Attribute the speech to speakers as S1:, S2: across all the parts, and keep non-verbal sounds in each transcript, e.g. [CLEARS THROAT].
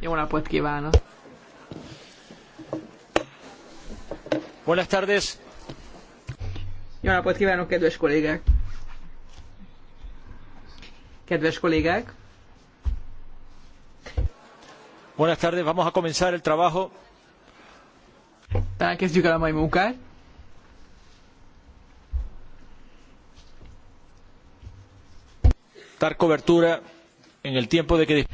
S1: Jó napot kívánok! Buenas tardes!
S2: Jó napot kívánok, kedves kollégák! Kedves
S1: kollégák! Buenas tardes, vamos a comenzar el trabajo.
S2: Talán kezdjük el a mai munkát.
S1: Dar cobertura en el tiempo de que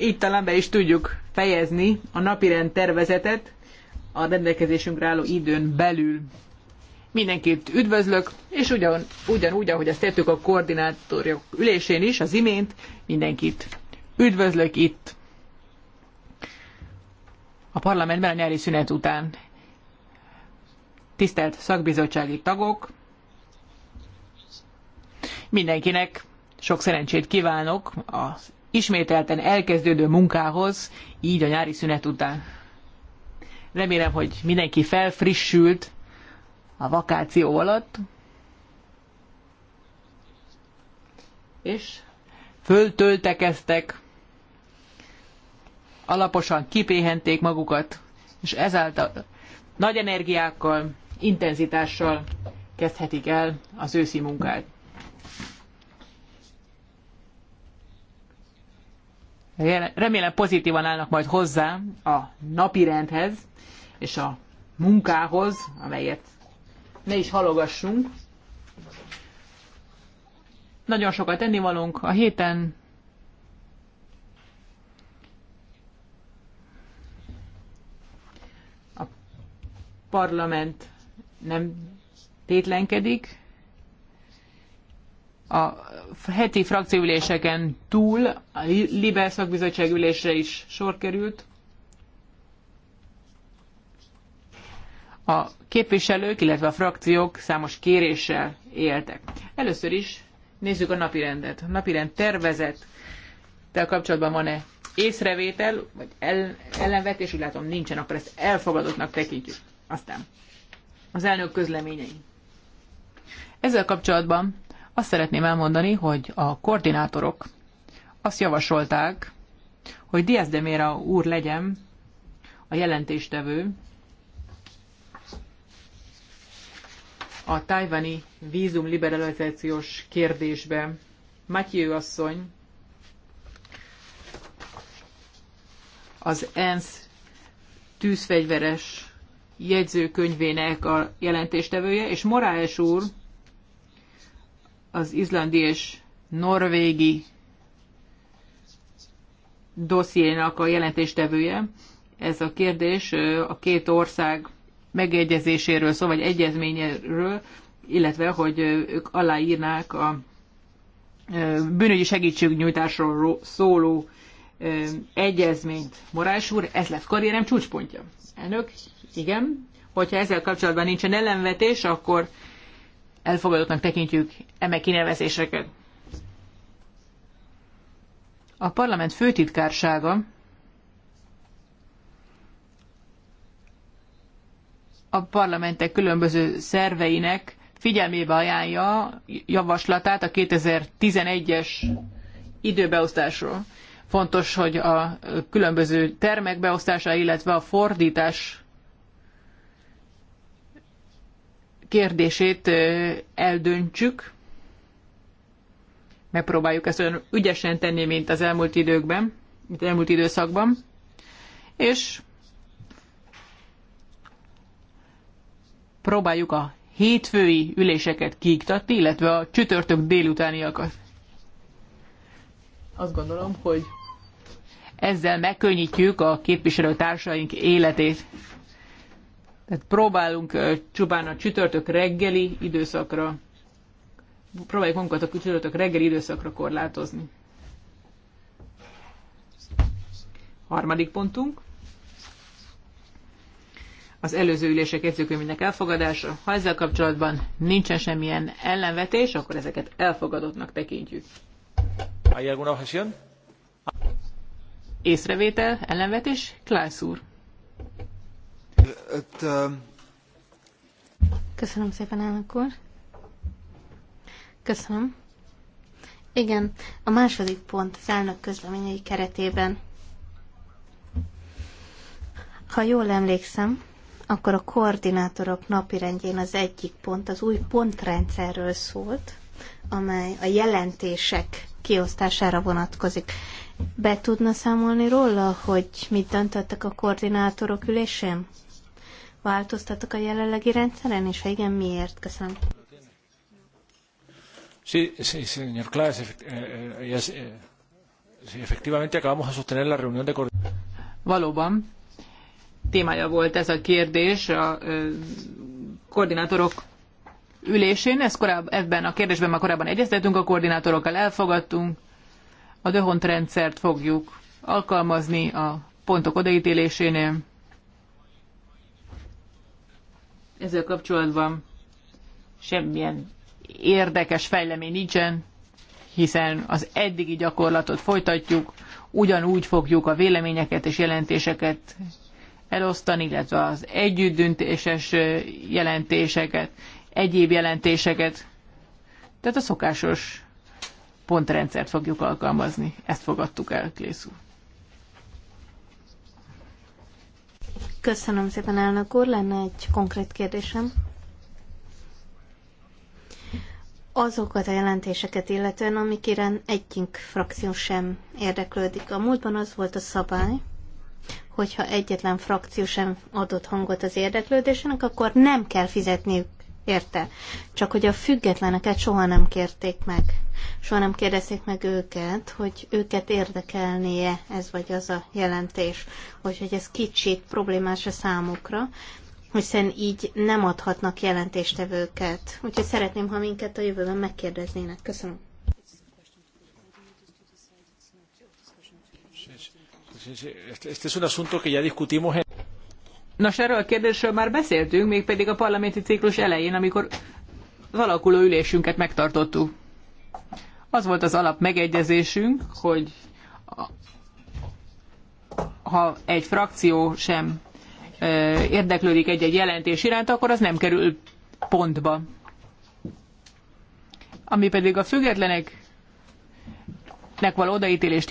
S1: így talán be is tudjuk
S2: fejezni a napirend tervezetet a rendelkezésünkre álló időn belül. Mindenkit üdvözlök, és ugyan, ugyanúgy, ahogy ezt tettük a koordinátorok ülésén is, az imént, mindenkit üdvözlök itt a parlamentben a nyári szünet után. Tisztelt szakbizottsági tagok, mindenkinek sok szerencsét kívánok az ismételten elkezdődő munkához, így a nyári szünet után. Remélem, hogy mindenki felfrissült a vakáció alatt, és föltöltekeztek, alaposan kipéhenték magukat, és ezáltal nagy energiákkal, intenzitással kezdhetik el az őszi munkát. remélem pozitívan állnak majd hozzá a napirendhez és a munkához, amelyet ne is halogassunk. Nagyon sokat ennivalunk a héten. A parlament nem tétlenkedik, a heti frakcióüléseken túl a Libe szakbizottság ülésre is sor került. A képviselők, illetve a frakciók számos kéréssel éltek. Először is nézzük a napirendet. A napirend tervezett a kapcsolatban van-e észrevétel, vagy el, ellenvetés, úgy látom nincsen, akkor ezt elfogadottnak tekintjük. Aztán az elnök közleményei. Ezzel kapcsolatban azt szeretném elmondani, hogy a koordinátorok azt javasolták, hogy Diaz de Mera úr legyen a jelentéstevő a tájvani vízum liberalizációs kérdésbe. Mathieu asszony az ENSZ tűzfegyveres jegyzőkönyvének a jelentéstevője, és Moraes úr az izlandi és norvégi dossziénak a jelentéstevője. Ez a kérdés a két ország megegyezéséről szól, vagy egyezményéről, illetve, hogy ők aláírnák a bűnügyi segítségnyújtásról szóló egyezményt. Morás úr, ez lesz karrierem csúcspontja. Elnök, igen. Hogyha ezzel kapcsolatban nincsen ellenvetés, akkor elfogadottnak tekintjük eme kinevezéseket. A parlament főtitkársága a parlamentek különböző szerveinek figyelmébe ajánlja javaslatát a 2011-es időbeosztásról. Fontos, hogy a különböző termek beosztása, illetve a fordítás kérdését eldöntsük. Megpróbáljuk ezt olyan ügyesen tenni, mint az elmúlt időkben, mint az elmúlt időszakban. És próbáljuk a hétfői üléseket kiiktatni, illetve a csütörtök délutániakat. Azt gondolom, hogy ezzel megkönnyítjük a képviselőtársaink életét. Tehát próbálunk csupán a csütörtök reggeli időszakra, próbáljuk magunkat a csütörtök reggeli időszakra korlátozni. Harmadik pontunk. Az előző ülések jegyzőkönyvének elfogadása. Ha ezzel kapcsolatban nincsen semmilyen ellenvetés, akkor ezeket elfogadottnak tekintjük.
S1: ¿Hay alguna objeción?
S2: Észrevétel, ellenvetés, Klász úr.
S1: Um,
S3: Köszönöm szépen, elnök úr. Köszönöm. Igen, a második pont az elnök közleményei keretében. Ha jól emlékszem, akkor a koordinátorok napirendjén az egyik pont az új pontrendszerről szólt, amely a jelentések kiosztására vonatkozik. Be tudna számolni róla, hogy mit döntöttek a koordinátorok ülésén? változtatok a jelenlegi rendszeren, és ha igen, miért? Köszönöm.
S1: Sí, sí, señor Klaas, eh, eh, eh, efectivamente acabamos de sostener la reunión de Valóban,
S2: témája volt ez a kérdés a koordinátorok ülésén, ez korábban, ebben a kérdésben már korábban egyeztetünk, a koordinátorokkal, elfogadtunk, a döhont rendszert fogjuk alkalmazni a pontok odaítélésénél ezzel kapcsolatban semmilyen érdekes fejlemény nincsen, hiszen az eddigi gyakorlatot folytatjuk, ugyanúgy fogjuk a véleményeket és jelentéseket elosztani, illetve az együttdöntéses jelentéseket, egyéb jelentéseket. Tehát a szokásos pontrendszert fogjuk alkalmazni. Ezt fogadtuk el, Klész úr.
S3: Köszönöm szépen, elnök úr. Lenne egy konkrét kérdésem. Azokat a jelentéseket illetően, amik egyik frakció sem érdeklődik. A múltban az volt a szabály, hogyha egyetlen frakció sem adott hangot az érdeklődésének, akkor nem kell fizetniük érte. Csak hogy a függetleneket soha nem kérték meg. Soha nem kérdezték meg őket, hogy őket érdekelnie ez vagy az a jelentés. hogy ez kicsit problémás a számukra, hiszen így nem adhatnak jelentéstevőket. Úgyhogy szeretném, ha minket a jövőben megkérdeznének. Köszönöm.
S1: Este es un asunto que ya discutimos en...
S2: Nos, erről a kérdésről már beszéltünk, mégpedig a parlamenti ciklus elején, amikor az alakuló ülésünket megtartottuk. Az volt az alap megegyezésünk, hogy ha egy frakció sem érdeklődik egy-egy jelentés iránt, akkor az nem kerül pontba. Ami pedig a függetleneknek való odaítélést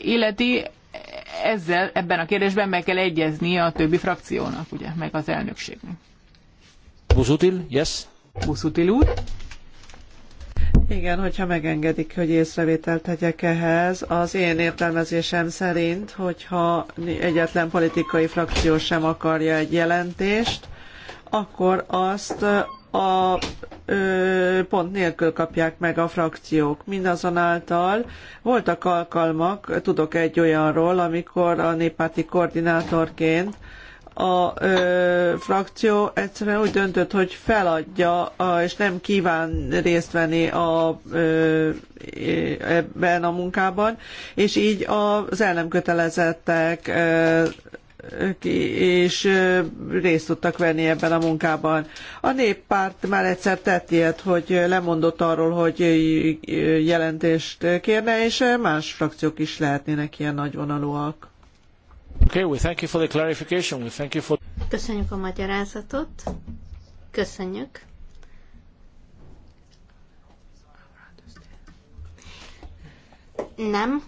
S2: illeti, ezzel, ebben a kérdésben meg kell egyezni a többi
S4: frakciónak, ugye, meg az elnökségnek.
S1: Buzutil, yes? Buzutil úr.
S4: Igen, hogyha megengedik, hogy észrevételt tegyek ehhez, az én értelmezésem szerint, hogyha egyetlen politikai frakció sem akarja egy jelentést, akkor azt a pont nélkül kapják meg a frakciók. Mindazonáltal voltak alkalmak, tudok egy olyanról, amikor a néppárti koordinátorként a ö, frakció egyszerűen úgy döntött, hogy feladja, a, és nem kíván részt venni a, ö, ebben a munkában, és így az el nem kötelezettek ö, és részt tudtak venni ebben a munkában. A néppárt már egyszer tett ilyet, hogy lemondott arról, hogy jelentést kérne, és más frakciók is lehetnének ilyen nagyvonalúak. Okay, we thank you for the clarification. We thank you for...
S3: Köszönjük a magyarázatot. Köszönjük. Nem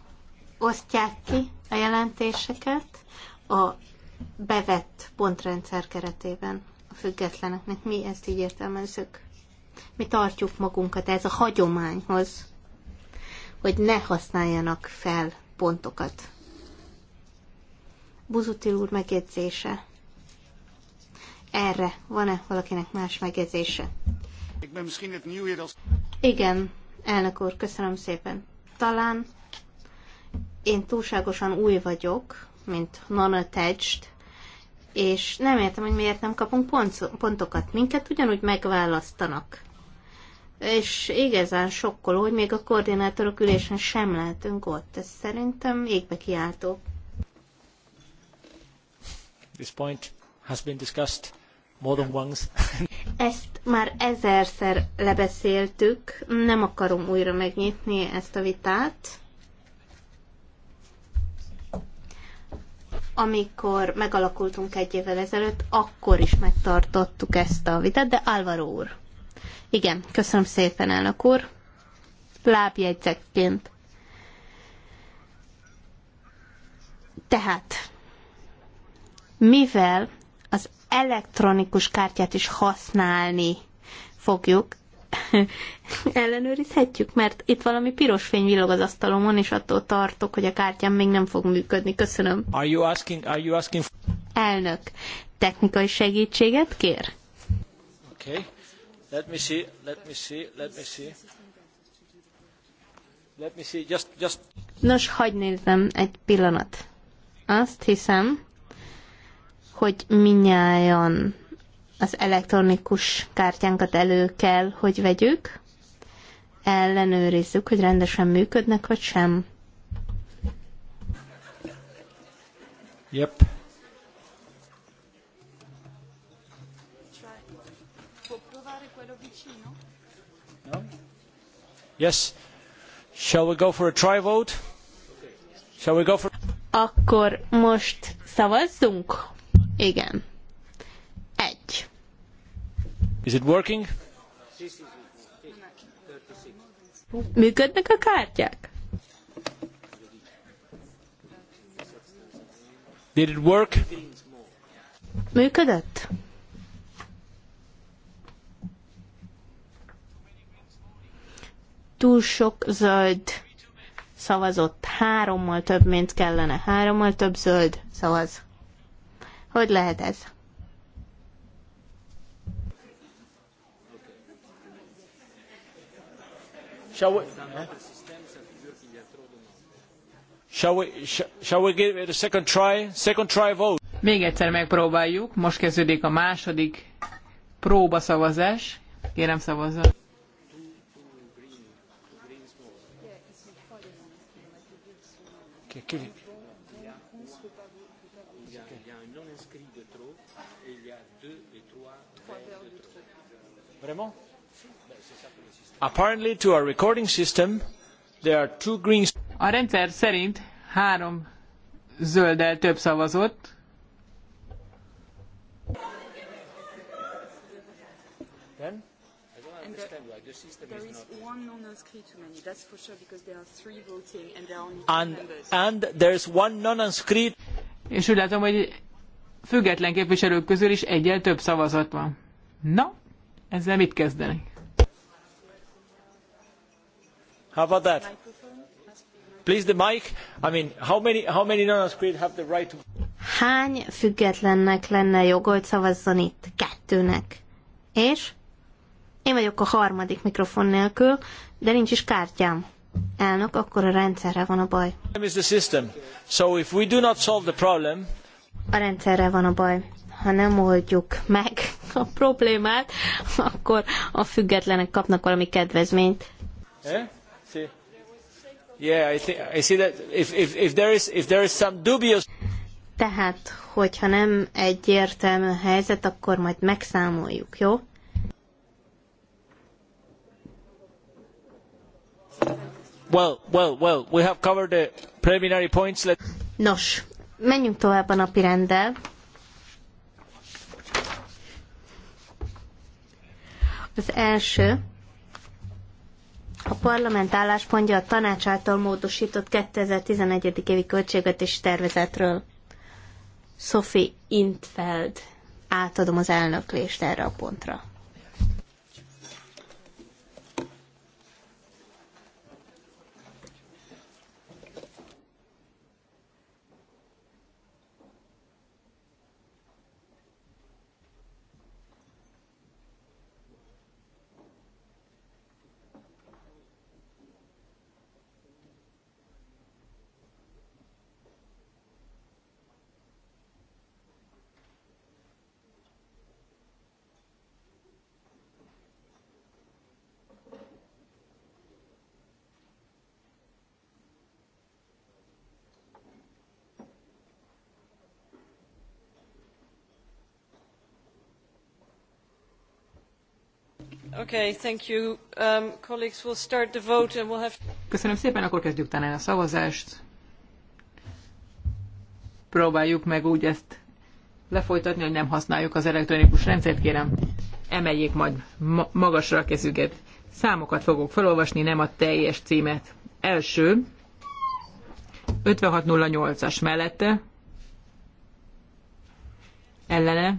S3: osztják ki a jelentéseket a bevett pontrendszer keretében a függetleneknek. Mi ezt így értelmezzük. Mi tartjuk magunkat ez a hagyományhoz, hogy ne használjanak fel pontokat. Buzutil úr megjegyzése. Erre van-e valakinek más megjegyzése? Igen, elnök úr, köszönöm szépen. Talán én túlságosan új vagyok, mint non-attached, és nem értem, hogy miért nem kapunk pontokat. Minket ugyanúgy megválasztanak. És igazán sokkoló, hogy még a koordinátorok ülésen sem lehetünk ott. Ez szerintem égbe kiáltó.
S1: This point has been discussed more than once. [LAUGHS]
S3: Ezt már ezerszer lebeszéltük, nem akarom újra megnyitni ezt a vitát amikor megalakultunk egy évvel ezelőtt, akkor is megtartottuk ezt a vitát, de Álvaro úr. Igen, köszönöm szépen, elnök úr. Lábjegyzekként. Tehát, mivel az elektronikus kártyát is használni fogjuk, [LAUGHS] ellenőrizhetjük, mert itt valami piros fény villog az asztalomon, és attól tartok, hogy a kártyám még nem fog működni. Köszönöm.
S1: Are you asking, are you asking for...
S3: Elnök, technikai segítséget kér?
S1: Okay. Let me see, let me see, let me see. Let me see, just, just...
S3: Nos, hagyj nézzem egy pillanat. Azt hiszem, hogy minnyáján az elektronikus kártyánkat elő kell, hogy vegyük, ellenőrizzük, hogy rendesen működnek, vagy sem.
S1: Yep. Yes. Shall we go for a try vote? Shall we go for...
S3: Akkor most szavazzunk? Igen. Is it working? Működnek a kártyák? Did it work? Működött? Túl sok zöld szavazott. Hárommal több, mint kellene. Hárommal több zöld szavaz. Hogy lehet ez?
S1: Shall we, shall we, shall we give it a second try? Second try vote. Még egyszer
S2: megpróbáljuk. Most kezdődik a második próbaszavazás. Kérem szavazzon.
S4: Kérjük.
S1: Vraiment a rendszer
S2: szerint három zölddel több szavazott. Then? there is
S1: one non-inscrit sure there are three voting and there are only two members. And is one non-inscrit. És úgy látom, hogy független
S2: képviselők közül is egyel több szavazat van. Na, ezzel mit kezdenek?
S1: How about that? Please the mic. I mean, how many, how many non have the right to...
S3: Hány függetlennek lenne joga, hogy szavazzon itt? Kettőnek. És? Én vagyok a harmadik mikrofon nélkül, de nincs is kártyám. Elnök, akkor a rendszerre van a baj. A rendszerre van a baj. Ha nem oldjuk meg a problémát, akkor a függetlenek kapnak valami kedvezményt. Eh? Tehát, hogyha nem egyértelmű a helyzet, akkor majd megszámoljuk, jó?
S1: Well, well, well, we have covered the preliminary points. Let...
S3: Nos, menjünk tovább a napi rendel. Az első, a parlament álláspontja a tanács által módosított 2011. évi költségvetési tervezetről. Sophie Intfeld. Átadom az elnöklést erre a pontra.
S2: Köszönöm szépen, akkor kezdjük talán a szavazást. Próbáljuk meg úgy ezt lefolytatni, hogy nem használjuk az elektronikus rendszert, kérem. Emeljék majd ma- magasra a kezüket. Számokat fogok felolvasni, nem a teljes címet. Első, 5608-as mellette, ellene,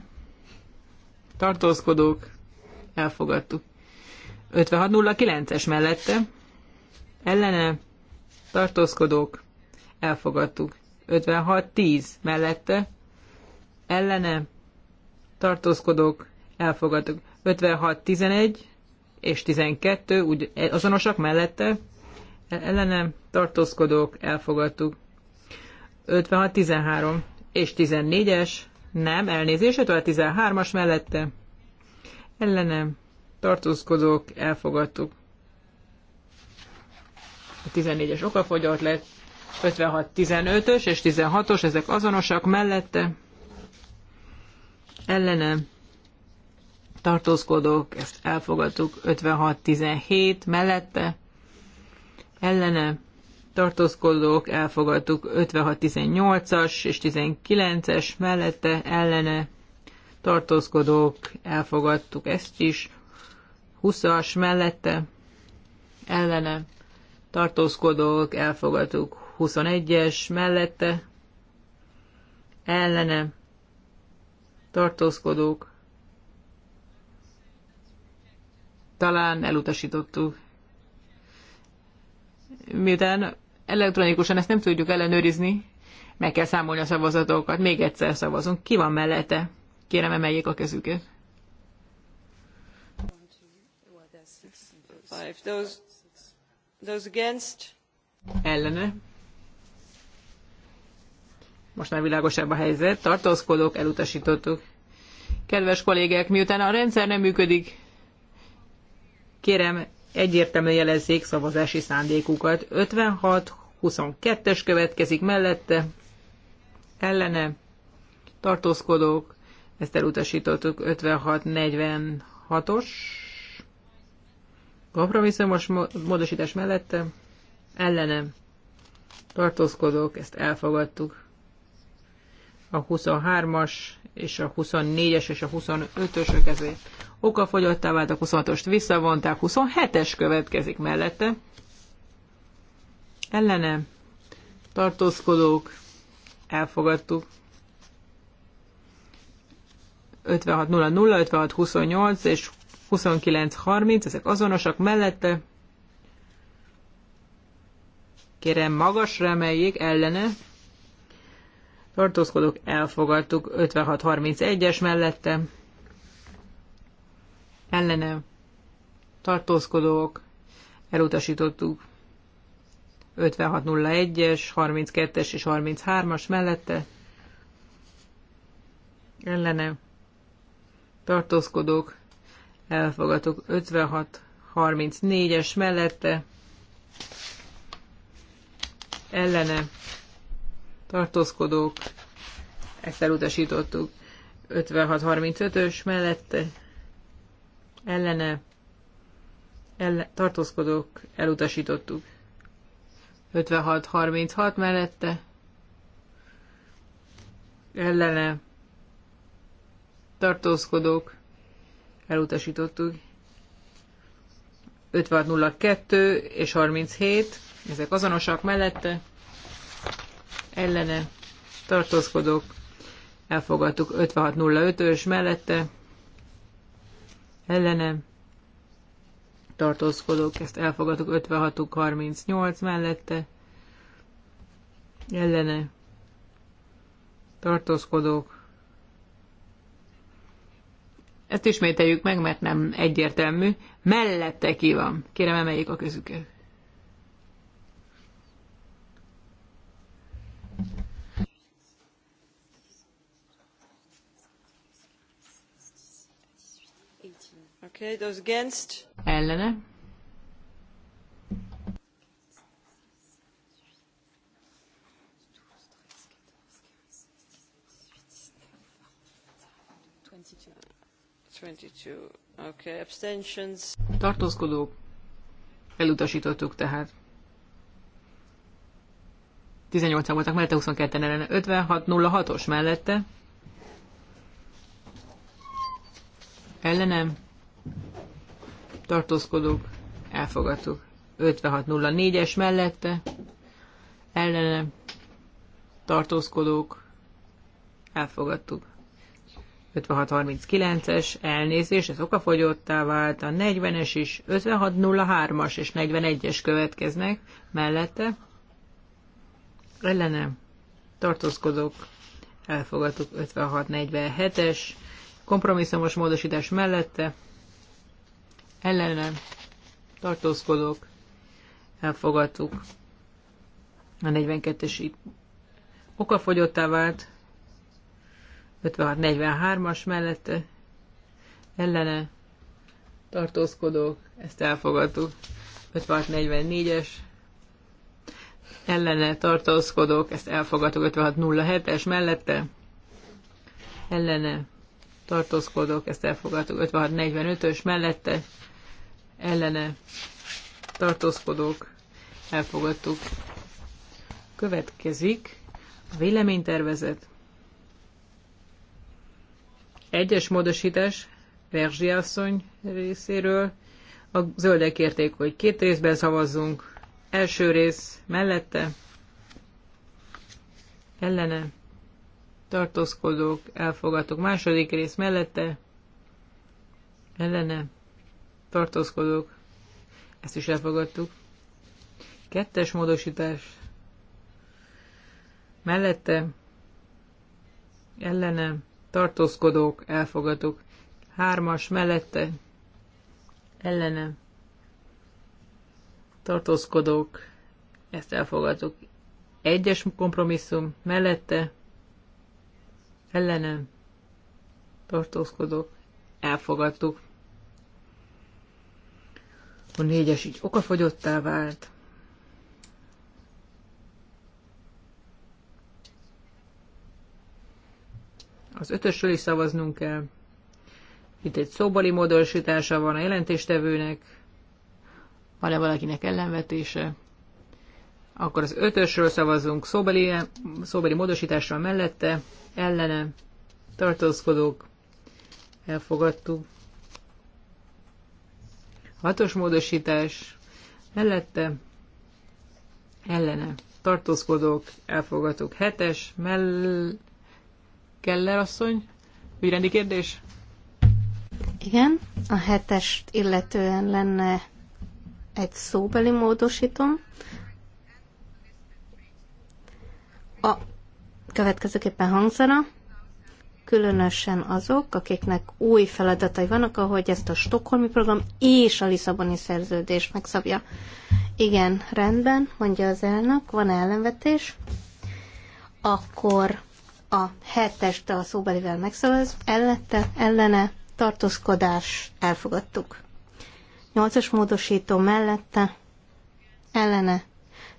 S2: tartózkodók, elfogadtuk. 5609-es mellette ellene tartózkodók elfogadtuk. 5610 mellette ellene tartózkodók elfogadtuk. 5611 és 12 úgy, azonosak mellette ellene tartózkodók elfogadtuk. 5613 és 14-es, nem, elnézés, 5613 as mellette Ellenem, tartózkodók, elfogadtuk. A 14-es okafogyott lett, 56-15-ös és 16-os, ezek azonosak mellette. Ellene tartózkodók, ezt elfogadtuk, 56-17 mellette. Ellene tartózkodók, elfogadtuk 56-18-as és 19-es mellette ellene tartózkodók, elfogadtuk ezt is, 20-as mellette ellene tartózkodók, elfogadtuk 21-es mellette ellene tartózkodók, talán elutasítottuk. Miután elektronikusan ezt nem tudjuk ellenőrizni, meg kell számolni a szavazatokat. Még egyszer szavazunk. Ki van mellette? Kérem, emeljék a kezüket. Ellene. Most már világosabb a helyzet. Tartózkodók, elutasítottuk. Kedves kollégek, miután a rendszer nem működik, kérem egyértelműen jelezzék szavazási szándékukat. 56-22-es következik mellette, ellene, tartózkodók, ezt elutasítottuk 56-46-os Kompromisszumos módosítás mellette ellenem tartózkodók, ezt elfogadtuk. A 23-as és a 24-es és a 25 ös ezért okafogyottá vált, a 26-ost visszavonták, 27-es következik mellette. Ellene tartózkodók, elfogadtuk. 56-28 és 29-30, ezek azonosak mellette. Kérem, magas emeljék, ellene. Tartózkodók, elfogadtuk. 56-31-es mellette. Ellene. Tartózkodók, elutasítottuk. 5601-es, 32-es és 33-as mellette ellene tartózkodók elfogadok 56-34-es mellette, ellene tartózkodók, ezt elutasítottuk 56-35-ös mellette, ellene elle, tartózkodók, elutasítottuk 56-36 mellette, ellene tartózkodók, 56-36 elutasítottuk. 5602 és 37, ezek azonosak mellette, ellene tartózkodók, elfogadtuk 5605-ös mellette, ellene tartózkodók, ezt elfogadtuk 5638 mellette, ellene tartózkodók, ezt ismételjük meg, mert nem egyértelmű. Mellette ki van? Kérem, emeljék a közüket.
S4: Okay, those against. Ellene. 22. Okay. Abstentions.
S2: Tartózkodók. Elutasítottuk tehát. 18 voltak mellette, 22-en ellen. 56-06-os mellette. Ellenem. Tartózkodók. Elfogadtuk. 56-04-es mellette. Ellenem. Tartózkodók. Elfogadtuk. 5639-es elnézés, ez okafogyottá vált, a 40-es is, 5603-as és 41-es következnek mellette. Ellene tartózkodok, elfogadtuk 5647-es, kompromisszumos módosítás mellette. Ellene tartózkodok, elfogadtuk a 42-es okafogyottá vált, 56-43-as mellette ellene tartózkodók, ezt elfogadtuk. 56-44-es ellene tartózkodók, ezt elfogadtuk. 56-07-es mellette ellene tartózkodók, ezt elfogadtuk. 56-45-ös mellette ellene tartózkodók, elfogadtuk. Következik a véleménytervezet. Egyes módosítás Verzsi asszony részéről. A zöldek kérték, hogy két részben szavazzunk. Első rész mellette, ellene, tartózkodók, elfogadók. Második rész mellette, ellene, tartózkodók. Ezt is elfogadtuk. Kettes módosítás. Mellette, ellene, tartózkodók, elfogadók. Hármas mellette, ellene, tartózkodók, ezt elfogadtuk. Egyes kompromisszum mellette, ellene, tartózkodók, elfogadtuk. A négyes így okafogyottá vált. Az ötösről is szavaznunk kell. Itt egy szóbali módosítása van a jelentéstevőnek. Van-e valakinek ellenvetése? Akkor az ötösről szavazunk szóbeli, szóbeli módosításra mellette, ellene, tartózkodók, elfogadtuk. Hatos módosítás, mellette, ellene, tartózkodók, elfogadtuk. Hetes, mell, Keller asszony, ügyrendi kérdés?
S3: Igen, a hetest illetően lenne egy szóbeli módosítom. A következőképpen hangzana, különösen azok, akiknek új feladatai vannak, ahogy ezt a Stockholmi program és a Lisszaboni szerződés megszabja. Igen, rendben, mondja az elnök, van ellenvetés. Akkor a hetest a szóbelivel megszavaz, ellette, ellene, tartózkodás, elfogadtuk. Nyolcas módosító mellette, ellene,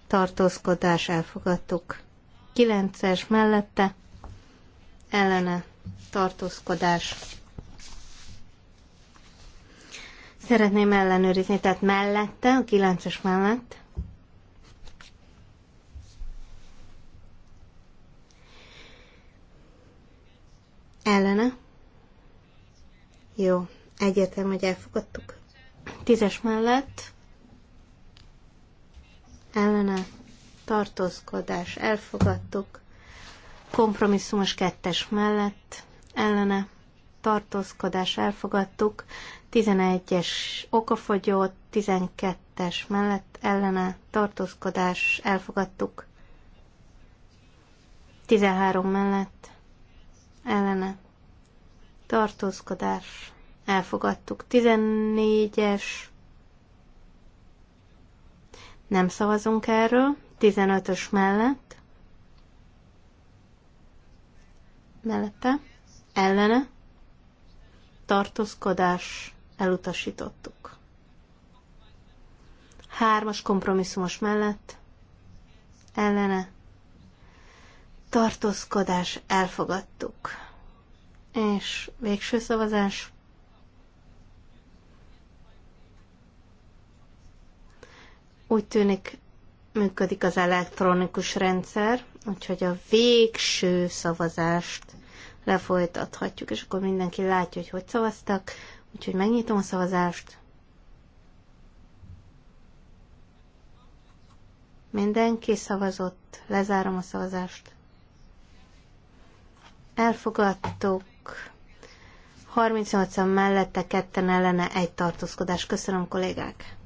S3: tartózkodás, elfogadtuk. Kilences mellette, ellene, tartózkodás. Szeretném ellenőrizni, tehát mellette, a kilences mellett, Ellene? Jó, egyetem, hogy elfogadtuk. Tízes mellett ellene tartózkodás elfogadtuk. Kompromisszumos kettes mellett ellene tartózkodás elfogadtuk. 11-es okafogyó, 12-es mellett ellene tartózkodás elfogadtuk. 13 mellett ellene tartózkodás elfogadtuk. 14-es nem szavazunk erről, 15-ös mellett mellette ellene tartózkodás elutasítottuk. Hármas kompromisszumos mellett ellene tartózkodás elfogadtuk. És végső szavazás. Úgy tűnik, működik az elektronikus rendszer, úgyhogy a végső szavazást lefolytathatjuk, és akkor mindenki látja, hogy hogy szavaztak. Úgyhogy megnyitom a szavazást. Mindenki szavazott, lezárom a szavazást. Elfogadtuk. 38-an mellette, ketten ellene, egy tartózkodás. Köszönöm, kollégák!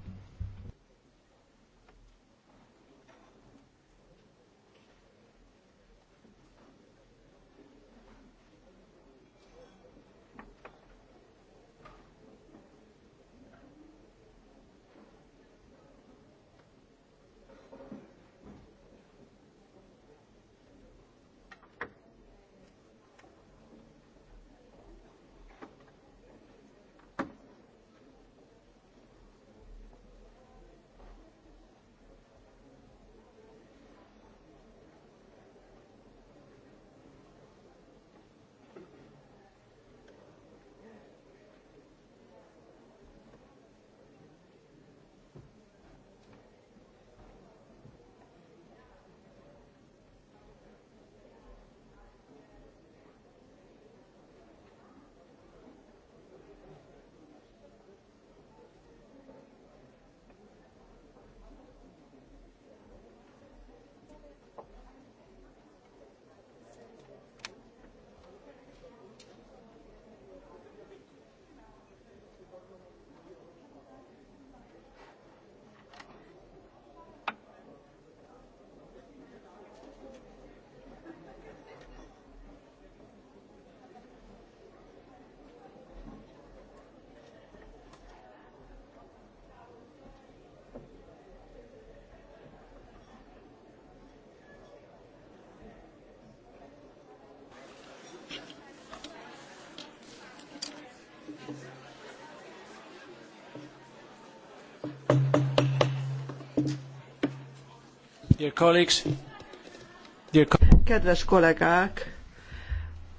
S4: Kedves kollégák,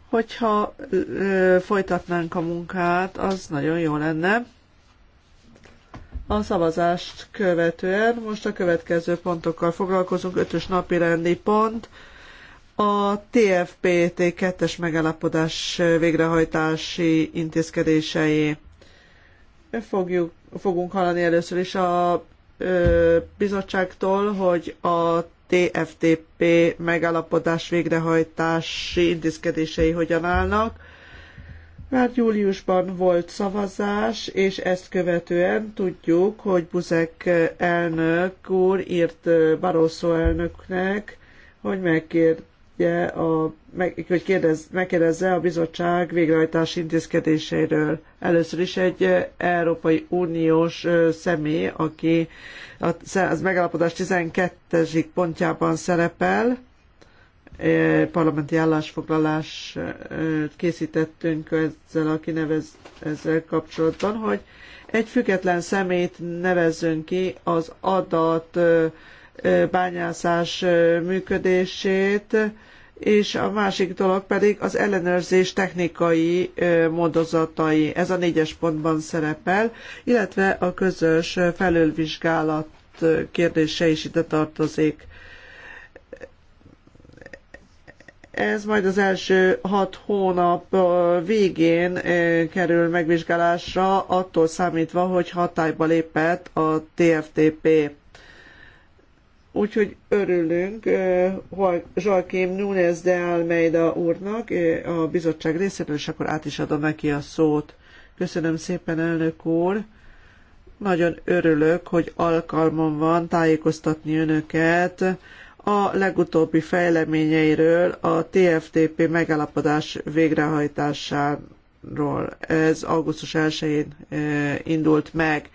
S4: hogyha folytatnánk a munkát, az nagyon jó lenne. A szavazást követően most a következő pontokkal foglalkozunk, ötös napi rendi pont, a TFPT 2-es megállapodás végrehajtási intézkedései. Fogjuk, fogunk hallani először is a bizottságtól, hogy a TFTP megállapodás végrehajtási intézkedései hogyan állnak. Már júliusban volt szavazás, és ezt követően tudjuk, hogy Buzek elnök úr írt Barroso elnöknek, hogy megkért ugye a, meg, hogy kérdez, megkérdezze a bizottság végrehajtási intézkedéseiről. Először is egy Európai Uniós személy, aki az megállapodás 12. pontjában szerepel, parlamenti állásfoglalás készítettünk ezzel a kinevez, ezzel kapcsolatban, hogy egy független szemét nevezzünk ki az adat bányászás működését, és a másik dolog pedig az ellenőrzés technikai módozatai. Ez a négyes pontban szerepel, illetve a közös felülvizsgálat kérdése is ide tartozik. Ez majd az első hat hónap végén kerül megvizsgálásra, attól számítva, hogy hatályba lépett a TFTP. Úgyhogy örülünk Joaquim Nunes de Almeida úrnak a bizottság részéről, és akkor át is adom neki a szót. Köszönöm szépen, elnök úr! Nagyon örülök, hogy alkalmam van tájékoztatni önöket a legutóbbi fejleményeiről a TFTP megállapodás végrehajtásán ról. Ez augusztus 1-én indult meg.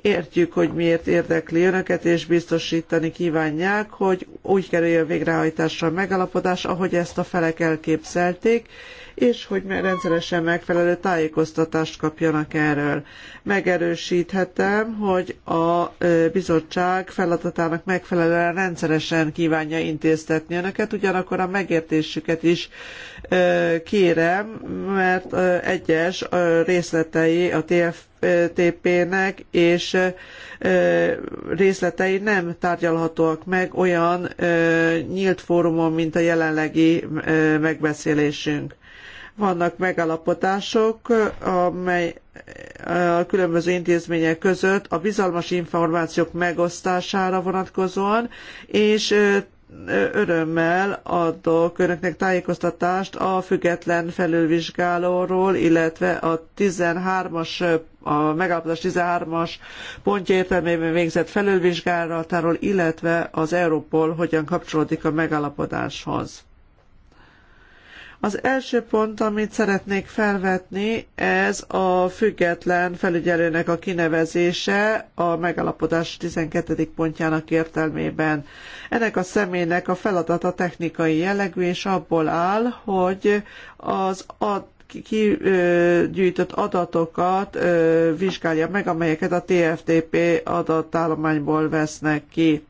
S4: Értjük, hogy miért érdekli önöket, és biztosítani kívánják, hogy úgy kerüljön végrehajtásra a megállapodás, ahogy ezt a felek elképzelték, és hogy rendszeresen megfelelő tájékoztatást kapjanak erről. Megerősíthetem, hogy a bizottság feladatának megfelelően rendszeresen kívánja intéztetni önöket, ugyanakkor a megértésüket is kérem, mert egyes részletei a TFP TP-nek és részletei nem tárgyalhatóak meg olyan nyílt fórumon, mint a jelenlegi megbeszélésünk. Vannak megállapodások, amely a különböző intézmények között a bizalmas információk megosztására vonatkozóan, és örömmel adok önöknek tájékoztatást a független felülvizsgálóról, illetve a 13-as a megállapodás 13-as pontja értelmében végzett felülvizsgálatáról, illetve az Európol hogyan kapcsolódik a megállapodáshoz. Az első pont, amit szeretnék felvetni, ez a független felügyelőnek a kinevezése a megalapodás 12. pontjának értelmében. Ennek a személynek a feladata technikai jellegű, és abból áll, hogy az ad kigyűjtött adatokat vizsgálja meg, amelyeket a TFTP adatállományból vesznek ki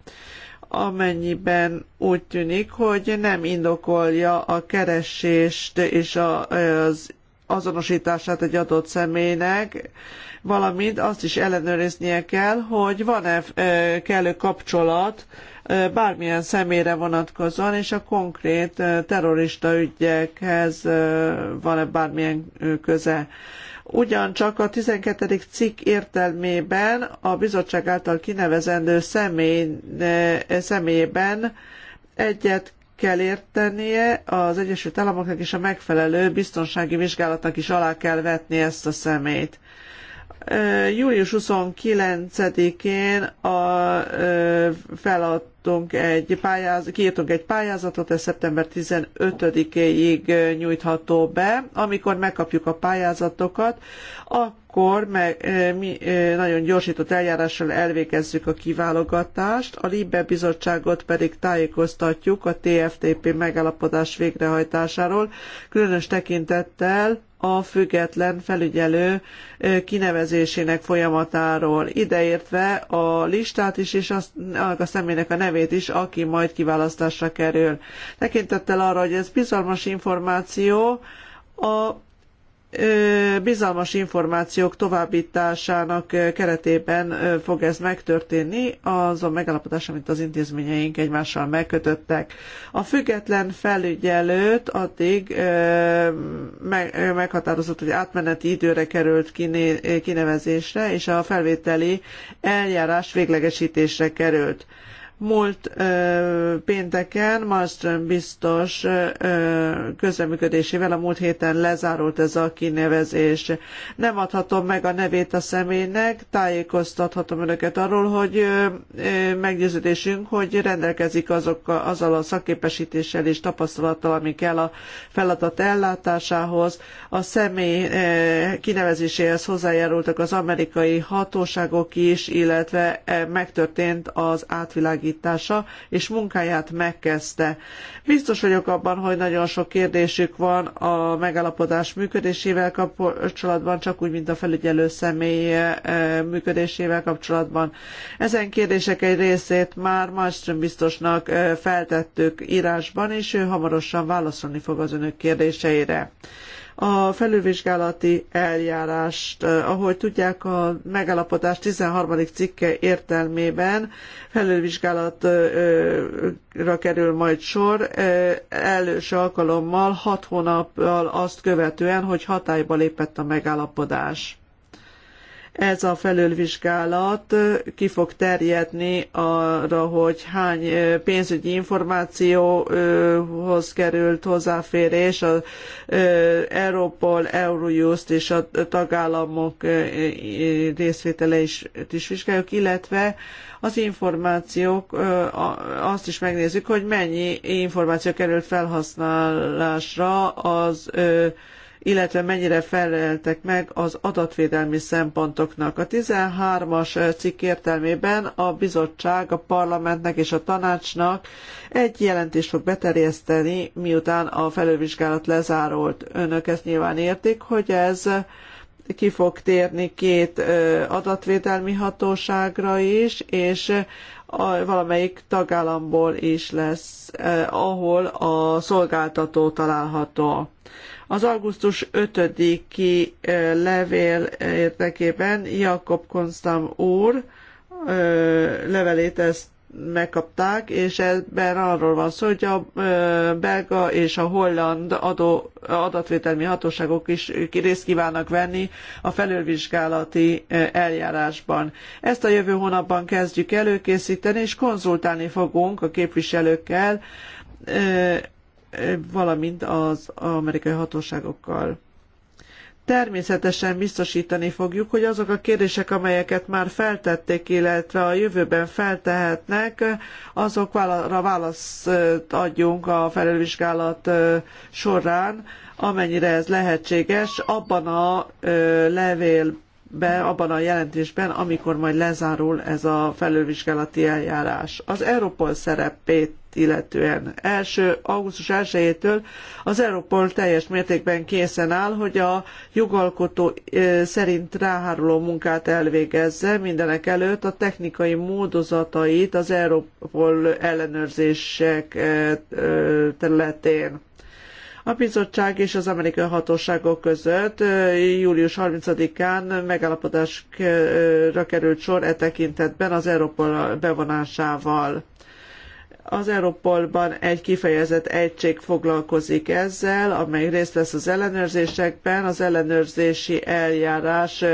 S4: amennyiben úgy tűnik, hogy nem indokolja a keresést és az azonosítását egy adott személynek, valamint azt is ellenőriznie kell, hogy van-e kellő kapcsolat bármilyen személyre vonatkozóan, és a konkrét terrorista ügyekhez van-e bármilyen köze ugyancsak a 12. cikk értelmében a bizottság által kinevezendő személy, személyében egyet kell értenie, az Egyesült Államoknak és a megfelelő biztonsági vizsgálatnak is alá kell vetni ezt a szemét. Július 29-én a, feladtunk egy pályáz, kiírtunk egy pályázatot, ez szeptember 15-éig nyújtható be. Amikor megkapjuk a pályázatokat, a akkor meg, mi nagyon gyorsított eljárással elvégezzük a kiválogatást, a LIBE bizottságot pedig tájékoztatjuk a TFTP megállapodás végrehajtásáról, különös tekintettel a független felügyelő kinevezésének folyamatáról, ideértve a listát is, és azt, a személynek a nevét is, aki majd kiválasztásra kerül. Tekintettel arra, hogy ez bizalmas információ, a bizalmas információk továbbításának keretében fog ez megtörténni, azon megállapodás, amit az intézményeink egymással megkötöttek. A független felügyelőt addig meghatározott, hogy átmeneti időre került kinevezésre, és a felvételi eljárás véglegesítésre került. Múlt ö, pénteken Malmström biztos ö, közreműködésével a múlt héten lezárult ez a kinevezés. Nem adhatom meg a nevét a személynek, tájékoztathatom önöket arról, hogy ö, ö, meggyőződésünk, hogy rendelkezik azok, azzal a szakképesítéssel és tapasztalattal, ami kell a feladat ellátásához. A személy ö, kinevezéséhez hozzájárultak az amerikai hatóságok is, illetve megtörtént az átvilágítás megvilágítása és munkáját megkezdte. Biztos vagyok abban, hogy nagyon sok kérdésük van a megállapodás működésével kapcsolatban, csak úgy, mint a felügyelő személy eh, működésével kapcsolatban. Ezen kérdések egy részét már Malmström biztosnak eh, feltettük írásban, és ő hamarosan válaszolni fog az önök kérdéseire a felülvizsgálati eljárást, eh, ahogy tudják, a megállapodás 13. cikke értelmében felülvizsgálatra eh, eh, kerül majd sor első alkalommal, hat hónappal azt követően, hogy hatályba lépett a megállapodás. Ez a felülvizsgálat ki fog terjedni arra, hogy hány pénzügyi információhoz került hozzáférés az Europol, Eurojust és a tagállamok részvétele is, is vizsgáljuk, illetve az információk, azt is megnézzük, hogy mennyi információ került felhasználásra az illetve mennyire feleltek meg az adatvédelmi szempontoknak. A 13-as cikk értelmében a bizottság a parlamentnek és a tanácsnak egy jelentést fog beterjeszteni, miután a felülvizsgálat lezárult. Önök ezt nyilván értik, hogy ez ki fog térni két adatvédelmi hatóságra is, és valamelyik tagállamból is lesz, ahol a szolgáltató található. Az augusztus 5-i eh, levél érdekében Jakob Konstam úr eh, levelét ezt megkapták, és ebben arról van szó, hogy a eh, belga és a holland adó, adatvételmi hatóságok is részt kívánnak venni a felülvizsgálati eljárásban. Ezt a jövő hónapban kezdjük előkészíteni, és konzultálni fogunk a képviselőkkel valamint az amerikai hatóságokkal. Természetesen biztosítani fogjuk, hogy azok a kérdések, amelyeket már feltették, illetve a jövőben feltehetnek, azokra választ adjunk a felülvizsgálat során, amennyire ez lehetséges, abban a levélben, abban a jelentésben, amikor majd lezárul ez a felülvizsgálati eljárás. Az Európol szerepét illetően. Első, augusztus 1-től az Europol teljes mértékben készen áll, hogy a jogalkotó szerint ráháruló munkát elvégezze mindenek előtt a technikai módozatait az Europol ellenőrzések területén a bizottság és az amerikai hatóságok között július 30-án megállapodásra került sor e tekintetben az Európa bevonásával. Az Európolban egy kifejezett egység foglalkozik ezzel, amely részt vesz az ellenőrzésekben, az ellenőrzési eljárás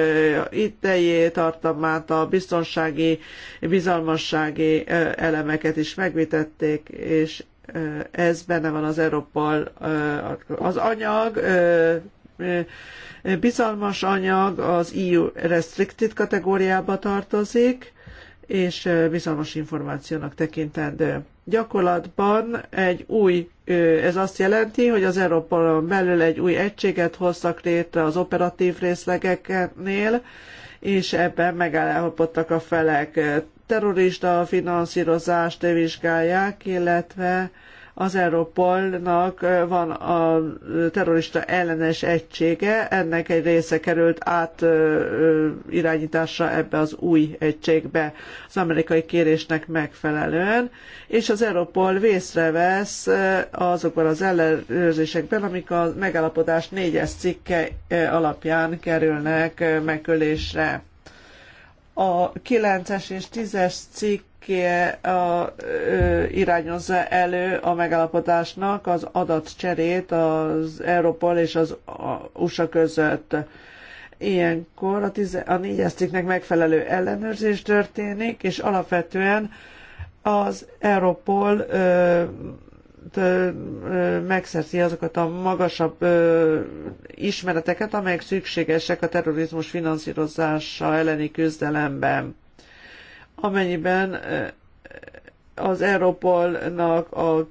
S4: idejét, tartalmát, a biztonsági, bizalmassági elemeket is megvitették, és ez benne van az Európol az anyag, bizalmas anyag az EU restricted kategóriába tartozik, és bizalmas információnak tekintendő. Gyakorlatban egy új, ez azt jelenti, hogy az Európolon belül egy új egységet hoztak létre az operatív részlegeknél, és ebben megállapodtak a felek. Terrorista finanszírozást vizsgálják, illetve az Europolnak van a terrorista ellenes egysége, ennek egy része került át irányításra ebbe az új egységbe az amerikai kérésnek megfelelően, és az Europol vesz azokban az ellenőrzésekben, amik a megállapodás négyes cikke alapján kerülnek megölésre a 9-es és 10-es cikk a, ö, irányozza elő a megállapodásnak az adatcserét az Europol és az USA között. Ilyenkor a, tize, a négyes cikknek megfelelő ellenőrzés történik, és alapvetően az Europol ö, ö, megszerzi azokat a magasabb ö, ismereteket, amelyek szükségesek a terrorizmus finanszírozása elleni küzdelemben amennyiben az Európolnak a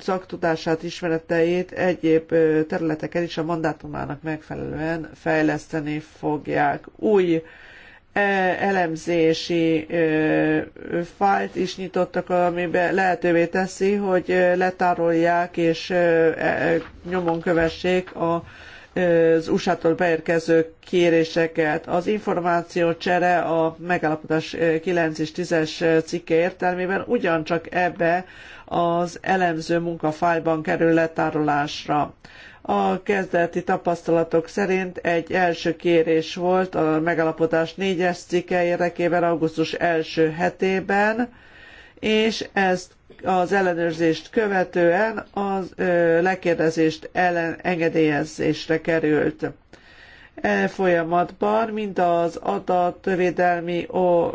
S4: szaktudását, ismereteit egyéb területeken is a mandátumának megfelelően fejleszteni fogják. Új e, elemzési fájt is nyitottak, amiben lehetővé teszi, hogy letárolják és e, nyomon kövessék a az USA-tól beérkező kéréseket. Az információ csere a megállapodás 9 és 10-es cikke értelmében ugyancsak ebbe az elemző munkafájban kerül letárolásra. A kezdeti tapasztalatok szerint egy első kérés volt a megállapodás 4-es cikke érdekében augusztus első hetében, és ezt az ellenőrzést követően a lekérdezést ellen engedélyezésre került. E folyamatban mind az adatvédelmi ó,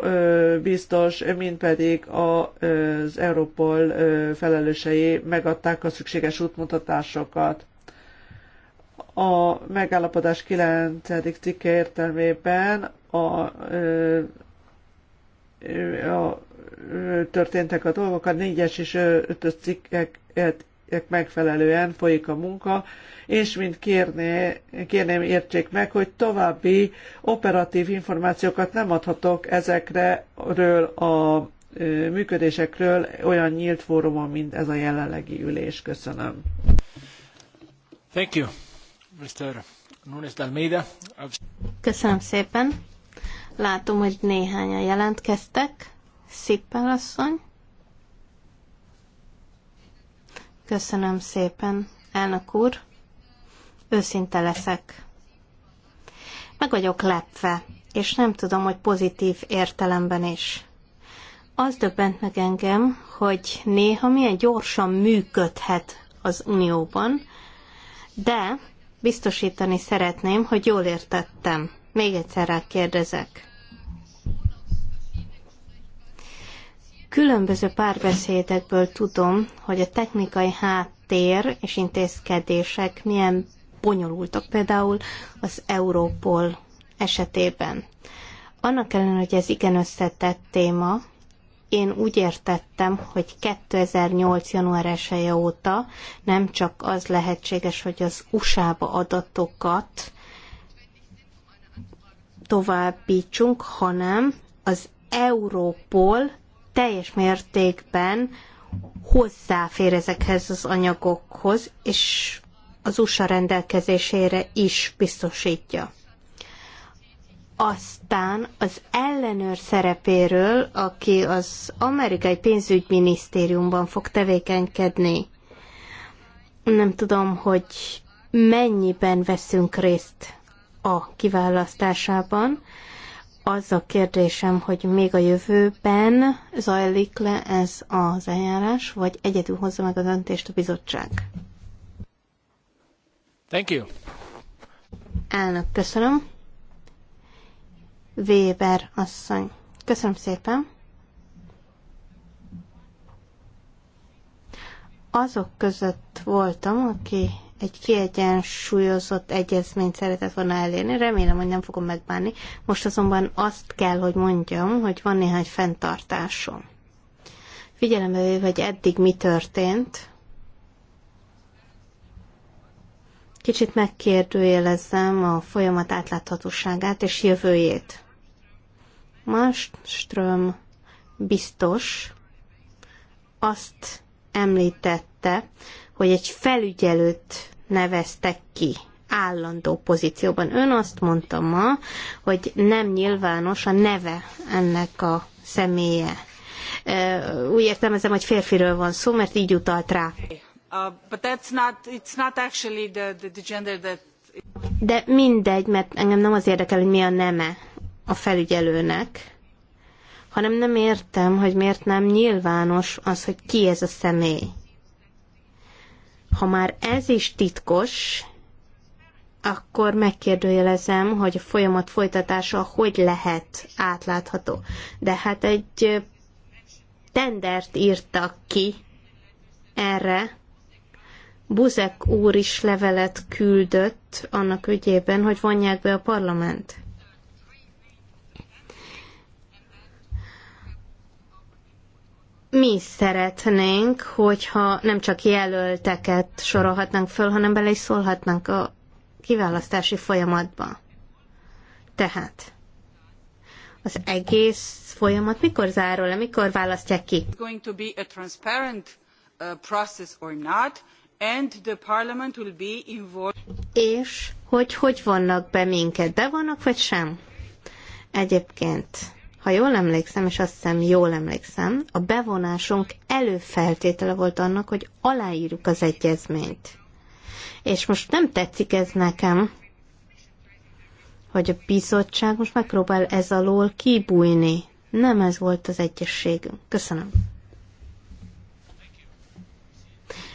S4: biztos, mind pedig az ö, felelősei megadták a szükséges útmutatásokat. A megállapodás 9. cikke értelmében a, a történtek a dolgok, a 4-es és 5-ös cikkeket megfelelően folyik a munka, és mint kérné, kérném értsék meg, hogy további operatív információkat nem adhatok ezekről a működésekről olyan nyílt fórumon, mint ez a jelenlegi ülés. Köszönöm.
S1: Thank you, Mr. Nunes Dalmeida.
S3: Köszönöm szépen. Látom, hogy néhányan jelentkeztek. Szippel asszony. Köszönöm szépen, elnök úr. Őszinte leszek. Meg vagyok lepve, és nem tudom, hogy pozitív értelemben is. Az döbbent meg engem, hogy néha milyen gyorsan működhet az Unióban, de biztosítani szeretném, hogy jól értettem. Még egyszer rá kérdezek. Különböző párbeszédekből tudom, hogy a technikai háttér és intézkedések milyen bonyolultak, például az Európol esetében. Annak ellenére, hogy ez igen összetett téma, én úgy értettem, hogy 2008. január 1 óta nem csak az lehetséges, hogy az USA-ba adatokat továbbítsunk, hanem az Európol teljes mértékben hozzáfér ezekhez az anyagokhoz, és az USA rendelkezésére is biztosítja. Aztán az ellenőr szerepéről, aki az amerikai pénzügyminisztériumban fog tevékenykedni. Nem tudom, hogy mennyiben veszünk részt a kiválasztásában, az a kérdésem, hogy még a jövőben zajlik le ez az eljárás, vagy egyedül hozza meg a döntést a bizottság? Thank you. Elnök, köszönöm. Weber asszony. Köszönöm szépen. Azok között voltam, aki egy kiegyensúlyozott egyezményt szeretett volna elérni. Remélem, hogy nem fogom megbánni. Most azonban azt kell, hogy mondjam, hogy van néhány fenntartásom. Figyelembe véve, hogy eddig mi történt, kicsit megkérdőjelezem a folyamat átláthatóságát és jövőjét. Malmström biztos azt említette, hogy egy felügyelőt neveztek ki állandó pozícióban. Ön azt mondta ma, hogy nem nyilvános a neve ennek a személye. Úgy értelmezem, hogy férfiről van szó, mert így utalt rá.
S2: Uh,
S3: De mindegy, mert engem nem az érdekel, hogy mi a neme a felügyelőnek, hanem nem értem, hogy miért nem nyilvános az, hogy ki ez a személy. Ha már ez is titkos, akkor megkérdőjelezem, hogy a folyamat folytatása hogy lehet átlátható. De hát egy tendert írtak ki erre. Buzek úr is levelet küldött annak ügyében, hogy vonják be a parlament. mi is szeretnénk, hogyha nem csak jelölteket sorolhatnánk föl, hanem bele is szólhatnánk a kiválasztási folyamatba. Tehát az egész folyamat mikor zárul le, mikor választják ki? It's
S2: going to be a transparent uh, process or not, and the parliament will be involved. És
S3: hogy hogy vannak be minket? vannak vagy sem? Egyébként ha jól emlékszem, és azt hiszem jól emlékszem, a bevonásunk előfeltétele volt annak, hogy aláírjuk az egyezményt. És most nem tetszik ez nekem, hogy a bizottság most megpróbál ez alól kibújni. Nem ez volt az egyességünk. Köszönöm.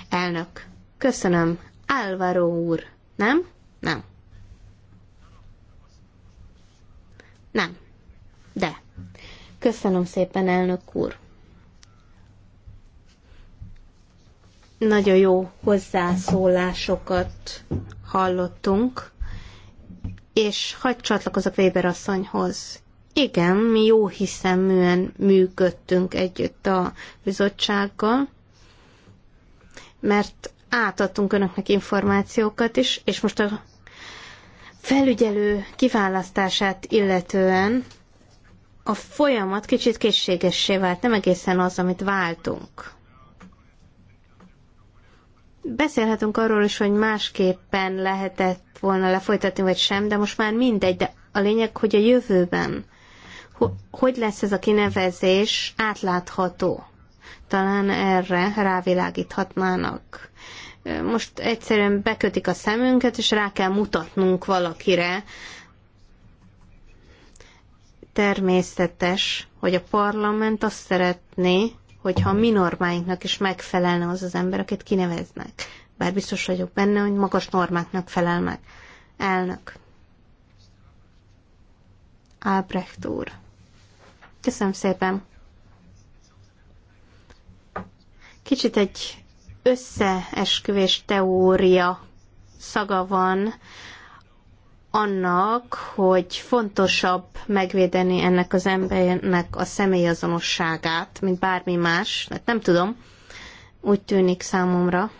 S3: Elnök. Köszönöm. Álvaro úr. Nem? Nem. Nem. De. Köszönöm szépen, elnök úr. Nagyon jó hozzászólásokat hallottunk, és hagyd csatlakozok Weber asszonyhoz. Igen, mi jó hiszeműen működtünk együtt a bizottsággal, mert átadtunk önöknek információkat is, és most a felügyelő kiválasztását illetően a folyamat kicsit készségessé vált, nem egészen az, amit váltunk. Beszélhetünk arról is, hogy másképpen lehetett volna lefolytatni, vagy sem, de most már mindegy, de a lényeg, hogy a jövőben hogy lesz ez a kinevezés átlátható? Talán erre rávilágíthatnának. Most egyszerűen bekötik a szemünket, és rá kell mutatnunk valakire, természetes, hogy a parlament azt szeretné, hogyha a mi normáinknak is megfelelne az az ember, akit kineveznek. Bár biztos vagyok benne, hogy magas normáknak felel meg. Elnök. Albrecht úr. Köszönöm szépen. Kicsit egy összeesküvés teória szaga van annak, hogy fontosabb megvédeni ennek az embernek a személyazonosságát, mint bármi más. Hát nem tudom, úgy tűnik számomra,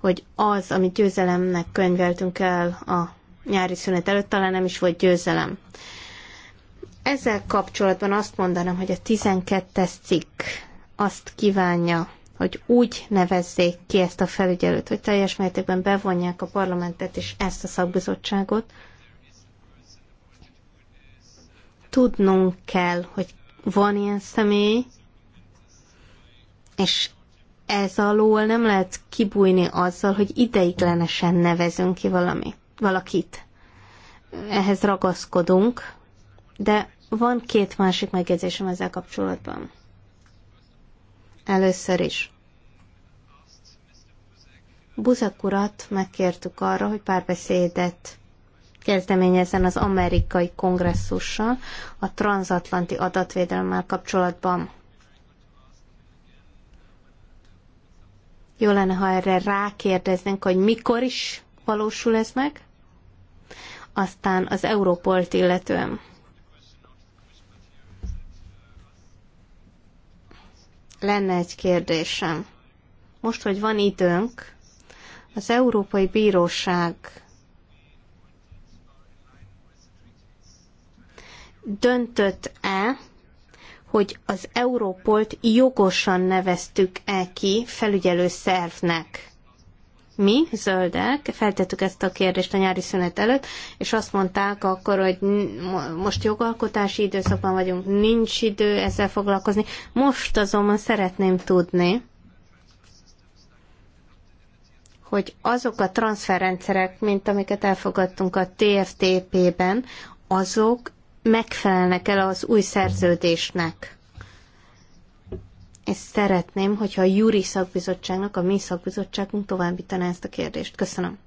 S3: hogy az, amit győzelemnek könyveltünk el a nyári szünet előtt, talán nem is volt győzelem. Ezzel kapcsolatban azt mondanám, hogy a 12-es cikk azt kívánja, hogy úgy nevezzék ki ezt a felügyelőt, hogy teljes mértékben bevonják a parlamentet és ezt a szakbizottságot. Tudnunk kell, hogy van ilyen személy, és ez alól nem lehet kibújni azzal, hogy ideiglenesen nevezünk ki valami, valakit. Ehhez ragaszkodunk, de van két másik megjegyzésem ezzel kapcsolatban. Először is. Buzak urat megkértük arra, hogy párbeszédet kezdeményezzen az amerikai kongresszussal a transatlanti adatvédelemmel kapcsolatban. Jó lenne, ha erre rákérdeznénk, hogy mikor is valósul ez meg, aztán az Európolt illetően. lenne egy kérdésem. Most, hogy van időnk, az Európai Bíróság döntött-e, hogy az Európolt jogosan neveztük-e ki felügyelő szervnek? mi, zöldek, feltettük ezt a kérdést a nyári szünet előtt, és azt mondták akkor, hogy most jogalkotási időszakban vagyunk, nincs idő ezzel foglalkozni. Most azonban szeretném tudni, hogy azok a transferrendszerek, mint amiket elfogadtunk a TFTP-ben, azok megfelelnek el az új szerződésnek és szeretném, hogyha a Júri szakbizottságnak, a mi szakbizottságunk továbbítaná ezt a kérdést. Köszönöm.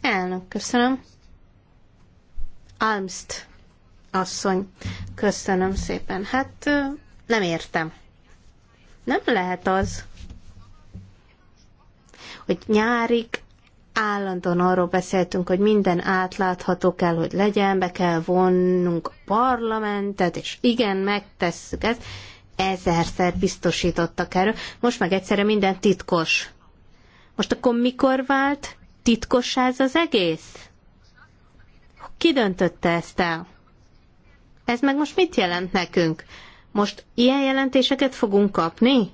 S3: Elnök, köszönöm. Almst asszony, köszönöm szépen. Hát nem értem. Nem lehet az, hogy nyárig Állandóan arról beszéltünk, hogy minden átlátható kell, hogy legyen, be kell vonnunk a parlamentet, és igen, megtesszük ezt. Ezerszer biztosítottak erről. Most meg egyszerre minden titkos. Most akkor mikor vált titkos ez az egész? Ki döntötte ezt el? Ez meg most mit jelent nekünk? Most ilyen jelentéseket fogunk kapni?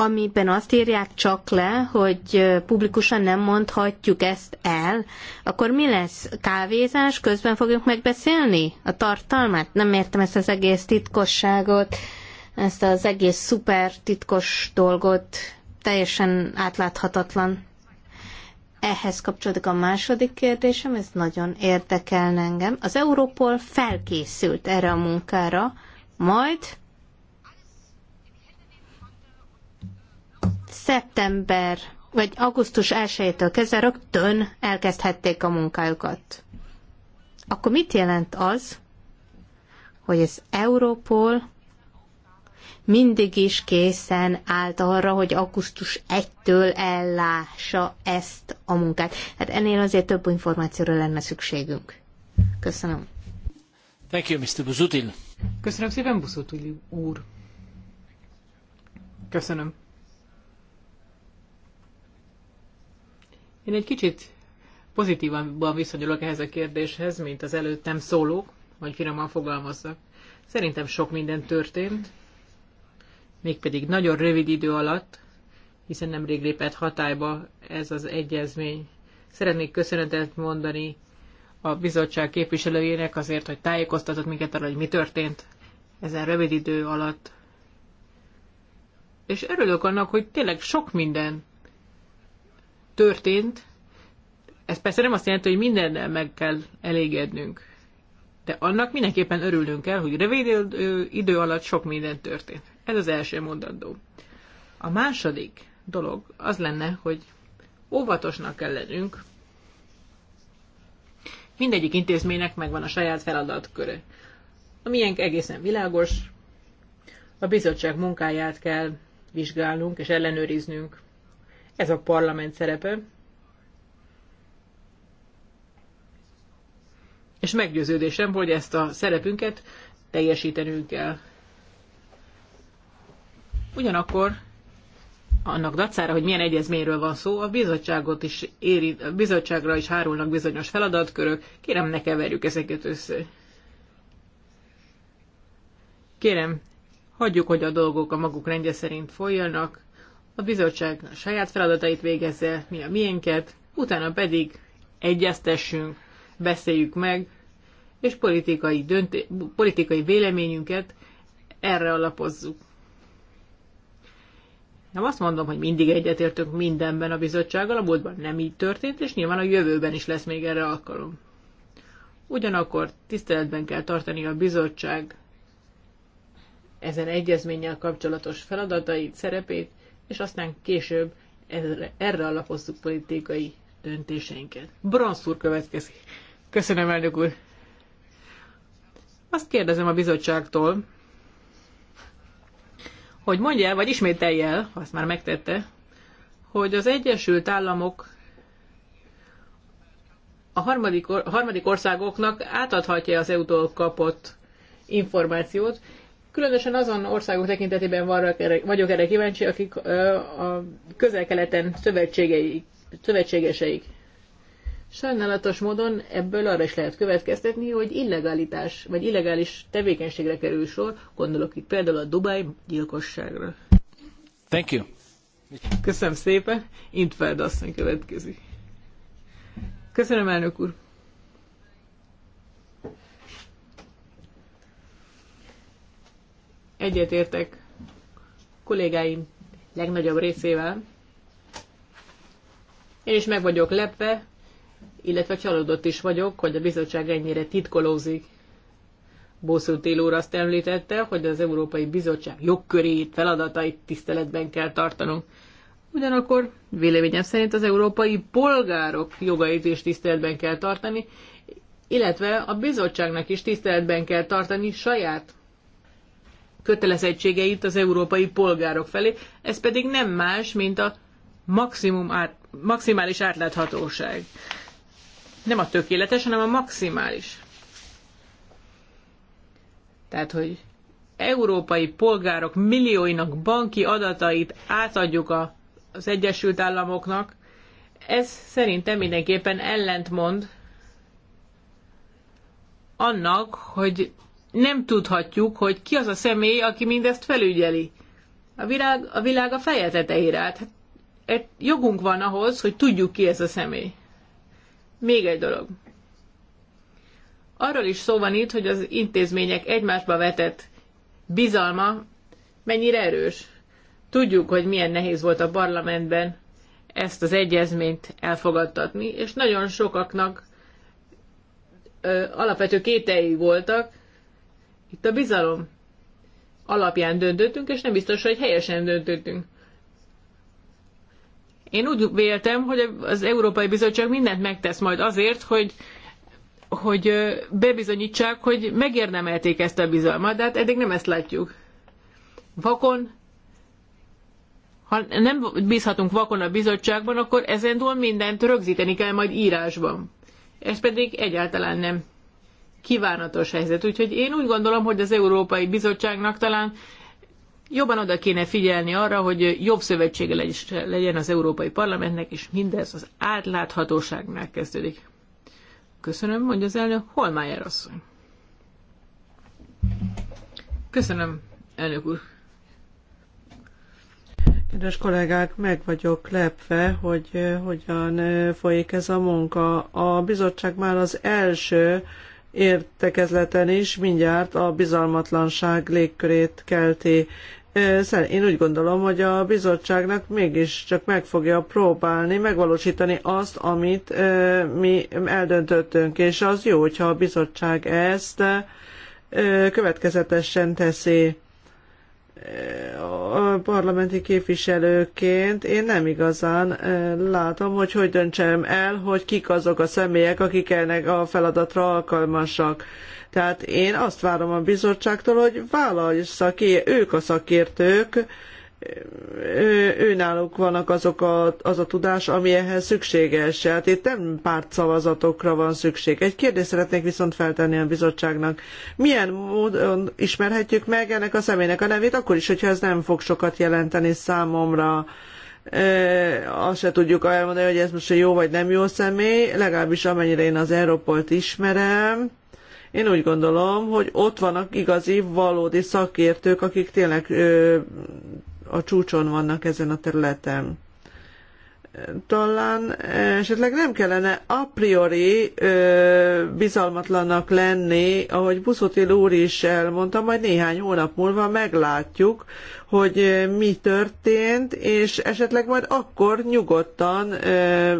S3: amiben azt írják csak le, hogy publikusan nem mondhatjuk ezt el, akkor mi lesz? Kávézás? Közben fogjuk megbeszélni a tartalmát? Nem értem ezt az egész titkosságot, ezt az egész szuper titkos dolgot, teljesen átláthatatlan. Ehhez kapcsolódik a második kérdésem, ez nagyon érdekelne engem. Az Európol felkészült erre a munkára, majd szeptember vagy augusztus 1-től kezdve rögtön elkezdhették a munkájukat. Akkor mit jelent az, hogy az Európol mindig is készen állt arra, hogy augusztus 1-től ellássa ezt a munkát. Hát ennél azért több információra lenne szükségünk. Köszönöm.
S1: Thank you, Mr. Buzutil. Köszönöm szépen, Buzutil úr.
S2: Köszönöm. Én egy kicsit pozitívan viszonyulok ehhez a kérdéshez, mint az előttem szólók, vagy finoman fogalmazzak. Szerintem sok minden történt, mégpedig nagyon rövid idő alatt, hiszen nemrég lépett hatályba ez az egyezmény. Szeretnék köszönetet mondani a bizottság képviselőjének azért, hogy tájékoztatott minket arra, hogy mi történt ezen rövid idő alatt. És örülök annak, hogy tényleg sok minden történt, ez persze nem azt jelenti, hogy mindennel meg kell elégednünk. De annak mindenképpen örülnünk el hogy rövid idő alatt sok minden történt. Ez az első mondandó. A második dolog az lenne, hogy óvatosnak kell lennünk. Mindegyik intézménynek megvan a saját feladatköre. A miénk egészen világos, a bizottság munkáját kell vizsgálnunk és ellenőriznünk. Ez a parlament szerepe. És meggyőződésem, hogy ezt a szerepünket teljesítenünk kell. Ugyanakkor annak dacára, hogy milyen egyezményről van szó, a, bizottságot is éri, a bizottságra is hárulnak bizonyos feladatkörök. Kérem, ne keverjük ezeket össze. Kérem, hagyjuk, hogy a dolgok a maguk rendje szerint folyjanak a bizottság a saját feladatait végezze, mi a miénket, utána pedig egyeztessünk, beszéljük meg, és politikai, dönté- politikai véleményünket erre alapozzuk. Nem azt mondom, hogy mindig egyetértünk mindenben a bizottsággal, a múltban nem így történt, és nyilván a jövőben is lesz még erre alkalom. Ugyanakkor tiszteletben kell tartani a bizottság ezen egyezménnyel kapcsolatos feladatait, szerepét, és aztán később erre, erre alapoztuk politikai döntéseinket. Bransz következik. Köszönöm, elnök úr. Azt kérdezem a bizottságtól, hogy mondja el, vagy ismételje el, azt már megtette, hogy az Egyesült Államok a harmadik, or, harmadik országoknak átadhatja az EU-tól kapott információt, Különösen azon országok tekintetében vagyok erre kíváncsi, akik a közel-keleten szövetségeseik. Sajnálatos módon ebből arra is lehet következtetni, hogy illegalitás vagy illegális tevékenységre kerül sor, gondolok itt például a Dubaj gyilkosságra. Thank you. Köszönöm szépen. Intfeld asszony következik. Köszönöm, elnök úr. Egyetértek kollégáim legnagyobb részével. Én is meg vagyok lepve, illetve csalódott is vagyok, hogy a bizottság ennyire titkolózik. Bosszú Télóra azt említette, hogy az Európai Bizottság jogkörét, feladatait tiszteletben kell tartanunk. Ugyanakkor véleményem szerint az európai polgárok jogait is tiszteletben kell tartani, illetve a bizottságnak is tiszteletben kell tartani saját kötelezettségeit az európai polgárok felé, ez pedig nem más, mint a maximum át, maximális átláthatóság. Nem a tökéletes, hanem a maximális. Tehát, hogy európai polgárok millióinak banki adatait átadjuk a, az Egyesült Államoknak, ez szerintem mindenképpen ellentmond annak, hogy nem tudhatjuk, hogy ki az a személy, aki mindezt felügyeli. A világ a, világ a feje tetejére állt. Hát, hát, jogunk van ahhoz, hogy tudjuk ki ez a személy. Még egy dolog. Arról is szó van itt, hogy az intézmények egymásba vetett bizalma mennyire erős. Tudjuk, hogy milyen nehéz volt a parlamentben ezt az egyezményt elfogadtatni, és nagyon sokaknak ö, alapvető kételjük voltak, itt a bizalom alapján döntöttünk, és nem biztos, hogy helyesen döntöttünk. Én úgy véltem, hogy az Európai Bizottság mindent megtesz majd azért, hogy hogy bebizonyítsák, hogy megérdemelték ezt a bizalmat, de hát eddig nem ezt látjuk. Vakon, ha nem bízhatunk vakon a bizottságban, akkor ezentúl mindent rögzíteni kell majd írásban. Ez pedig egyáltalán nem kívánatos helyzet. Úgyhogy én úgy gondolom, hogy az Európai Bizottságnak talán jobban oda kéne figyelni arra, hogy jobb szövetsége legyen az Európai Parlamentnek, és mindez az átláthatóságnál kezdődik. Köszönöm, mondja az elnök. Holmájer
S4: asszony. Köszönöm, elnök úr. Kedves kollégák, meg vagyok lepve, hogy eh, hogyan eh, folyik ez a munka. A bizottság már az első értekezleten is mindjárt a bizalmatlanság légkörét kelti. Én úgy gondolom, hogy a bizottságnak mégiscsak meg fogja próbálni megvalósítani azt, amit mi eldöntöttünk, és az jó, hogyha a bizottság ezt következetesen teszi a parlamenti képviselőként én nem igazán látom, hogy hogy döntsem el, hogy kik azok a személyek, akik ennek a feladatra alkalmasak. Tehát én azt várom a bizottságtól, hogy vállalja ki, ők a szakértők, ő, őnáluk vannak azok a, az a tudás, ami ehhez szükséges. Hát itt nem pártszavazatokra van szükség. Egy kérdést szeretnék viszont feltenni a bizottságnak. Milyen módon ismerhetjük meg ennek a személynek a nevét, akkor is, hogyha ez nem fog sokat jelenteni számomra. E, azt se tudjuk elmondani, hogy ez most jó vagy nem jó személy, legalábbis amennyire én az Európolt ismerem. Én úgy gondolom, hogy ott vannak igazi, valódi szakértők, akik tényleg ö, a csúcson vannak ezen a területen. Talán esetleg nem kellene a priori ö, bizalmatlannak lenni, ahogy Buszotil úr is elmondta, majd néhány hónap múlva meglátjuk, hogy mi történt, és esetleg majd akkor nyugodtan ö,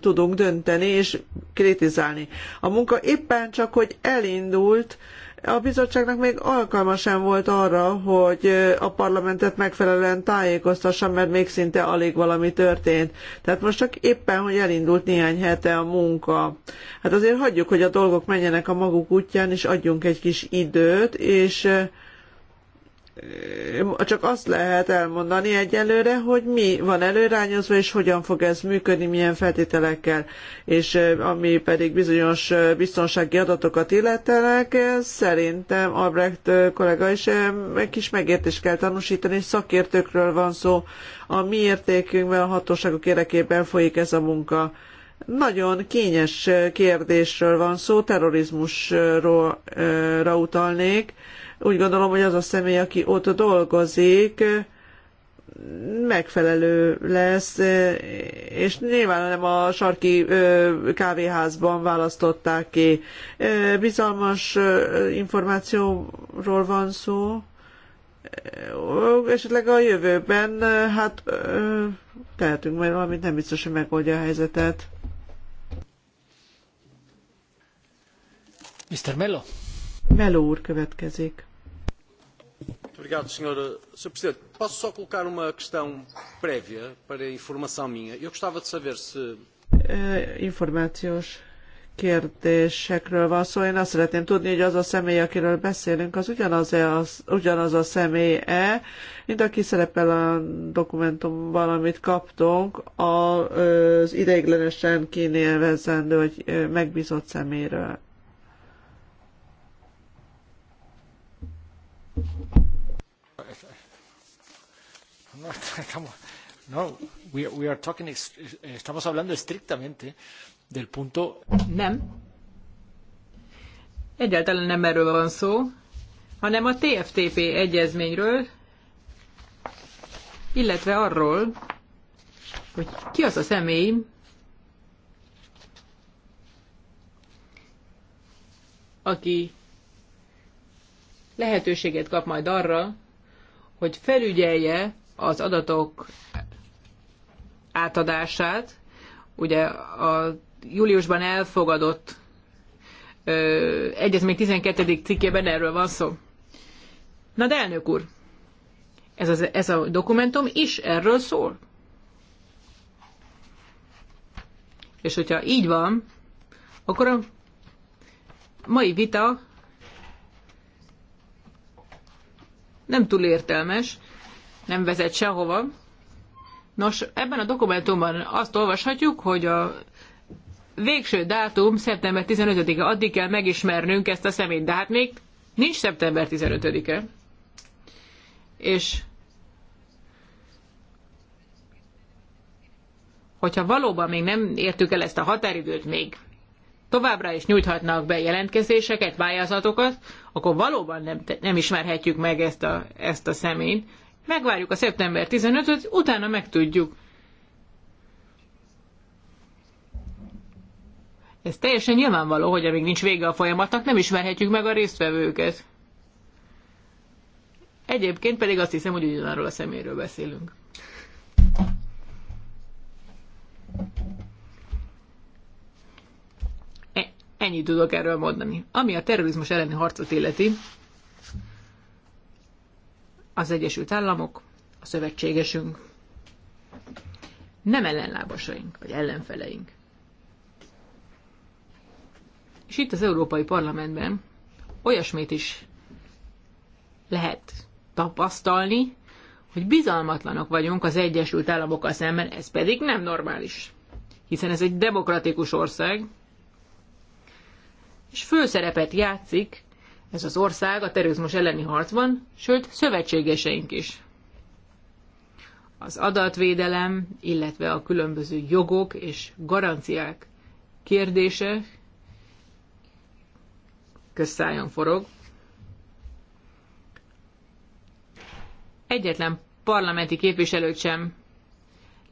S4: tudunk dönteni és kritizálni. A munka éppen csak, hogy elindult, ö, a bizottságnak még alkalma sem volt arra, hogy a parlamentet megfelelően tájékoztassa, mert még szinte alig valami történt. Tehát most csak éppen, hogy elindult néhány hete a munka. Hát azért hagyjuk, hogy a dolgok menjenek a maguk útján, és adjunk egy kis időt, és csak azt lehet elmondani egyelőre, hogy mi van előrányozva, és hogyan fog ez működni, milyen feltételekkel, és ami pedig bizonyos biztonsági adatokat illetenek, szerintem Albrecht kollega is egy kis megértést kell tanúsítani, szakértőkről van szó, a mi értékünkben, a hatóságok érdekében folyik ez a munka. Nagyon kényes kérdésről van szó, terrorizmusra utalnék, úgy gondolom, hogy az a személy, aki ott dolgozik, megfelelő lesz, és nyilván nem a sarki kávéházban választották ki. Bizalmas információról van szó, esetleg a jövőben, hát tehetünk majd valamit, nem biztos, hogy megoldja a helyzetet. Mr. Mello? Mello úr következik
S1: obrigado, Sr. Eh, Sr. Presidente. Posso só colocar uma questão prévia para informação minha? Eu gostava de saber se...
S4: Eh, információs kérdésekről van szó. Én azt szeretném tudni, hogy az a személy, akiről beszélünk, az ugyanaz, -e az, ugyanaz a személy-e, mint aki szerepel a dokumentumban, amit kaptunk, az ideiglenesen kinevezendő, hogy eh, megbízott szeméről.
S1: No, [LAUGHS] estamos, no, we, we are talking, estamos hablando estrictamente del punto...
S2: Nem. Egyáltalán nem erről van szó, hanem a TFTP egyezményről, illetve arról, hogy ki az a személy, aki lehetőséget kap majd arra, hogy felügyelje az adatok átadását. Ugye a júliusban elfogadott ö, egyezmény 12. cikkében erről van szó. Na de elnök úr, ez, az, ez a dokumentum is erről szól. És hogyha így van, akkor a mai vita nem túl értelmes, nem vezet sehova. Nos, ebben a dokumentumban azt olvashatjuk, hogy a végső dátum szeptember 15-e, addig kell megismernünk ezt a szemét, de hát még nincs szeptember 15-e. És hogyha valóban még nem értük el ezt a határidőt, még továbbra is nyújthatnak be jelentkezéseket, pályázatokat, akkor valóban nem, nem ismerhetjük meg ezt a, ezt a személyt. Megvárjuk a szeptember 15-öt, utána megtudjuk. Ez teljesen nyilvánvaló, hogy amíg nincs vége a folyamatnak, nem ismerhetjük meg a résztvevőket. Egyébként pedig azt hiszem, hogy ugyanarról a szeméről beszélünk. ennyit tudok erről mondani. Ami a terrorizmus elleni harcot illeti, az Egyesült Államok, a szövetségesünk, nem ellenlábasaink, vagy ellenfeleink. És itt az Európai Parlamentben olyasmit is lehet tapasztalni, hogy bizalmatlanok vagyunk az Egyesült Államokkal szemben, ez pedig nem normális. Hiszen ez egy demokratikus ország, és főszerepet játszik ez az ország a terrorizmus elleni harcban, sőt szövetségeseink is. Az adatvédelem, illetve a különböző jogok és garanciák kérdése közszájon forog. Egyetlen parlamenti képviselőt sem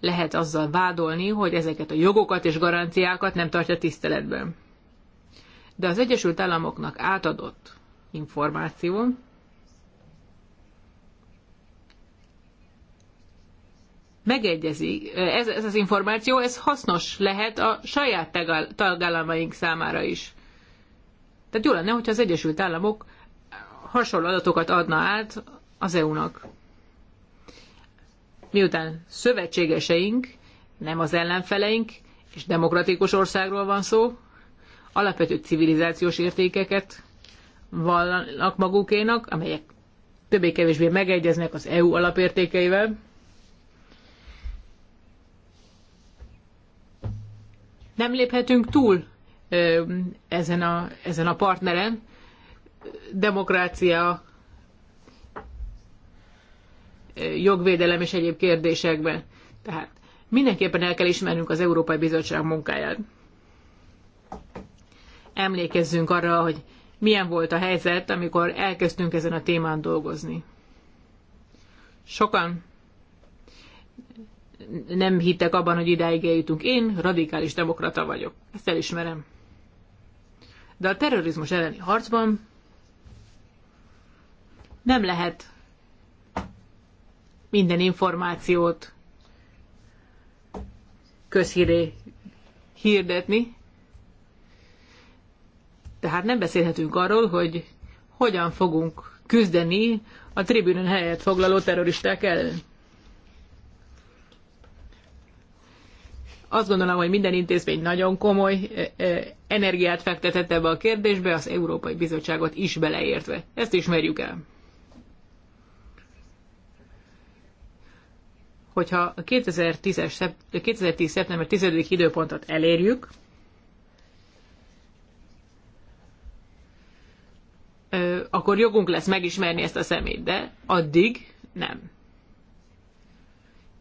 S2: lehet azzal vádolni, hogy ezeket a jogokat és garanciákat nem tartja tiszteletben de az Egyesült Államoknak átadott információ megegyezik, ez, ez az információ, ez hasznos lehet a saját tagállamaink számára is. Tehát jó lenne, hogyha az Egyesült Államok hasonló adatokat adna át az EU-nak. Miután szövetségeseink, nem az ellenfeleink, és demokratikus országról van szó, alapvető civilizációs értékeket vallanak magukénak, amelyek többé-kevésbé megegyeznek az EU alapértékeivel. Nem léphetünk túl ezen a, ezen a partneren. Demokrácia, jogvédelem és egyéb kérdésekben. Tehát mindenképpen el kell ismernünk az Európai Bizottság munkáját emlékezzünk arra, hogy milyen volt a helyzet, amikor elkezdtünk ezen a témán dolgozni. Sokan nem hittek abban, hogy idáig eljutunk. Én radikális demokrata vagyok. Ezt elismerem. De a terrorizmus elleni harcban nem lehet minden információt közhíré hirdetni. Tehát nem beszélhetünk arról, hogy hogyan fogunk küzdeni a tribünön helyet foglaló terroristák ellen. Azt gondolom, hogy minden intézmény nagyon komoly e, e, energiát fektetett ebbe a kérdésbe, az Európai Bizottságot is beleértve. Ezt ismerjük el. Hogyha a 2010. szeptember 10. időpontot elérjük, akkor jogunk lesz megismerni ezt a szemét, de addig nem.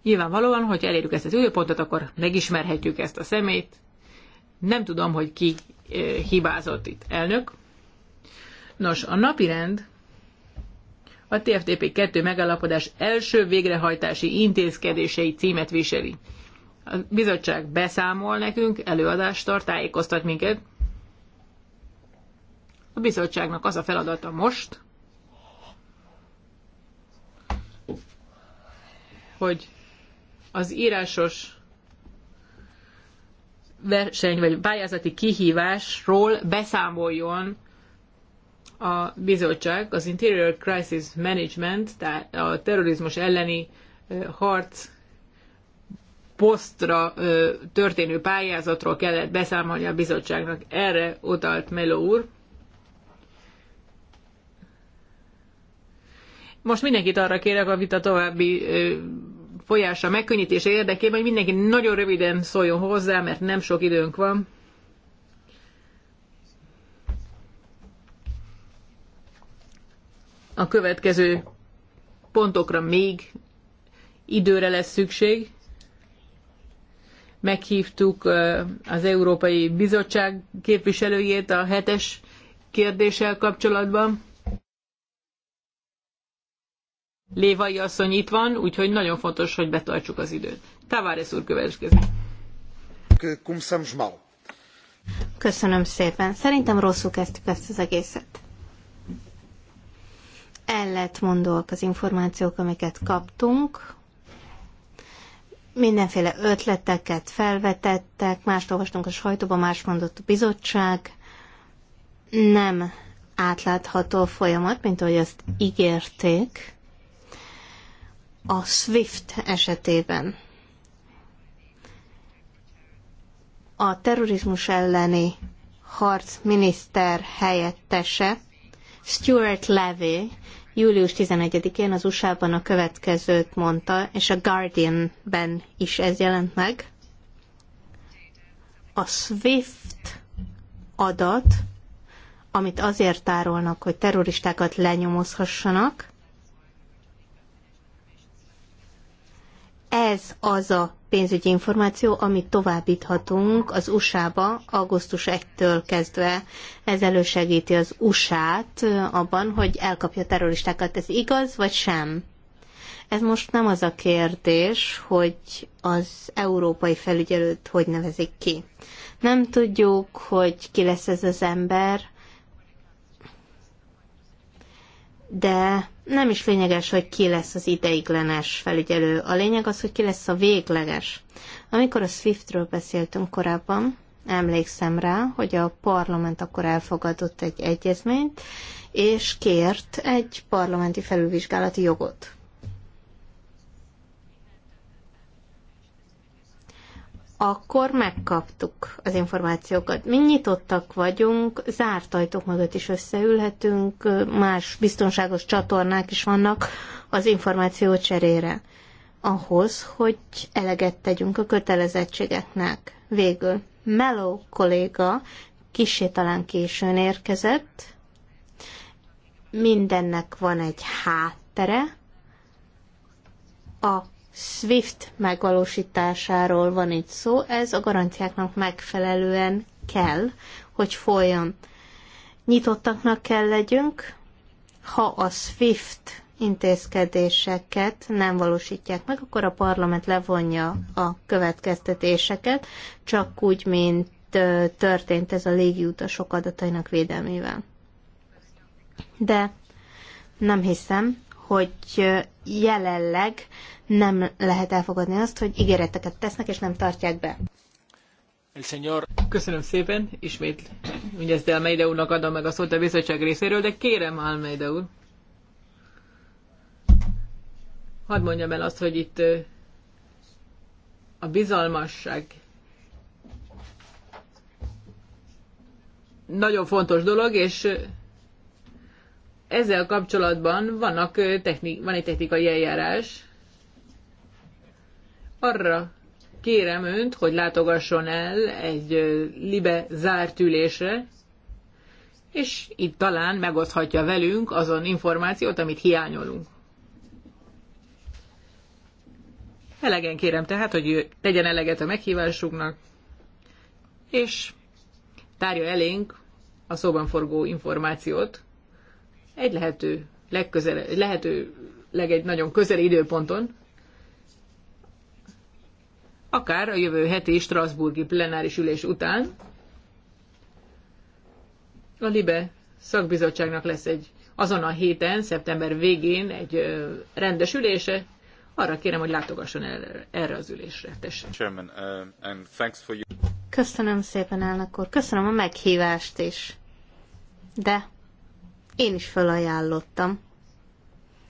S2: Nyilvánvalóan, hogy elérjük ezt az pontot, akkor megismerhetjük ezt a szemét. Nem tudom, hogy ki hibázott itt. Elnök. Nos, a napirend a TFTP 2 megállapodás első végrehajtási intézkedései címet viseli. A bizottság beszámol nekünk, előadást tart, tájékoztat minket, a bizottságnak az a feladata most, hogy az írásos verseny vagy pályázati kihívásról beszámoljon a bizottság, az Interior Crisis Management, tehát a terrorizmus elleni harc posztra történő pályázatról kellett beszámolni a bizottságnak. Erre utalt Meló úr. Most mindenkit arra kérek a vita további folyása megkönnyítése érdekében, hogy mindenki nagyon röviden szóljon hozzá, mert nem sok időnk van. A következő pontokra még időre lesz szükség. Meghívtuk az Európai Bizottság képviselőjét a hetes kérdéssel kapcsolatban. Lévai asszony itt van, úgyhogy nagyon fontos, hogy betartsuk az időt. Tavares úr következik.
S3: Köszönöm szépen. Szerintem rosszul kezdtük ezt az egészet. Ellentmondóak az információk, amiket kaptunk. Mindenféle ötleteket felvetettek, mást olvastunk a sajtóban, más mondott a bizottság. Nem átlátható folyamat, mint ahogy azt ígérték a SWIFT esetében a terrorizmus elleni harc miniszter helyettese Stuart Levy július 11-én az USA-ban a következőt mondta, és a Guardian-ben is ez jelent meg. A SWIFT adat, amit azért tárolnak, hogy terroristákat lenyomozhassanak, Ez az a pénzügyi információ, amit továbbíthatunk az USA-ba augusztus 1-től kezdve. Ez elősegíti az USA-t abban, hogy elkapja a terroristákat. Ez igaz vagy sem? Ez most nem az a kérdés, hogy az európai felügyelőt hogy nevezik ki. Nem tudjuk, hogy ki lesz ez az ember, de nem is lényeges, hogy ki lesz az ideiglenes felügyelő. A lényeg az, hogy ki lesz a végleges. Amikor a Swiftről beszéltünk korábban, emlékszem rá, hogy a parlament akkor elfogadott egy egyezményt, és kért egy parlamenti felülvizsgálati jogot. akkor megkaptuk az információkat. Mi nyitottak vagyunk, zárt ajtók mögött is összeülhetünk, más biztonságos csatornák is vannak az információ cserére. Ahhoz, hogy eleget tegyünk a kötelezettségeknek. Végül Melo kolléga kisé talán későn érkezett, mindennek van egy háttere, a SWIFT megvalósításáról van itt szó, ez a garanciáknak megfelelően kell, hogy folyjon. Nyitottaknak kell legyünk, ha a SWIFT intézkedéseket nem valósítják meg, akkor a parlament levonja a következtetéseket, csak úgy, mint történt ez a légiutasok adatainak védelmével. De nem hiszem, hogy jelenleg nem lehet elfogadni azt, hogy ígéreteket tesznek és nem tartják be.
S2: El señor. Köszönöm szépen, ismét mindezt Almeida úrnak adom meg a szót a bizottság részéről, de kérem Almeida úr, hadd mondjam el azt, hogy itt a bizalmasság nagyon fontos dolog, és ezzel kapcsolatban vannak techni- van egy technikai eljárás. Arra kérem önt, hogy látogasson el egy libe zárt ülésre, és itt talán megoszthatja velünk azon információt, amit hiányolunk. Elegen kérem tehát, hogy tegyen eleget a meghívásunknak, és tárja elénk a szóban forgó információt, egy lehető, legközel, lehető leg egy nagyon közeli időponton, akár a jövő heti Strasburgi plenáris ülés után, a LIBE szakbizottságnak lesz egy azon a héten, szeptember végén egy rendes ülése, arra kérem, hogy látogasson el erre az ülésre.
S4: Uh, you.
S3: Köszönöm szépen, elnök úr. Köszönöm a meghívást is. De én is felajánlottam.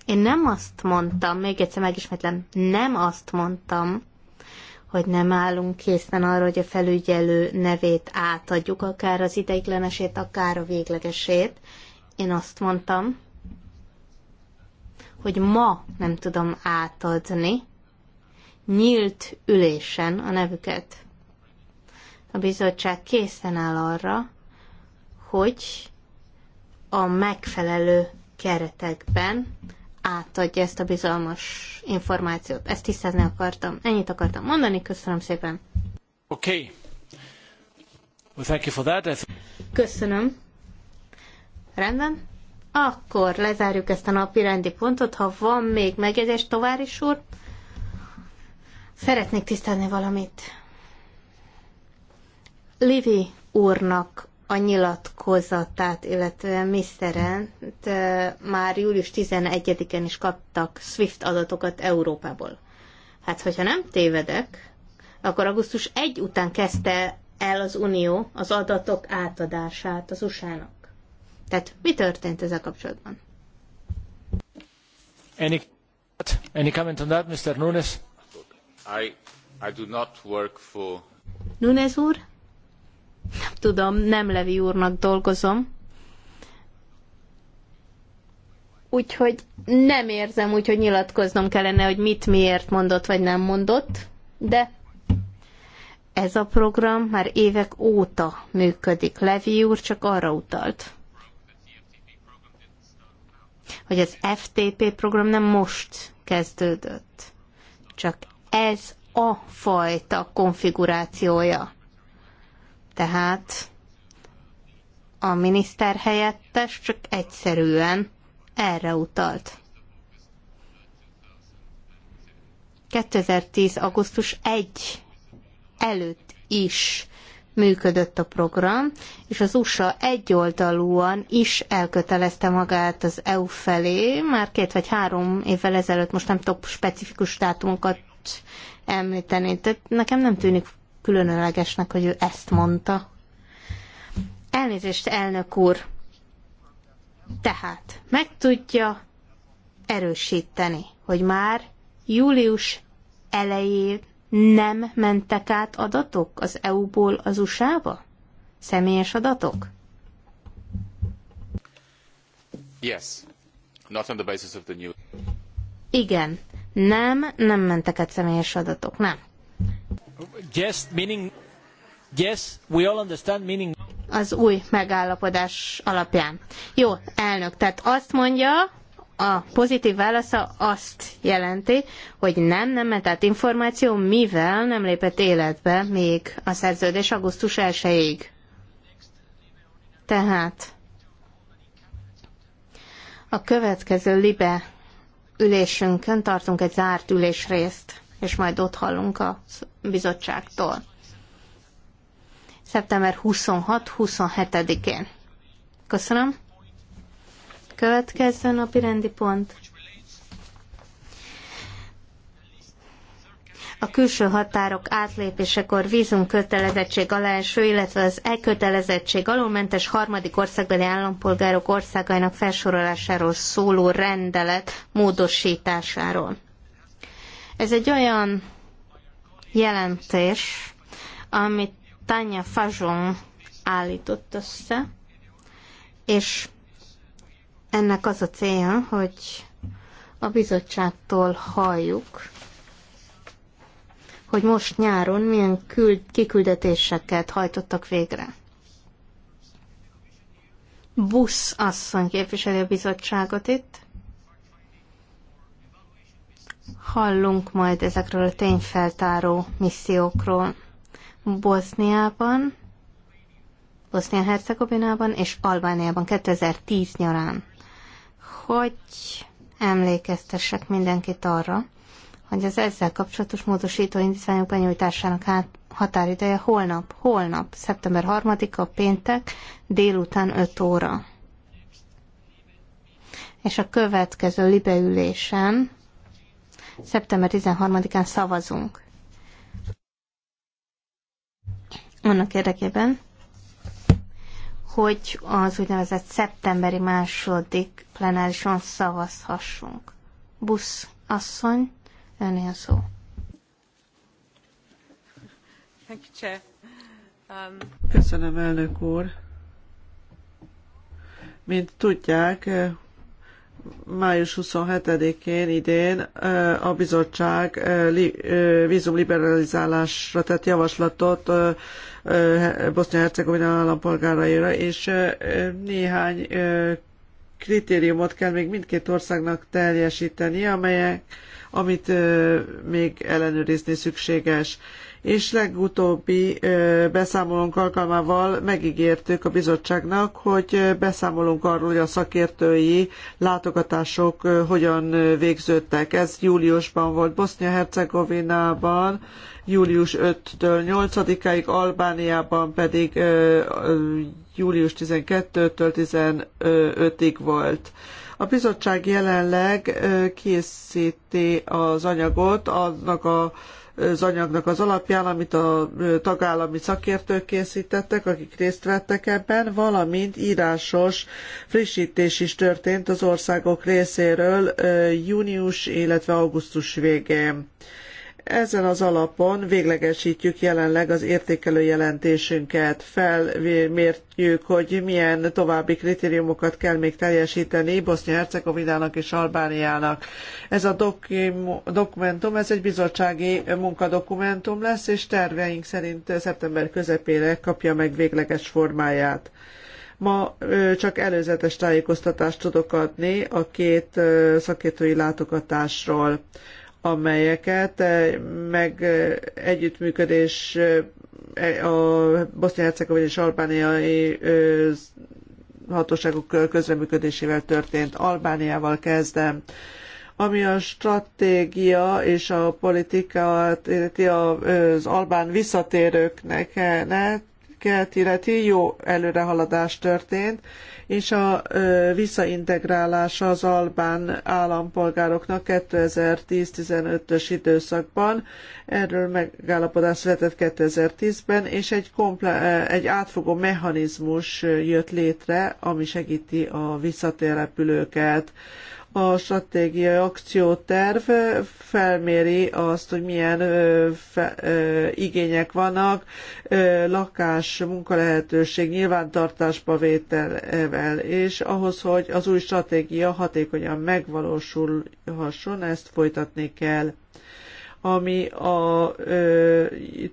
S3: Én nem azt mondtam, még egyszer megismétlem, nem azt mondtam, hogy nem állunk készen arra, hogy a felügyelő nevét átadjuk, akár az ideiglenesét, akár a véglegesét. Én azt mondtam, hogy ma nem tudom átadni nyílt ülésen a nevüket. A bizottság készen áll arra, hogy a megfelelő keretekben átadja ezt a bizalmas információt. Ezt tisztázni akartam. Ennyit akartam mondani. Köszönöm szépen.
S1: Oké. Okay. Well, thank you for that.
S3: Köszönöm. Rendben. Akkor lezárjuk ezt a napi rendi pontot. Ha van még megjegyzés, továris úr, szeretnék tisztázni valamit. Livi úrnak a nyilatkozatát, illetve mi eh, már július 11-en is kaptak SWIFT adatokat Európából. Hát, hogyha nem tévedek, akkor augusztus 1 után kezdte el az Unió az adatok átadását az USA-nak. Tehát mi történt ezzel kapcsolatban?
S1: Any, any comment
S3: on that, Mr. Nunes?
S1: I, I do not work for...
S3: Nunes úr? Nem tudom, nem Levi úrnak dolgozom. Úgyhogy nem érzem úgy, hogy nyilatkoznom kellene, hogy mit miért mondott, vagy nem mondott, de ez a program már évek óta működik. Levi úr csak arra utalt, hogy az FTP program nem most kezdődött, csak ez a fajta konfigurációja. Tehát a miniszter helyettes csak egyszerűen erre utalt. 2010. augusztus 1 előtt is működött a program, és az USA egyoldalúan is elkötelezte magát az EU felé, már két vagy három évvel ezelőtt, most nem tudok specifikus dátumokat említeni, tehát nekem nem tűnik különlegesnek, hogy ő ezt mondta. Elnézést, elnök úr! Tehát meg tudja erősíteni, hogy már július elején nem mentek át adatok az EU-ból az USA-ba? Személyes adatok?
S1: Yes. Not on the basis of the new...
S3: Igen. Nem, nem mentek át személyes adatok, nem.
S1: Yes, meaning, yes, we all understand meaning.
S3: Az új megállapodás alapján. Jó, elnök, tehát azt mondja, a pozitív válasza azt jelenti, hogy nem nem tehát információ, mivel nem lépett életbe még a szerződés augusztus 1-ig. Tehát a következő libe ülésünkön tartunk egy zárt ülésrészt és majd ott hallunk a bizottságtól. Szeptember 26-27-én. Köszönöm. Következő napi rendi pont. a külső határok átlépésekor vízumkötelezettség alá eső, illetve az elkötelezettség alulmentes harmadik országbeli állampolgárok országainak felsorolásáról szóló rendelet módosításáról. Ez egy olyan jelentés, amit Tanya Fajon állított össze, és ennek az a célja, hogy a bizottságtól halljuk, hogy most nyáron milyen küld, kiküldetéseket hajtottak végre. Busz asszony képviseli a bizottságot itt, hallunk majd ezekről a tényfeltáró missziókról. Boszniában, Bosznia-Hercegovinában és Albániában 2010 nyarán. Hogy emlékeztessek mindenkit arra, hogy az ezzel kapcsolatos módosító indítványok benyújtásának hát határideje holnap, holnap, szeptember 3-a, péntek, délután 5 óra. És a következő libeülésen szeptember 13-án szavazunk. Annak érdekében, hogy az úgynevezett szeptemberi második plenárison szavazhassunk. Busz asszony, a szó. Um,
S4: Köszönöm, elnök úr. Mint tudják, május 27-én idén a bizottság vízumliberalizálásra tett javaslatot Bosznia-Hercegovina állampolgáraira, és néhány kritériumot kell még mindkét országnak teljesíteni, amelyek, amit még ellenőrizni szükséges és legutóbbi beszámolónk alkalmával megígértük a bizottságnak, hogy beszámolunk arról, hogy a szakértői látogatások hogyan végződtek. Ez júliusban volt Bosznia-Hercegovinában, július 5-től 8-áig, Albániában pedig július 12-től 15-ig volt. A bizottság jelenleg készíti az anyagot annak a az anyagnak az alapján, amit a tagállami szakértők készítettek, akik részt vettek ebben, valamint írásos frissítés is történt az országok részéről június, illetve augusztus végén. Ezen az alapon véglegesítjük jelenleg az értékelő jelentésünket, felmértjük, hogy milyen további kritériumokat kell még teljesíteni Bosznia-Hercegovinának és Albániának. Ez a dokumentum, ez egy bizottsági munkadokumentum lesz, és terveink szerint szeptember közepére kapja meg végleges formáját. Ma csak előzetes tájékoztatást tudok adni a két szakértői látogatásról amelyeket eh, meg eh, együttműködés eh, a bosznia-hercegovina és albániai hatóságok közreműködésével történt. Albániával kezdem. Ami a stratégia és a politikát, illeti az albán visszatérőknek, ügyeket illeti jó előrehaladás történt, és a ö, visszaintegrálása az albán állampolgároknak 2010-15-ös időszakban. Erről megállapodás született 2010-ben, és egy, komple- egy átfogó mechanizmus jött létre, ami segíti a visszatérepülőket a stratégiai akcióterv felméri azt, hogy milyen ö, fe, ö, igények vannak, ö, lakás, munkalehetőség, nyilvántartásba vételvel, és ahhoz, hogy az új stratégia hatékonyan megvalósulhasson, ezt folytatni kell ami a ö,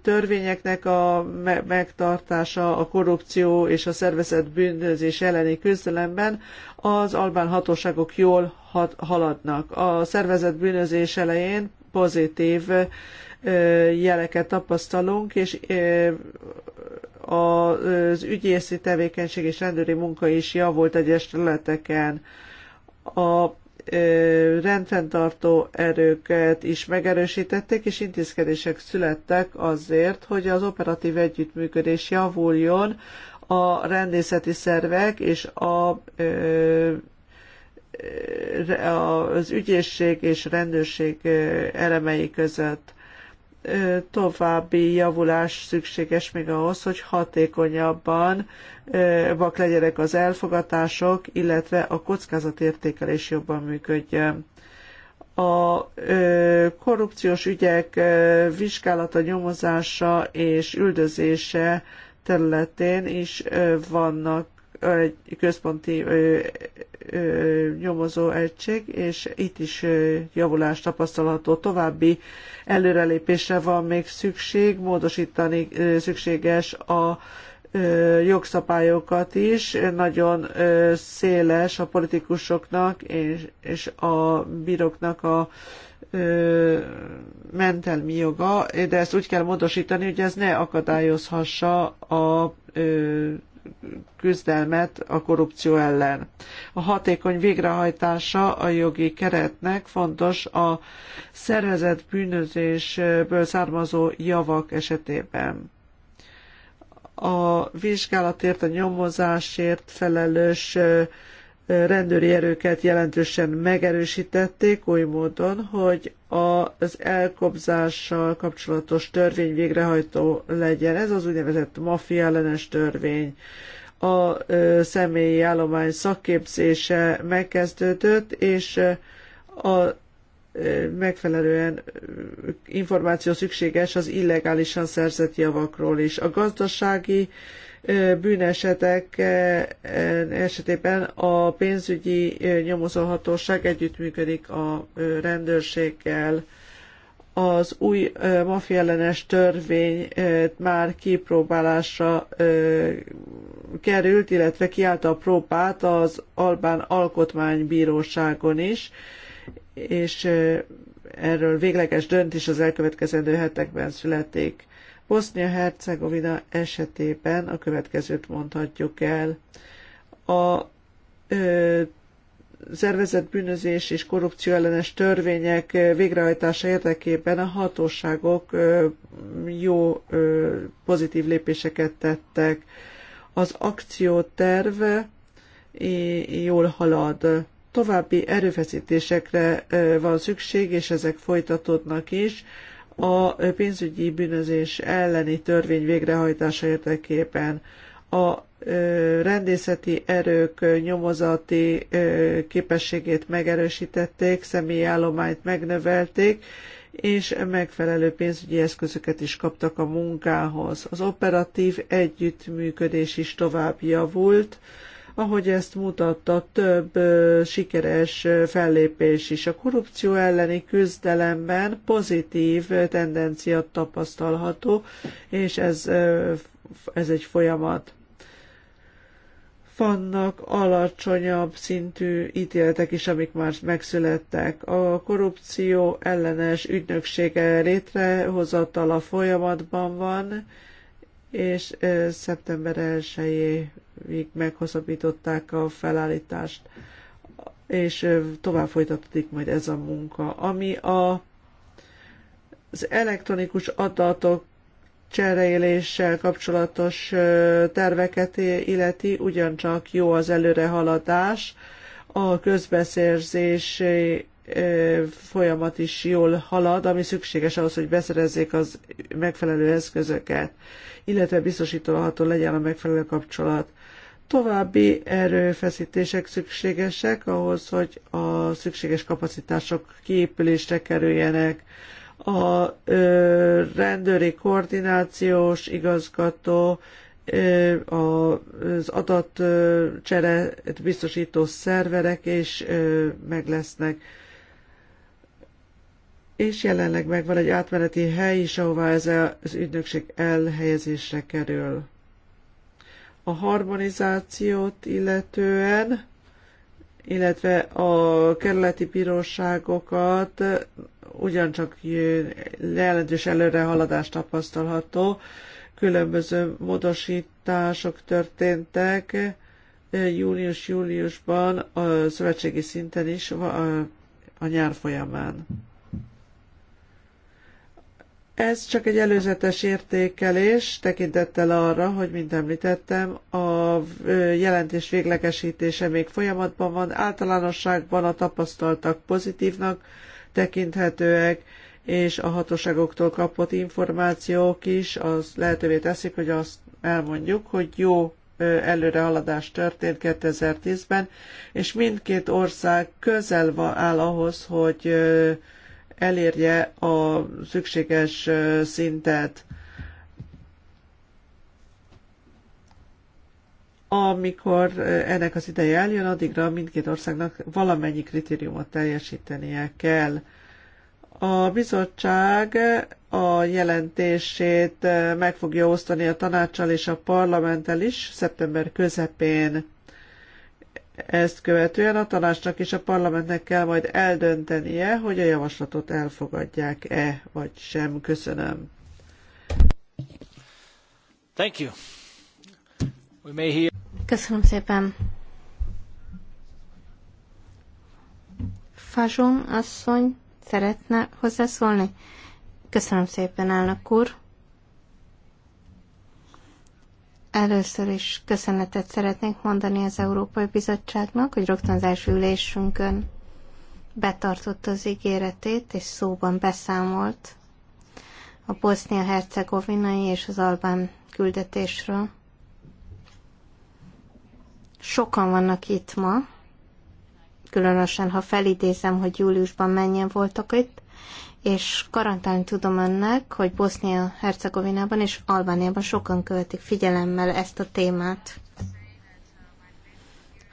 S4: törvényeknek a me- megtartása, a korrupció és a szervezett bűnözés elleni küzdelemben az albán hatóságok jól haladnak. A szervezet bűnözés elején pozitív jeleket tapasztalunk, és az ügyészi tevékenység és rendőri munka is javult egyes területeken. A rendfenntartó erőket is megerősítették, és intézkedések születtek azért, hogy az operatív együttműködés javuljon a rendészeti szervek és a az ügyészség és rendőrség elemei között további javulás szükséges még ahhoz, hogy hatékonyabban vak legyenek az elfogatások, illetve a kockázatértékelés jobban működjön. A korrupciós ügyek vizsgálata, nyomozása és üldözése területén is vannak egy központi ö, ö, nyomozó egység, és itt is ö, javulás tapasztalható. További előrelépésre van még szükség, módosítani ö, szükséges a ö, jogszabályokat is. Nagyon ö, széles a politikusoknak és, és a bíroknak a mentelmi joga, de ezt úgy kell módosítani, hogy ez ne akadályozhassa a küzdelmet a korrupció ellen. A hatékony végrehajtása a jogi keretnek fontos a szervezett bűnözésből származó javak esetében. A vizsgálatért, a nyomozásért felelős rendőri erőket jelentősen megerősítették oly módon, hogy az elkobzással kapcsolatos törvény végrehajtó legyen. Ez az úgynevezett mafia ellenes törvény. A személyi állomány szakképzése megkezdődött, és a megfelelően információ szükséges az illegálisan szerzett javakról is. A gazdasági bűnesetek esetében a pénzügyi nyomozóhatóság együttműködik a rendőrséggel. Az új mafiellenes törvény már kipróbálásra került, illetve kiállta a próbát az Albán Alkotmánybíróságon is, és erről végleges döntés az elkövetkezendő hetekben születik. Bosznia-Hercegovina esetében a következőt mondhatjuk el. A ö, szervezett bűnözés és korrupció ellenes törvények végrehajtása érdekében a hatóságok jó pozitív lépéseket tettek. Az akcióterv jól halad. További erőfeszítésekre van szükség, és ezek folytatódnak is a pénzügyi bűnözés elleni törvény végrehajtása érdekében a rendészeti erők nyomozati képességét megerősítették, személyi állományt megnövelték, és megfelelő pénzügyi eszközöket is kaptak a munkához. Az operatív együttműködés is tovább javult, ahogy ezt mutatta több sikeres fellépés is. A korrupció elleni küzdelemben pozitív tendencia tapasztalható, és ez, ez egy folyamat vannak alacsonyabb szintű ítéletek is, amik már megszülettek. A korrupció ellenes ügynöksége a folyamatban van, és szeptember 1-ig meghosszabbították a felállítást, és tovább folytatódik majd ez a munka. Ami a, az elektronikus adatok cseréléssel kapcsolatos terveket illeti, ugyancsak jó az előrehaladás, a közbeszerzési folyamat is jól halad, ami szükséges ahhoz, hogy beszerezzék az megfelelő eszközöket, illetve biztosítható legyen a megfelelő kapcsolat. További erőfeszítések szükségesek ahhoz, hogy a szükséges kapacitások kiépülésre kerüljenek. A ö, rendőri koordinációs igazgató, ö, az adatcsere biztosító szerverek is ö, meg lesznek és jelenleg megvan egy átmeneti hely is, ahová ez az ügynökség elhelyezésre kerül. A harmonizációt illetően, illetve a kerületi bíróságokat ugyancsak jelentős előrehaladás tapasztalható, különböző módosítások történtek, június-júliusban a szövetségi szinten is a nyár folyamán. Ez csak egy előzetes értékelés, tekintettel arra, hogy, mint említettem, a jelentés véglegesítése még folyamatban van, általánosságban a tapasztaltak pozitívnak tekinthetőek, és a hatóságoktól kapott információk is az lehetővé teszik, hogy azt elmondjuk, hogy jó előrehaladás történt 2010-ben, és mindkét ország közel áll ahhoz, hogy elérje a szükséges szintet. Amikor ennek az ideje eljön, addigra mindkét országnak valamennyi kritériumot teljesítenie kell. A bizottság a jelentését meg fogja osztani a tanácssal és a parlamenttel is szeptember közepén. Ezt követően a tanácsnak és a parlamentnek kell majd eldöntenie, hogy a javaslatot elfogadják-e vagy sem. Köszönöm.
S1: Thank you. We may hear...
S4: Köszönöm szépen.
S3: Fazsum asszony szeretne hozzászólni? Köszönöm szépen, elnök úr. Először is köszönetet szeretnék mondani az Európai Bizottságnak, hogy rögtön az első ülésünkön betartotta az ígéretét, és szóban beszámolt a bosznia-hercegovinai és az albán küldetésről. Sokan vannak itt ma, különösen ha felidézem, hogy júliusban mennyien voltak itt, és garantálni tudom önnek, hogy Bosznia-Hercegovinában és Albániában sokan követik figyelemmel ezt a témát.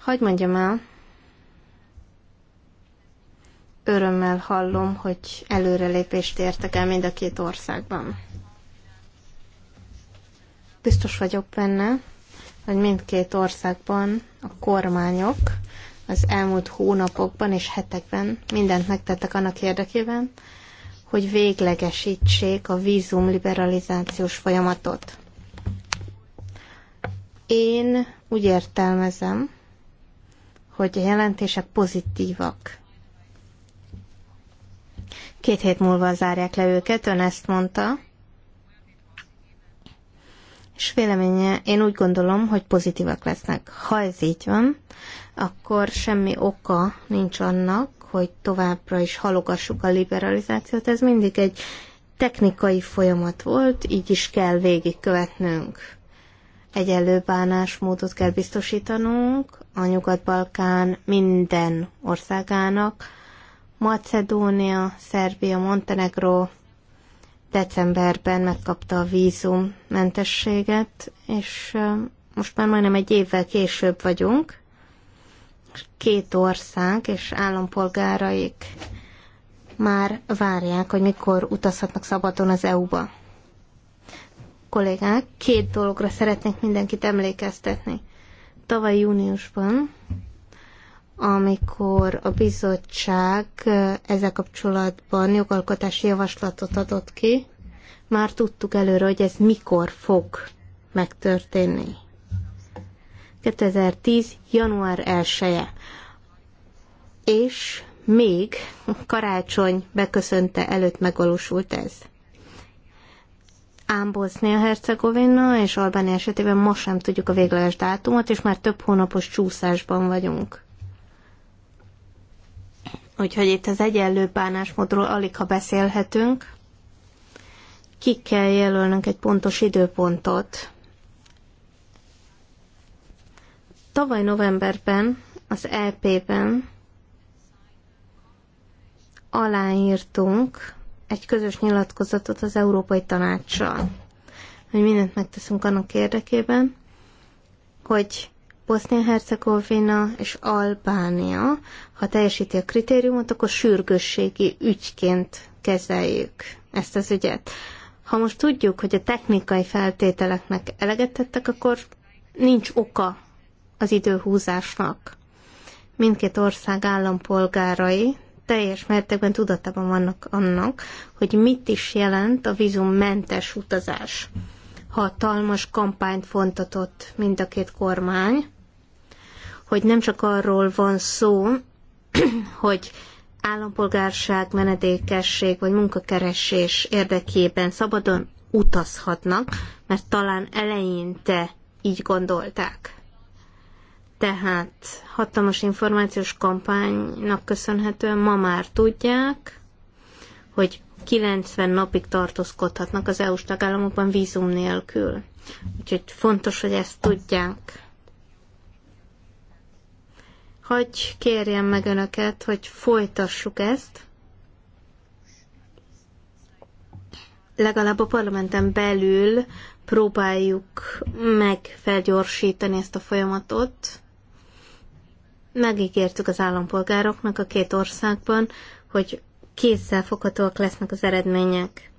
S3: Hogy mondjam el, örömmel hallom, hogy előrelépést értek el mind a két országban. Biztos vagyok benne, hogy mindkét országban a kormányok az elmúlt hónapokban és hetekben mindent megtettek annak érdekében, hogy véglegesítsék a vízum liberalizációs folyamatot. Én úgy értelmezem, hogy a jelentések pozitívak. Két hét múlva zárják le őket, ön ezt mondta. És véleménye, én úgy gondolom, hogy pozitívak lesznek. Ha ez így van, akkor semmi oka nincs annak, hogy továbbra is halogassuk a liberalizációt. Ez mindig egy technikai folyamat volt, így is kell végigkövetnünk. Egyelő bánásmódot kell biztosítanunk a Nyugat-Balkán minden országának. Macedónia, Szerbia, Montenegro decemberben megkapta a vízum mentességet, és most már majdnem egy évvel később vagyunk, két ország és állampolgáraik már várják, hogy mikor utazhatnak szabadon az EU-ba. Kollégák, két dologra szeretnék mindenkit emlékeztetni. Tavaly júniusban, amikor a bizottság ezzel kapcsolatban jogalkotási javaslatot adott ki, már tudtuk előre, hogy ez mikor fog megtörténni. 2010. január 1 -e. És még karácsony beköszönte előtt megvalósult ez. Ám Bosznia-Hercegovina és Albánia esetében most sem tudjuk a végleges dátumot, és már több hónapos csúszásban vagyunk. Úgyhogy itt az egyenlő bánásmódról alig ha beszélhetünk. Ki kell jelölnünk egy pontos időpontot, Tavaly novemberben az EP-ben aláírtunk egy közös nyilatkozatot az Európai Tanácssal, hogy mindent megteszünk annak érdekében, hogy Bosznia-Hercegovina és Albánia, ha teljesíti a kritériumot, akkor sürgősségi ügyként kezeljük ezt az ügyet. Ha most tudjuk, hogy a technikai feltételeknek eleget tettek, akkor nincs oka az időhúzásnak. Mindkét ország állampolgárai teljes mértékben tudatában vannak annak, hogy mit is jelent a vízummentes utazás. Hatalmas kampányt fontatott mind a két kormány, hogy nem csak arról van szó, [CLEARS THROAT] hogy állampolgárság, menedékesség vagy munkakeresés érdekében szabadon utazhatnak, mert talán eleinte így gondolták. Tehát hatalmas információs kampánynak köszönhetően ma már tudják, hogy 90 napig tartózkodhatnak az EU-s tagállamokban vízum nélkül. Úgyhogy fontos, hogy ezt tudják. Hogy kérjem meg Önöket, hogy folytassuk ezt. Legalább a parlamenten belül próbáljuk felgyorsítani ezt a folyamatot megígértük az állampolgároknak a két országban, hogy kézzelfoghatóak lesznek az eredmények.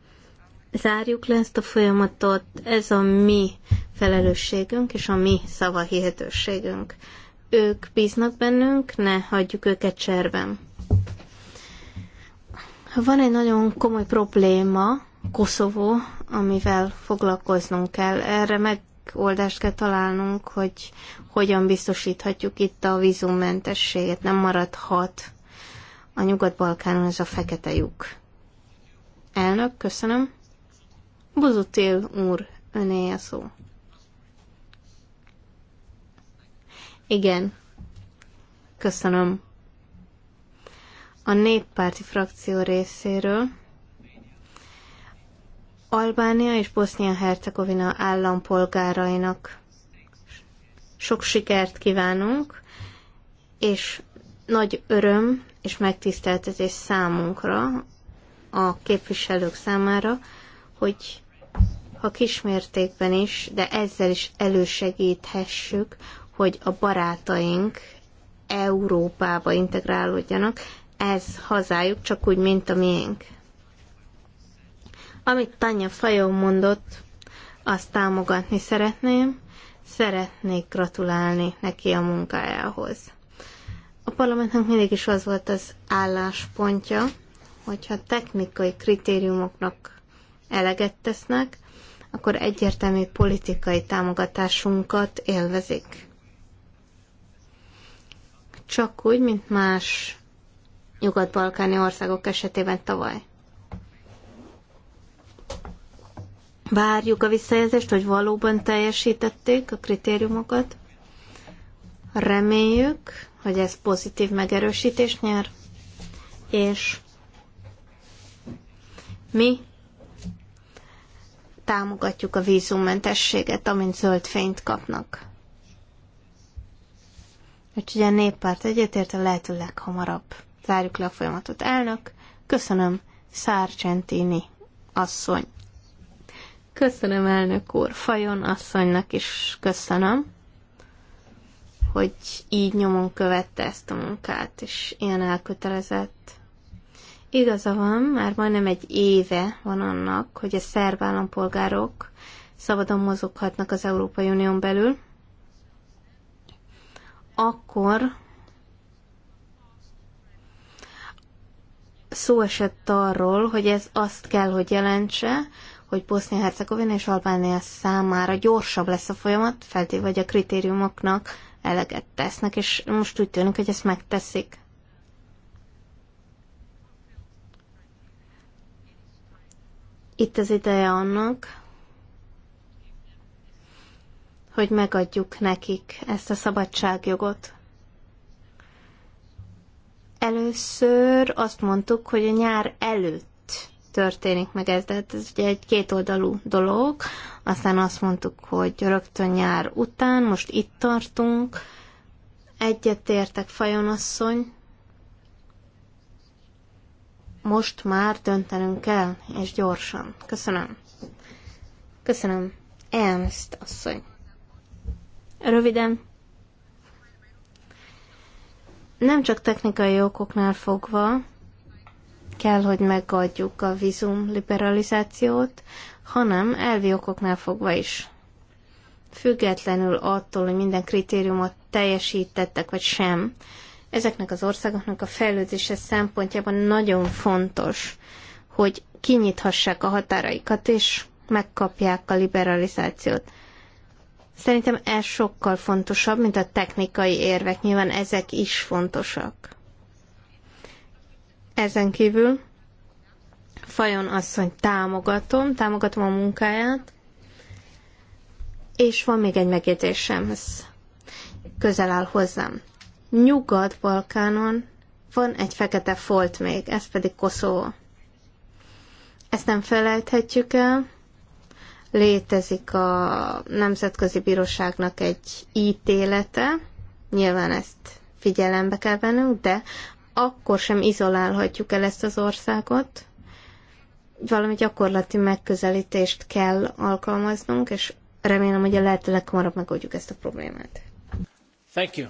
S3: Zárjuk le ezt a folyamatot, ez a mi felelősségünk és a mi szavahihetőségünk. Ők bíznak bennünk, ne hagyjuk őket cserben. Van egy nagyon komoly probléma, Koszovó, amivel foglalkoznunk kell. Erre megoldást kell találnunk, hogy hogyan biztosíthatjuk itt a vízummentességet, nem maradhat a Nyugat-Balkánon ez a fekete lyuk. Elnök, köszönöm. Buzutil úr, öné a szó. Igen, köszönöm. A néppárti frakció részéről Albánia és Bosznia-Hercegovina állampolgárainak sok sikert kívánunk, és nagy öröm és megtiszteltetés számunkra, a képviselők számára, hogy ha kismértékben is, de ezzel is elősegíthessük, hogy a barátaink Európába integrálódjanak, ez hazájuk, csak úgy, mint a miénk. Amit Tanya Fajó mondott, azt támogatni szeretném, szeretnék gratulálni neki a munkájához. A parlamentnek mindig is az volt az álláspontja, hogyha technikai kritériumoknak eleget tesznek, akkor egyértelmű politikai támogatásunkat élvezik. Csak úgy, mint más nyugat-balkáni országok esetében tavaly. Várjuk a visszajelzést, hogy valóban teljesítették a kritériumokat. Reméljük, hogy ez pozitív megerősítés nyer, és mi támogatjuk a vízummentességet, amint zöld fényt kapnak. Úgyhogy a néppárt egyetért a lehető leghamarabb. Zárjuk le a folyamatot. Elnök, köszönöm, Sargentini asszony. Köszönöm, elnök úr. Fajon asszonynak is köszönöm, hogy így nyomon követte ezt a munkát, és ilyen elkötelezett. Igaza van, már majdnem egy éve van annak, hogy a szerb állampolgárok szabadon mozoghatnak az Európai Unión belül. Akkor szó esett arról, hogy ez azt kell, hogy jelentse, hogy Bosznia-Hercegovina és Albánia számára gyorsabb lesz a folyamat, feltéve, hogy a kritériumoknak eleget tesznek, és most úgy tűnik, hogy ezt megteszik. Itt az ideje annak, hogy megadjuk nekik ezt a szabadságjogot. Először azt mondtuk, hogy a nyár előtt történik meg ez, de hát ez ugye egy kétoldalú dolog. Aztán azt mondtuk, hogy rögtön nyár után, most itt tartunk. Egyetértek, fajonasszony. Most már döntenünk kell, és gyorsan. Köszönöm. Köszönöm. Ernst asszony. Röviden. Nem csak technikai okoknál fogva, kell, hogy megadjuk a vízum liberalizációt, hanem elvi okoknál fogva is. Függetlenül attól, hogy minden kritériumot teljesítettek vagy sem, ezeknek az országoknak a fejlődése szempontjában nagyon fontos, hogy kinyithassák a határaikat, és megkapják a liberalizációt. Szerintem ez sokkal fontosabb, mint a technikai érvek. Nyilván ezek is fontosak. Ezen kívül Fajon asszony támogatom, támogatom a munkáját, és van még egy megjegyzésem, ez közel áll hozzám. Nyugat-Balkánon van egy fekete folt még, ez pedig Koszovó. Ezt nem felejthetjük el. Létezik a Nemzetközi Bíróságnak egy ítélete, nyilván ezt figyelembe kell vennünk, de akkor sem izolálhatjuk el ezt az országot, valami gyakorlati megközelítést kell alkalmaznunk, és remélem, hogy a lehető leghamarabb megoldjuk ezt a problémát.
S1: Thank you.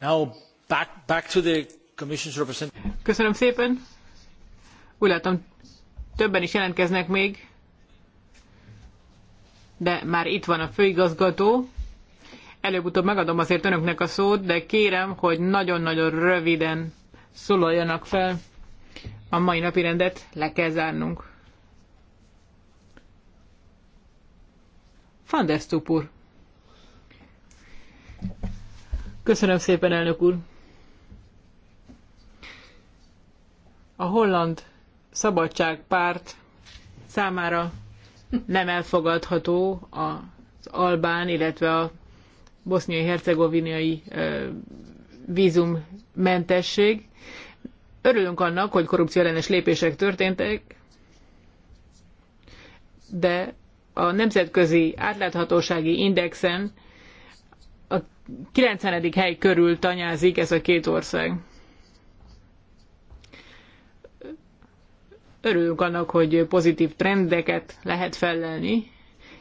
S1: Now back, back to the commission's representative.
S2: Köszönöm szépen. Úgy látom, többen is jelentkeznek még, de már itt van a főigazgató. Előbb-utóbb megadom azért önöknek a szót, de kérem, hogy nagyon-nagyon röviden szólaljanak fel. A mai napi rendet le kell zárnunk. Van úr. Köszönöm szépen, elnök úr. A holland szabadságpárt számára nem elfogadható az albán, illetve a boszniai-hercegovinai vízummentesség. Örülünk annak, hogy korrupcióellenes lépések történtek, de a nemzetközi átláthatósági indexen a 90. hely körül tanyázik ez a két ország. Örülünk annak, hogy pozitív trendeket lehet fellelni,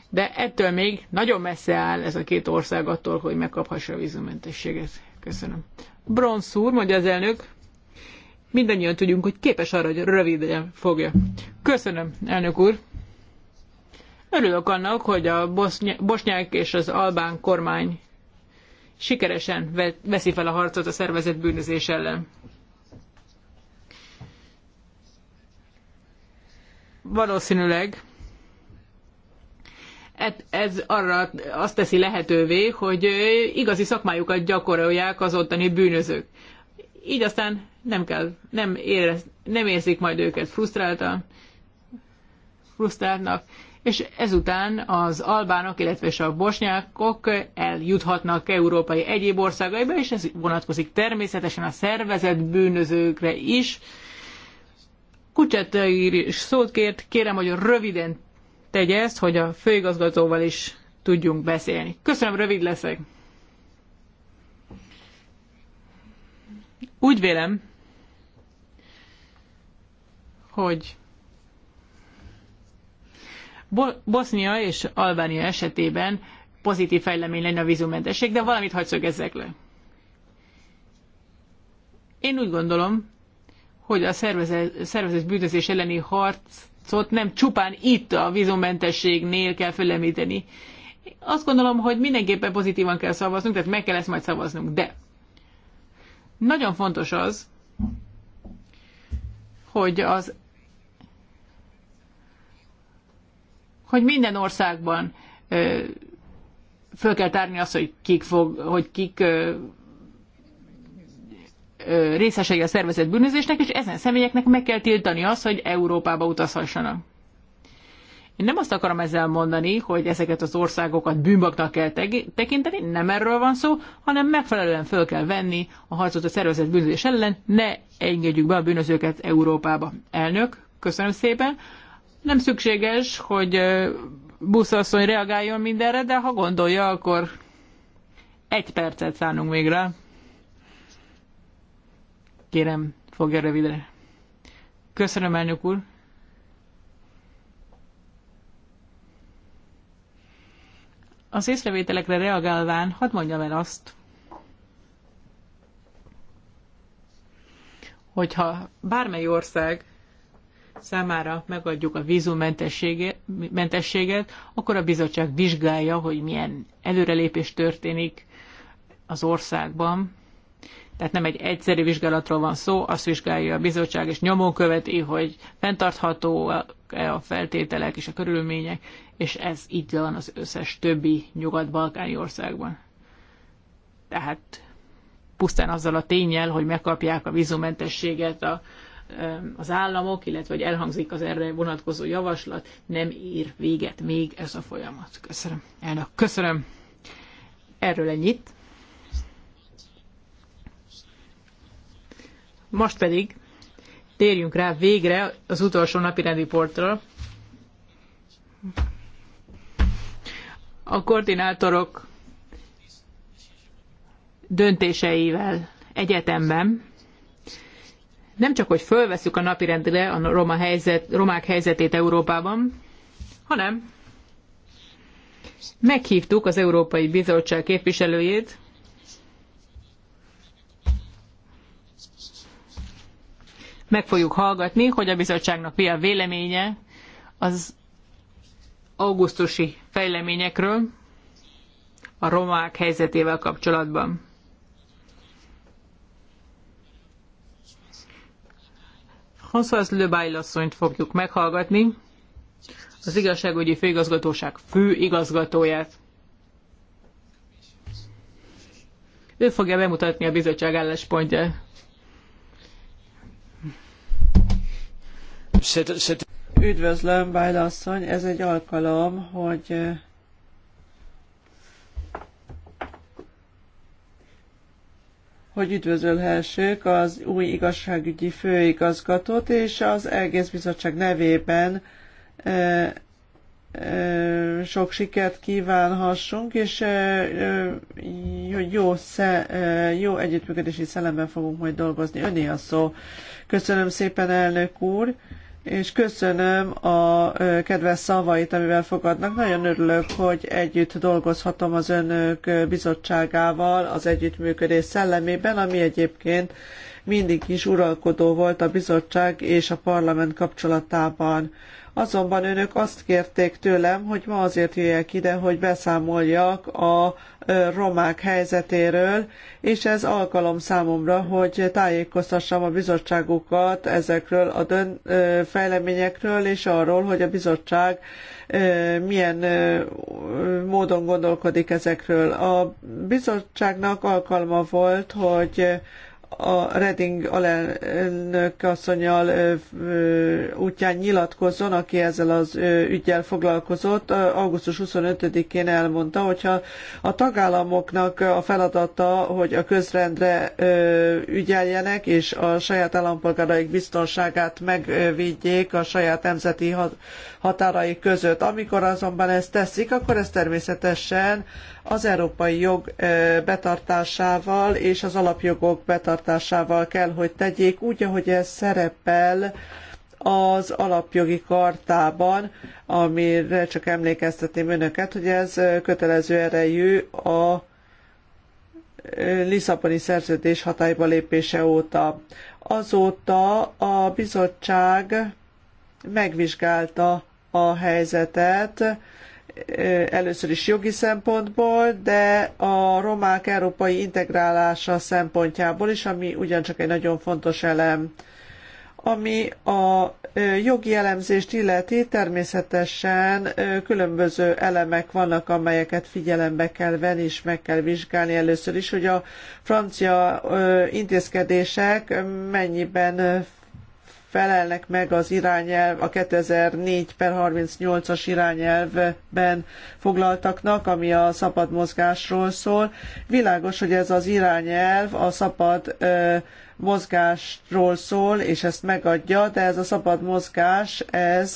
S2: de ettől még nagyon messze áll ez a két ország attól, hogy megkaphassa a vízumentességet. Köszönöm. Bronsz úr, mondja az elnök mindannyian tudjunk, hogy képes arra, hogy röviden fogja. Köszönöm, elnök úr! Örülök annak, hogy a bosnyák és az albán kormány sikeresen veszi fel a harcot a szervezett bűnözés ellen. Valószínűleg ez arra azt teszi lehetővé, hogy igazi szakmájukat gyakorolják az ottani bűnözők. Így aztán nem kell, nem, érez, nem érzik majd őket frusztráltan, frusztráltnak, és ezután az albánok, illetve a bosnyákok eljuthatnak európai egyéb országaiba, és ez vonatkozik természetesen a szervezett bűnözőkre is. Kucsettair is szót kért, kérem, hogy röviden tegye ezt, hogy a főigazgatóval is tudjunk beszélni. Köszönöm, rövid leszek. Úgy vélem, hogy Bosznia és Albánia esetében pozitív fejlemény lenne a vízumentesség, de valamit hagy ezek le. Én úgy gondolom, hogy a szervezet, szervezet bűnözés elleni harcot nem csupán itt a vízumentességnél kell fölemíteni. Azt gondolom, hogy mindenképpen pozitívan kell szavaznunk, tehát meg kell ezt majd szavaznunk. De nagyon fontos az, hogy az hogy minden országban föl kell tárni azt, hogy kik, fog, hogy kik részesei a szervezett bűnözésnek, és ezen személyeknek meg kell tiltani azt, hogy Európába utazhassanak. Én nem azt akarom ezzel mondani, hogy ezeket az országokat bűnbaknak kell tekinteni, nem erről van szó, hanem megfelelően föl kell venni a harcot a szervezett bűnözés ellen, ne engedjük be a bűnözőket Európába. Elnök, köszönöm szépen. Nem szükséges, hogy buszasszony reagáljon mindenre, de ha gondolja, akkor egy percet szánunk még rá. Kérem, fogja rövidre. Köszönöm, elnök úr. Az észrevételekre reagálván, hadd mondjam el azt, hogyha bármely ország számára megadjuk a vízummentességet, akkor a bizottság vizsgálja, hogy milyen előrelépés történik az országban, tehát nem egy egyszerű vizsgálatról van szó, azt vizsgálja a bizottság, és nyomon követi, hogy fenntartható-e a feltételek és a körülmények, és ez így van az összes többi nyugat-balkáni országban. Tehát pusztán azzal a tényel, hogy megkapják a vízumentességet a, eh, az államok, illetve hogy elhangzik az erre vonatkozó javaslat, nem ír véget még ez a folyamat. Köszönöm. Elnök, köszönöm. Erről ennyit. Most pedig térjünk rá végre az utolsó napi rendi portra. A koordinátorok döntéseivel egyetemben nem csak, hogy fölveszük a napirendre a roma helyzet, romák helyzetét Európában, hanem meghívtuk az Európai Bizottság képviselőjét, meg fogjuk hallgatni, hogy a bizottságnak mi a véleménye az augusztusi fejleményekről a romák helyzetével kapcsolatban. François Lebail asszonyt fogjuk meghallgatni, az igazságügyi főigazgatóság fő igazgatóját. Ő fogja bemutatni a bizottság álláspontját.
S4: Üdvözlöm, Bájla asszony, ez egy alkalom, hogy hogy üdvözölhessük az új igazságügyi főigazgatót, és az egész bizottság nevében e, e, sok sikert kívánhassunk, és e, jó, sze, jó együttműködési szellemben fogunk majd dolgozni. Öné a szó. Köszönöm szépen, elnök úr! és köszönöm a kedves szavait, amivel fogadnak. Nagyon örülök, hogy együtt dolgozhatom az önök bizottságával az együttműködés szellemében, ami egyébként mindig is uralkodó volt a bizottság és a parlament kapcsolatában. Azonban önök azt kérték tőlem, hogy ma azért jöjjek ide, hogy beszámoljak a romák helyzetéről, és ez alkalom számomra, hogy tájékoztassam a bizottságukat ezekről a dön- fejleményekről, és arról, hogy a bizottság milyen módon gondolkodik ezekről. A bizottságnak alkalma volt, hogy a Reding alelnök asszonyal útján nyilatkozzon, aki ezzel az ügyel foglalkozott. Augusztus 25-én elmondta, hogyha a tagállamoknak a feladata, hogy a közrendre ügyeljenek, és a saját állampolgáraik biztonságát megvédjék a saját nemzeti határai között. Amikor azonban ezt teszik, akkor ez természetesen az európai jog betartásával és az alapjogok betartásával kell, hogy tegyék, úgy, ahogy ez szerepel az alapjogi kartában, amire csak emlékeztetném önöket, hogy ez kötelező erejű a Lisszaboni szerződés hatályba lépése óta. Azóta a bizottság megvizsgálta a helyzetet, először is jogi szempontból, de a romák európai integrálása szempontjából is, ami ugyancsak egy nagyon fontos elem. Ami a jogi elemzést illeti, természetesen különböző elemek vannak, amelyeket figyelembe kell venni és meg kell vizsgálni először is, hogy a francia intézkedések mennyiben felelnek meg az irányelv, a 2004 per 38-as irányelvben foglaltaknak, ami a szabad mozgásról szól. Világos, hogy ez az irányelv a szabad ö, mozgásról szól, és ezt megadja, de ez a szabad mozgás, ez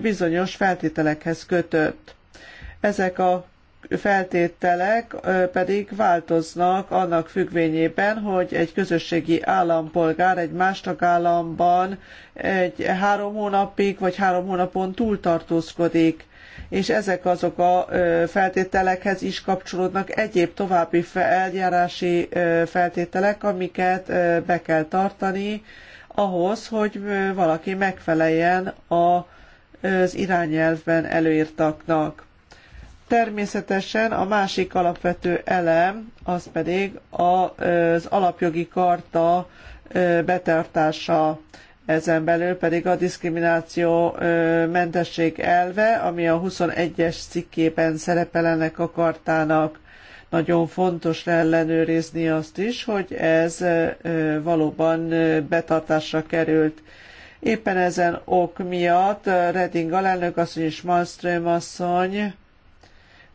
S4: bizonyos feltételekhez kötött. Ezek a feltételek pedig változnak annak függvényében, hogy egy közösségi állampolgár egy más tagállamban egy három hónapig vagy három hónapon túl tartózkodik és ezek azok a feltételekhez is kapcsolódnak egyéb további eljárási feltételek, amiket be kell tartani ahhoz, hogy valaki megfeleljen az irányelvben előírtaknak. Természetesen a másik alapvető elem, az pedig az alapjogi karta betartása. Ezen belül pedig a diszkrimináció mentesség elve, ami a 21-es cikkében szerepel ennek a kartának. Nagyon fontos ellenőrizni azt is, hogy ez valóban betartásra került. Éppen ezen ok miatt Reding alelnök asszony és Malmström asszony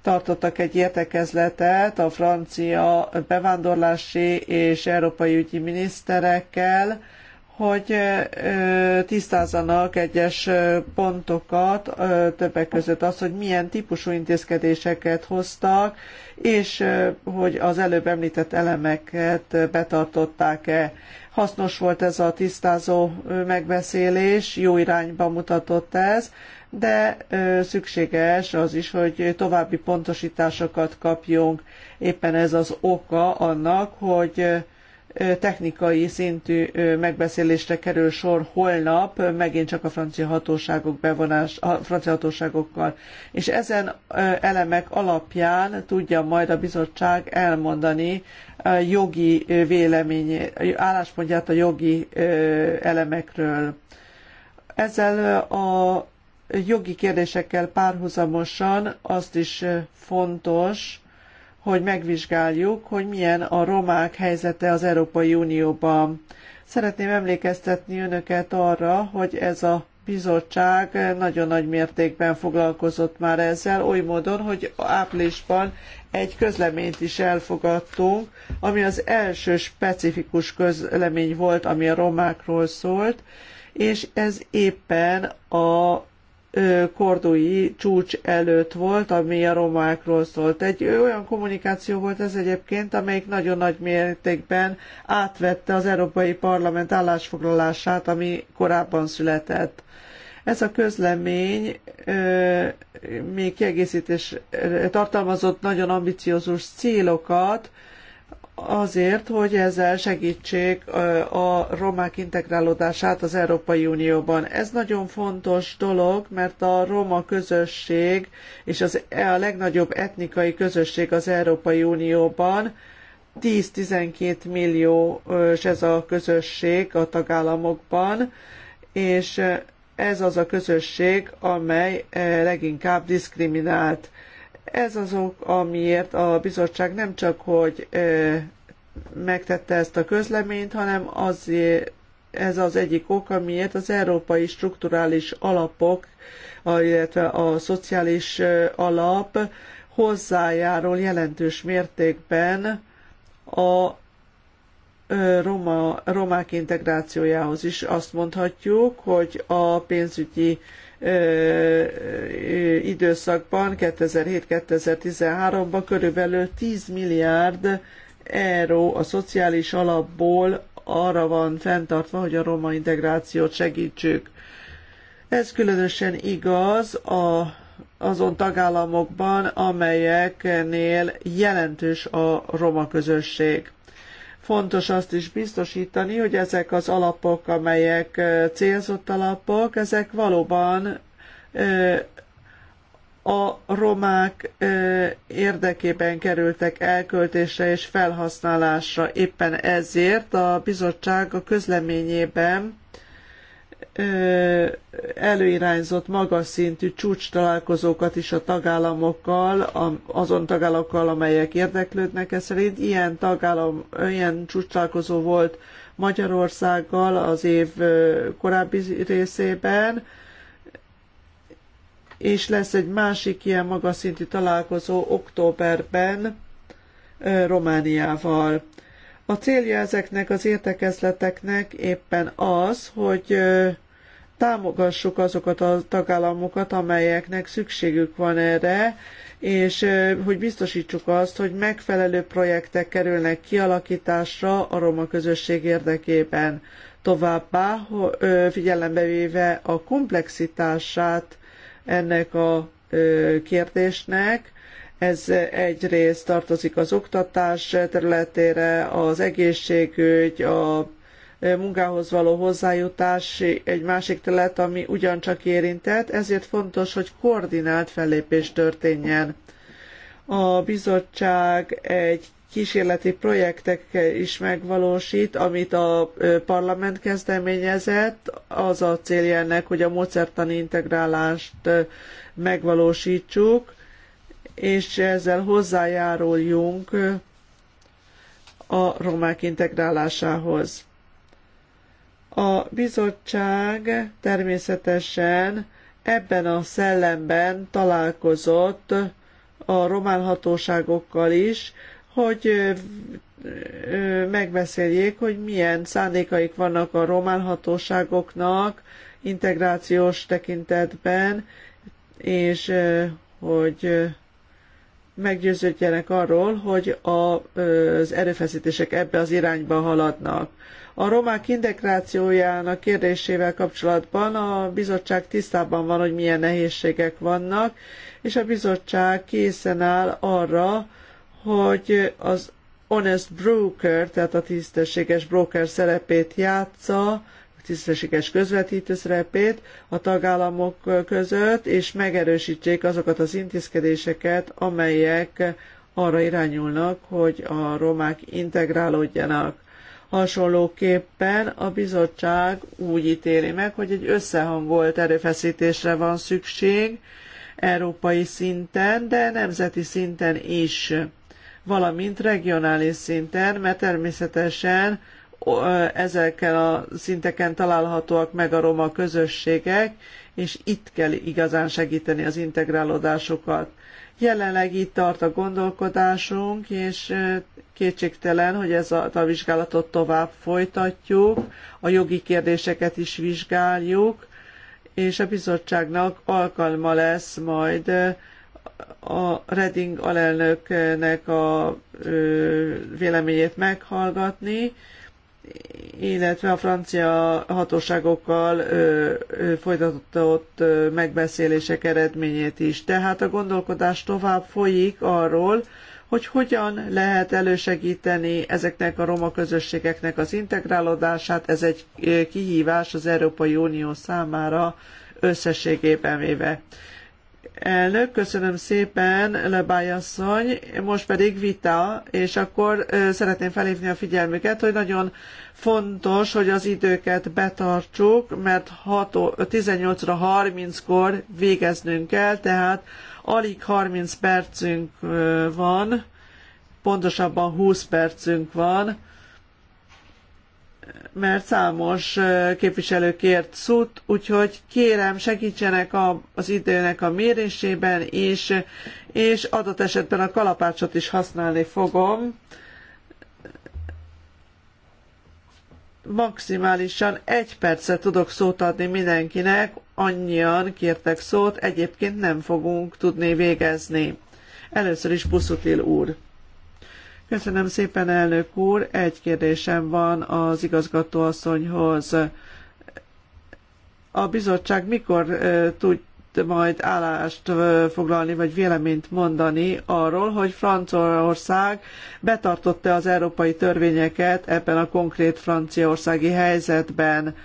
S4: tartottak egy értekezletet a francia bevándorlási és európai ügyi miniszterekkel, hogy tisztázzanak egyes pontokat, többek között az, hogy milyen típusú intézkedéseket hoztak, és hogy az előbb említett elemeket betartották-e. Hasznos volt ez a tisztázó megbeszélés, jó irányba mutatott ez, de szükséges az is, hogy további pontosításokat kapjunk. Éppen ez az oka annak, hogy technikai szintű megbeszélésre kerül sor holnap, megint csak a francia hatóságok bevonás, a francia hatóságokkal. És ezen elemek alapján tudja majd a bizottság elmondani a jogi vélemény, álláspontját a jogi elemekről. Ezzel a jogi kérdésekkel párhuzamosan azt is fontos, hogy megvizsgáljuk, hogy milyen a romák helyzete az Európai Unióban. Szeretném emlékeztetni önöket arra, hogy ez a bizottság nagyon nagy mértékben foglalkozott már ezzel, oly módon, hogy áprilisban egy közleményt is elfogadtunk, ami az első specifikus közlemény volt, ami a romákról szólt, és ez éppen a kordói csúcs előtt volt, ami a romákról szólt. Egy olyan kommunikáció volt ez egyébként, amelyik nagyon nagy mértékben átvette az Európai Parlament állásfoglalását, ami korábban született. Ez a közlemény ö, még kiegészítés tartalmazott nagyon ambiciózus célokat, azért, hogy ezzel segítsék a romák integrálódását az Európai Unióban. Ez nagyon fontos dolog, mert a roma közösség és az, e, a legnagyobb etnikai közösség az Európai Unióban, 10-12 millió ez a közösség a tagállamokban, és ez az a közösség, amely leginkább diszkriminált ez az ok, amiért a bizottság nem csak, hogy megtette ezt a közleményt, hanem az, ez az egyik ok, amiért az európai strukturális alapok, illetve a szociális alap hozzájárul jelentős mértékben a roma, romák integrációjához is. Azt mondhatjuk, hogy a pénzügyi időszakban, 2007-2013-ban körülbelül 10 milliárd euró a szociális alapból arra van fenntartva, hogy a roma integrációt segítsük. Ez különösen igaz a, azon tagállamokban, amelyeknél jelentős a roma közösség. Fontos azt is biztosítani, hogy ezek az alapok, amelyek célzott alapok, ezek valóban a romák érdekében kerültek elköltésre és felhasználásra. Éppen ezért a bizottság a közleményében előirányzott magas szintű csúcs találkozókat is a tagállamokkal, azon tagállamokkal, amelyek érdeklődnek ez szerint. Ilyen, tagállam, ilyen csúcs találkozó volt Magyarországgal az év korábbi részében, és lesz egy másik ilyen magas szintű találkozó októberben Romániával. A célja ezeknek az értekezleteknek éppen az, hogy támogassuk azokat a tagállamokat, amelyeknek szükségük van erre, és hogy biztosítsuk azt, hogy megfelelő projektek kerülnek kialakításra a roma közösség érdekében. Továbbá figyelembe véve a komplexitását ennek a kérdésnek, ez egyrészt tartozik az oktatás területére, az egészségügy, a munkához való hozzájutás egy másik terület, ami ugyancsak érintett, ezért fontos, hogy koordinált fellépés történjen. A bizottság egy kísérleti projektek is megvalósít, amit a parlament kezdeményezett. Az a célja ennek, hogy a módszertani integrálást megvalósítsuk és ezzel hozzájáruljunk a romák integrálásához. A bizottság természetesen ebben a szellemben találkozott a román hatóságokkal is, hogy megbeszéljék, hogy milyen szándékaik vannak a román hatóságoknak integrációs tekintetben, és hogy meggyőződjenek arról, hogy a, az erőfeszítések ebbe az irányba haladnak. A romák integrációjának kérdésével kapcsolatban a bizottság tisztában van, hogy milyen nehézségek vannak, és a bizottság készen áll arra, hogy az honest broker, tehát a tisztességes broker szerepét játsza, tisztességes közvetítő szerepét a tagállamok között, és megerősítsék azokat az intézkedéseket, amelyek arra irányulnak, hogy a romák integrálódjanak. Hasonlóképpen a bizottság úgy ítéli meg, hogy egy összehangolt erőfeszítésre van szükség európai szinten, de nemzeti szinten is, valamint regionális szinten, mert természetesen ezeken a szinteken találhatóak meg a roma közösségek, és itt kell igazán segíteni az integrálódásukat. Jelenleg itt tart a gondolkodásunk, és kétségtelen, hogy ez a, a vizsgálatot tovább folytatjuk, a jogi kérdéseket is vizsgáljuk, és a bizottságnak alkalma lesz majd a Reding alelnöknek a véleményét meghallgatni, illetve a francia hatóságokkal ö, ö, folytatott ö, megbeszélések eredményét is. Tehát a gondolkodás tovább folyik arról, hogy hogyan lehet elősegíteni ezeknek a roma közösségeknek az integrálódását. Ez egy kihívás az Európai Unió számára összességében véve elnök, köszönöm szépen, Lebály asszony. Most pedig vita, és akkor szeretném felhívni a figyelmüket, hogy nagyon fontos, hogy az időket betartsuk, mert 1830 kor végeznünk kell, tehát alig 30 percünk van, pontosabban 20 percünk van, mert számos képviselő kért szót, úgyhogy kérem segítsenek a, az időnek a mérésében is, és adott esetben a kalapácsot is használni fogom. Maximálisan egy percet tudok szót adni mindenkinek, annyian kértek szót, egyébként nem fogunk tudni végezni. Először is Buszutil úr. Köszönöm szépen, elnök úr. Egy kérdésem van az igazgatóasszonyhoz. A bizottság mikor tud majd állást foglalni, vagy véleményt mondani arról, hogy Franciaország betartotta az európai törvényeket ebben a konkrét franciaországi helyzetben.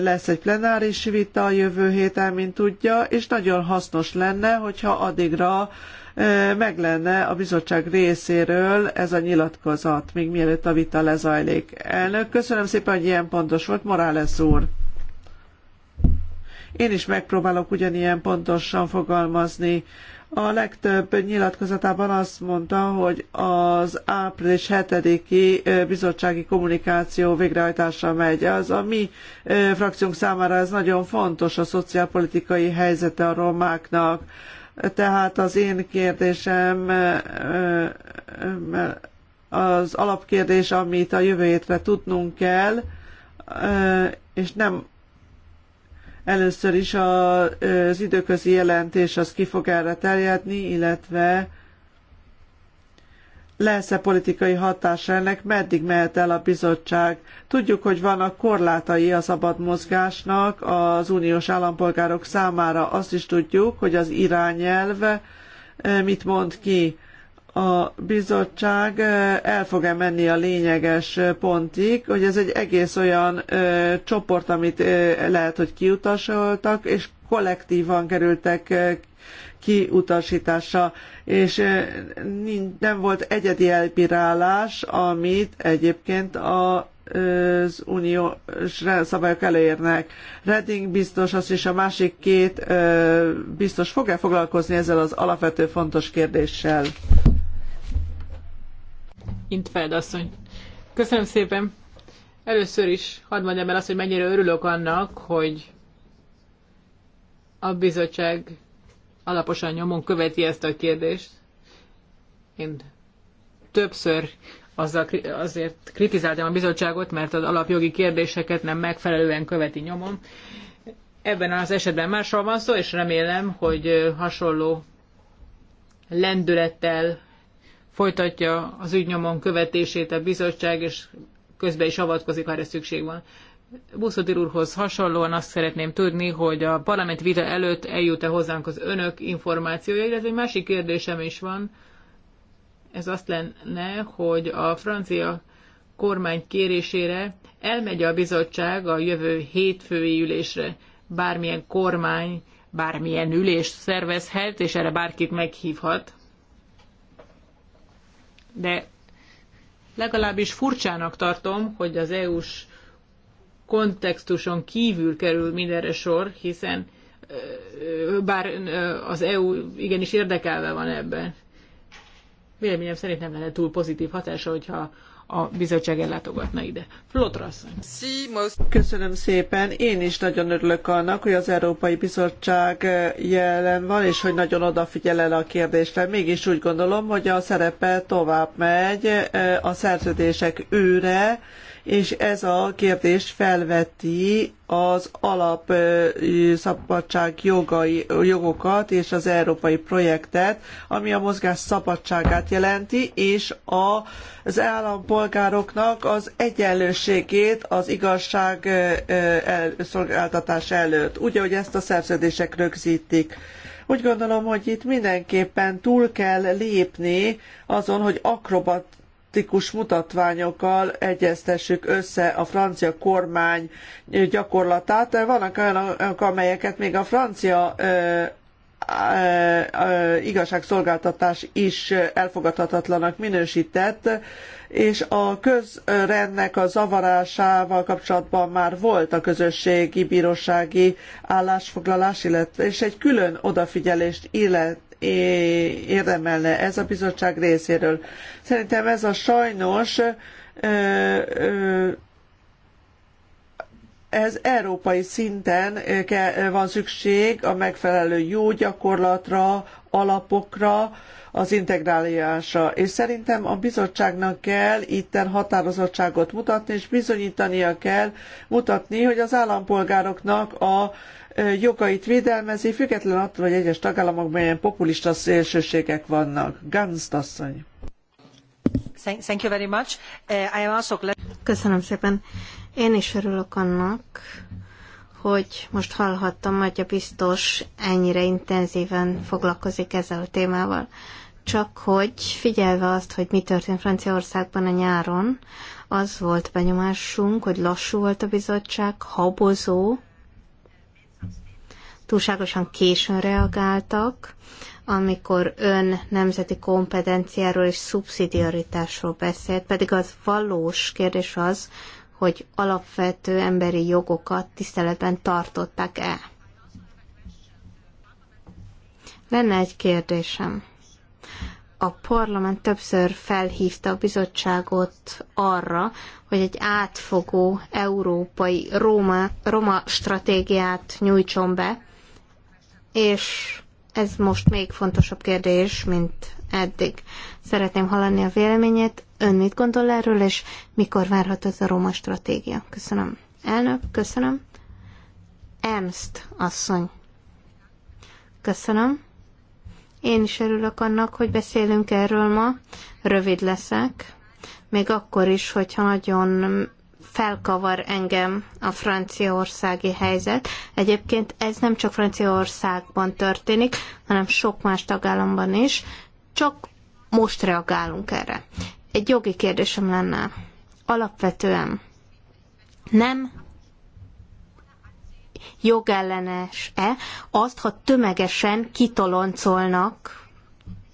S4: Lesz egy plenáris vita a jövő héten, mint tudja, és nagyon hasznos lenne, hogyha addigra meg lenne a bizottság részéről ez a nyilatkozat, még mielőtt a vita lezajlik. Elnök, köszönöm szépen, hogy ilyen pontos volt, Morales úr. Én is megpróbálok ugyanilyen pontosan fogalmazni. A legtöbb nyilatkozatában azt mondta, hogy az április 7-i bizottsági kommunikáció végrehajtásra megy. Az a mi frakciónk számára ez nagyon fontos a szociálpolitikai helyzete a romáknak tehát az én kérdésem az alapkérdés, amit a jövő hétre tudnunk kell, és nem először is az időközi jelentés az ki fog erre terjedni, illetve lesz-e politikai hatása ennek, meddig mehet el a bizottság. Tudjuk, hogy vannak korlátai a szabad mozgásnak az uniós állampolgárok számára. Azt is tudjuk, hogy az irányelv e, mit mond ki. A bizottság e, el fog-e menni a lényeges pontig, hogy ez egy egész olyan e, csoport, amit lehet, hogy kiutasoltak, és kollektívan kerültek kiutasítása, és nem volt egyedi elbírálás, amit egyébként a az uniós szabályok elérnek. Redding biztos, azt is a másik két biztos fog-e foglalkozni ezzel az alapvető fontos kérdéssel?
S2: Intfeld asszony. Köszönöm szépen. Először is hadd mondjam el azt, hogy mennyire örülök annak, hogy a bizottság alaposan nyomon követi ezt a kérdést. Én többször azzal, azért kritizáltam a bizottságot, mert az alapjogi kérdéseket nem megfelelően követi nyomon. Ebben az esetben másról van szó, és remélem, hogy hasonló lendülettel folytatja az ügynyomon követését a bizottság, és közben is avatkozik, ha erre szükség van. Buszotil úrhoz hasonlóan azt szeretném tudni, hogy a parlament vita előtt eljut-e hozzánk az önök információja, illetve egy másik kérdésem is van. Ez azt lenne, hogy a francia kormány kérésére elmegy a bizottság a jövő hétfői ülésre. Bármilyen kormány, bármilyen ülést szervezhet, és erre bárkit meghívhat. De legalábbis furcsának tartom, hogy az EU-s kontextuson kívül kerül mindenre sor, hiszen bár az EU igenis érdekelve van ebben. Véleményem szerint nem lenne túl pozitív
S4: hatása, hogyha a bizottság ellátogatna ide. Flotrasz. Köszönöm szépen. Én is nagyon örülök annak, hogy az Európai Bizottság jelen van, és hogy nagyon odafigyel el a kérdésre. Mégis úgy gondolom, hogy a szerepe tovább megy a szerződések őre, és ez a kérdés felveti az alap szabadság jogai, jogokat és az európai projektet, ami a mozgás szabadságát jelenti, és a, az állampolgároknak az egyenlőségét az igazság el, szolgáltatás előtt, úgy, ahogy ezt a szerződések rögzítik. Úgy gondolom, hogy itt mindenképpen túl kell lépni azon, hogy akrobat genetikus mutatványokkal egyeztessük össze a francia kormány gyakorlatát. Vannak olyanok, amelyeket még a francia igazságszolgáltatás is elfogadhatatlanak minősített, és a közrendnek a zavarásával kapcsolatban már volt a közösségi bírósági állásfoglalás, illetve és egy külön odafigyelést illet, érdemelne ez a bizottság részéről. Szerintem ez a sajnos ez európai szinten van szükség a megfelelő jó gyakorlatra, alapokra, az integrálásra. És szerintem a bizottságnak kell itten határozottságot mutatni, és bizonyítania kell mutatni, hogy az állampolgároknak a jogait védelmezi, független attól, hogy egyes tagállamokban ilyen populista szélsőségek vannak. Gánzt asszony.
S3: Thank you very much. Uh, I am also glad... Köszönöm szépen. Én is örülök annak, hogy most hallhattam, hogy a biztos ennyire intenzíven foglalkozik ezzel a témával. Csak hogy figyelve azt, hogy mi történt Franciaországban a nyáron, az volt benyomásunk, hogy lassú volt a bizottság, habozó, túlságosan későn reagáltak, amikor ön nemzeti kompetenciáról és szubszidiaritásról beszélt, pedig az valós kérdés az, hogy alapvető emberi jogokat tiszteletben tartották-e. Lenne egy kérdésem. A parlament többször felhívta a bizottságot arra, hogy egy átfogó európai Róma, Roma stratégiát nyújtson be, és ez most még fontosabb kérdés, mint eddig. Szeretném hallani a véleményét, ön mit gondol erről, és mikor várhat ez a Róma stratégia? Köszönöm. Elnök, köszönöm. Ernst asszony. Köszönöm. Én is örülök annak, hogy beszélünk erről ma. Rövid leszek. Még akkor is, hogyha nagyon felkavar engem a franciaországi helyzet. Egyébként ez nem csak Franciaországban történik, hanem sok más tagállamban is, csak most reagálunk erre. Egy jogi kérdésem lenne. Alapvetően nem jogellenes-e azt, ha tömegesen kitoloncolnak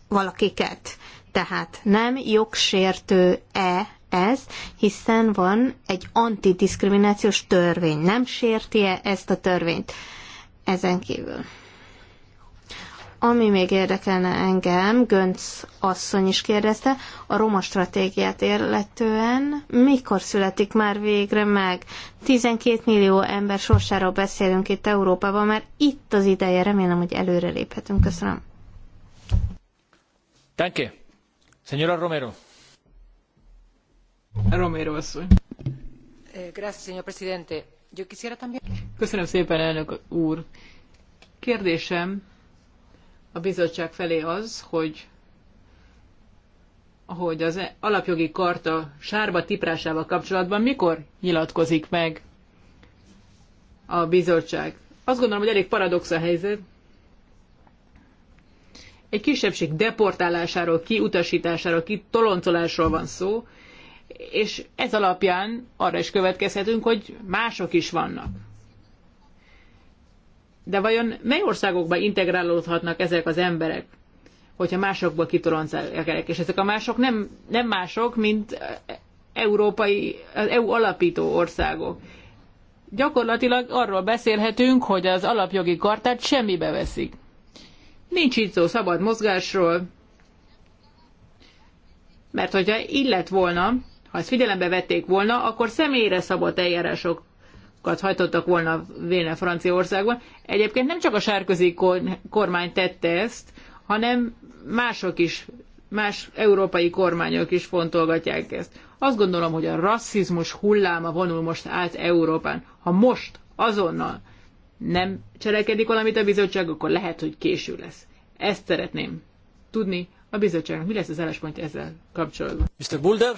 S3: valakiket. Tehát nem jogsértő-e ez, hiszen van egy antidiszkriminációs törvény. Nem sérti -e ezt a törvényt ezen kívül? Ami még érdekelne engem, Gönc asszony is kérdezte, a roma stratégiát illetően mikor születik már végre meg? 12 millió ember sorsáról beszélünk itt Európában, mert itt az ideje, remélem, hogy előre léphetünk. Köszönöm.
S1: Danke. Señora Romero. Eh,
S2: Köszönöm szépen, elnök úr. Kérdésem a bizottság felé az, hogy hogy az alapjogi karta sárba tiprásával kapcsolatban mikor nyilatkozik meg a bizottság. Azt gondolom, hogy elég paradox a helyzet. Egy kisebbség deportálásáról, kiutasításáról, kitoloncolásról van szó, és ez alapján arra is következhetünk, hogy mások is vannak. De vajon mely országokba integrálódhatnak ezek az emberek, hogyha másokból kitoroncálják? És ezek a mások nem, nem mások, mint európai, az EU alapító országok. Gyakorlatilag arról beszélhetünk, hogy az alapjogi kartát semmibe veszik. Nincs itt szó szabad mozgásról, mert hogyha illet volna, ha ezt figyelembe vették volna, akkor személyre szabott eljárások hajtottak volna véne Franciaországban. Egyébként nem csak a sárközi kormány tette ezt, hanem mások is, más európai kormányok is fontolgatják ezt. Azt gondolom, hogy a rasszizmus hulláma vonul most át Európán. Ha most, azonnal nem cselekedik valamit a bizottság, akkor lehet, hogy késő lesz. Ezt szeretném tudni a bizottságnak. Mi lesz az álláspontja ezzel kapcsolatban? Mr. Boulder?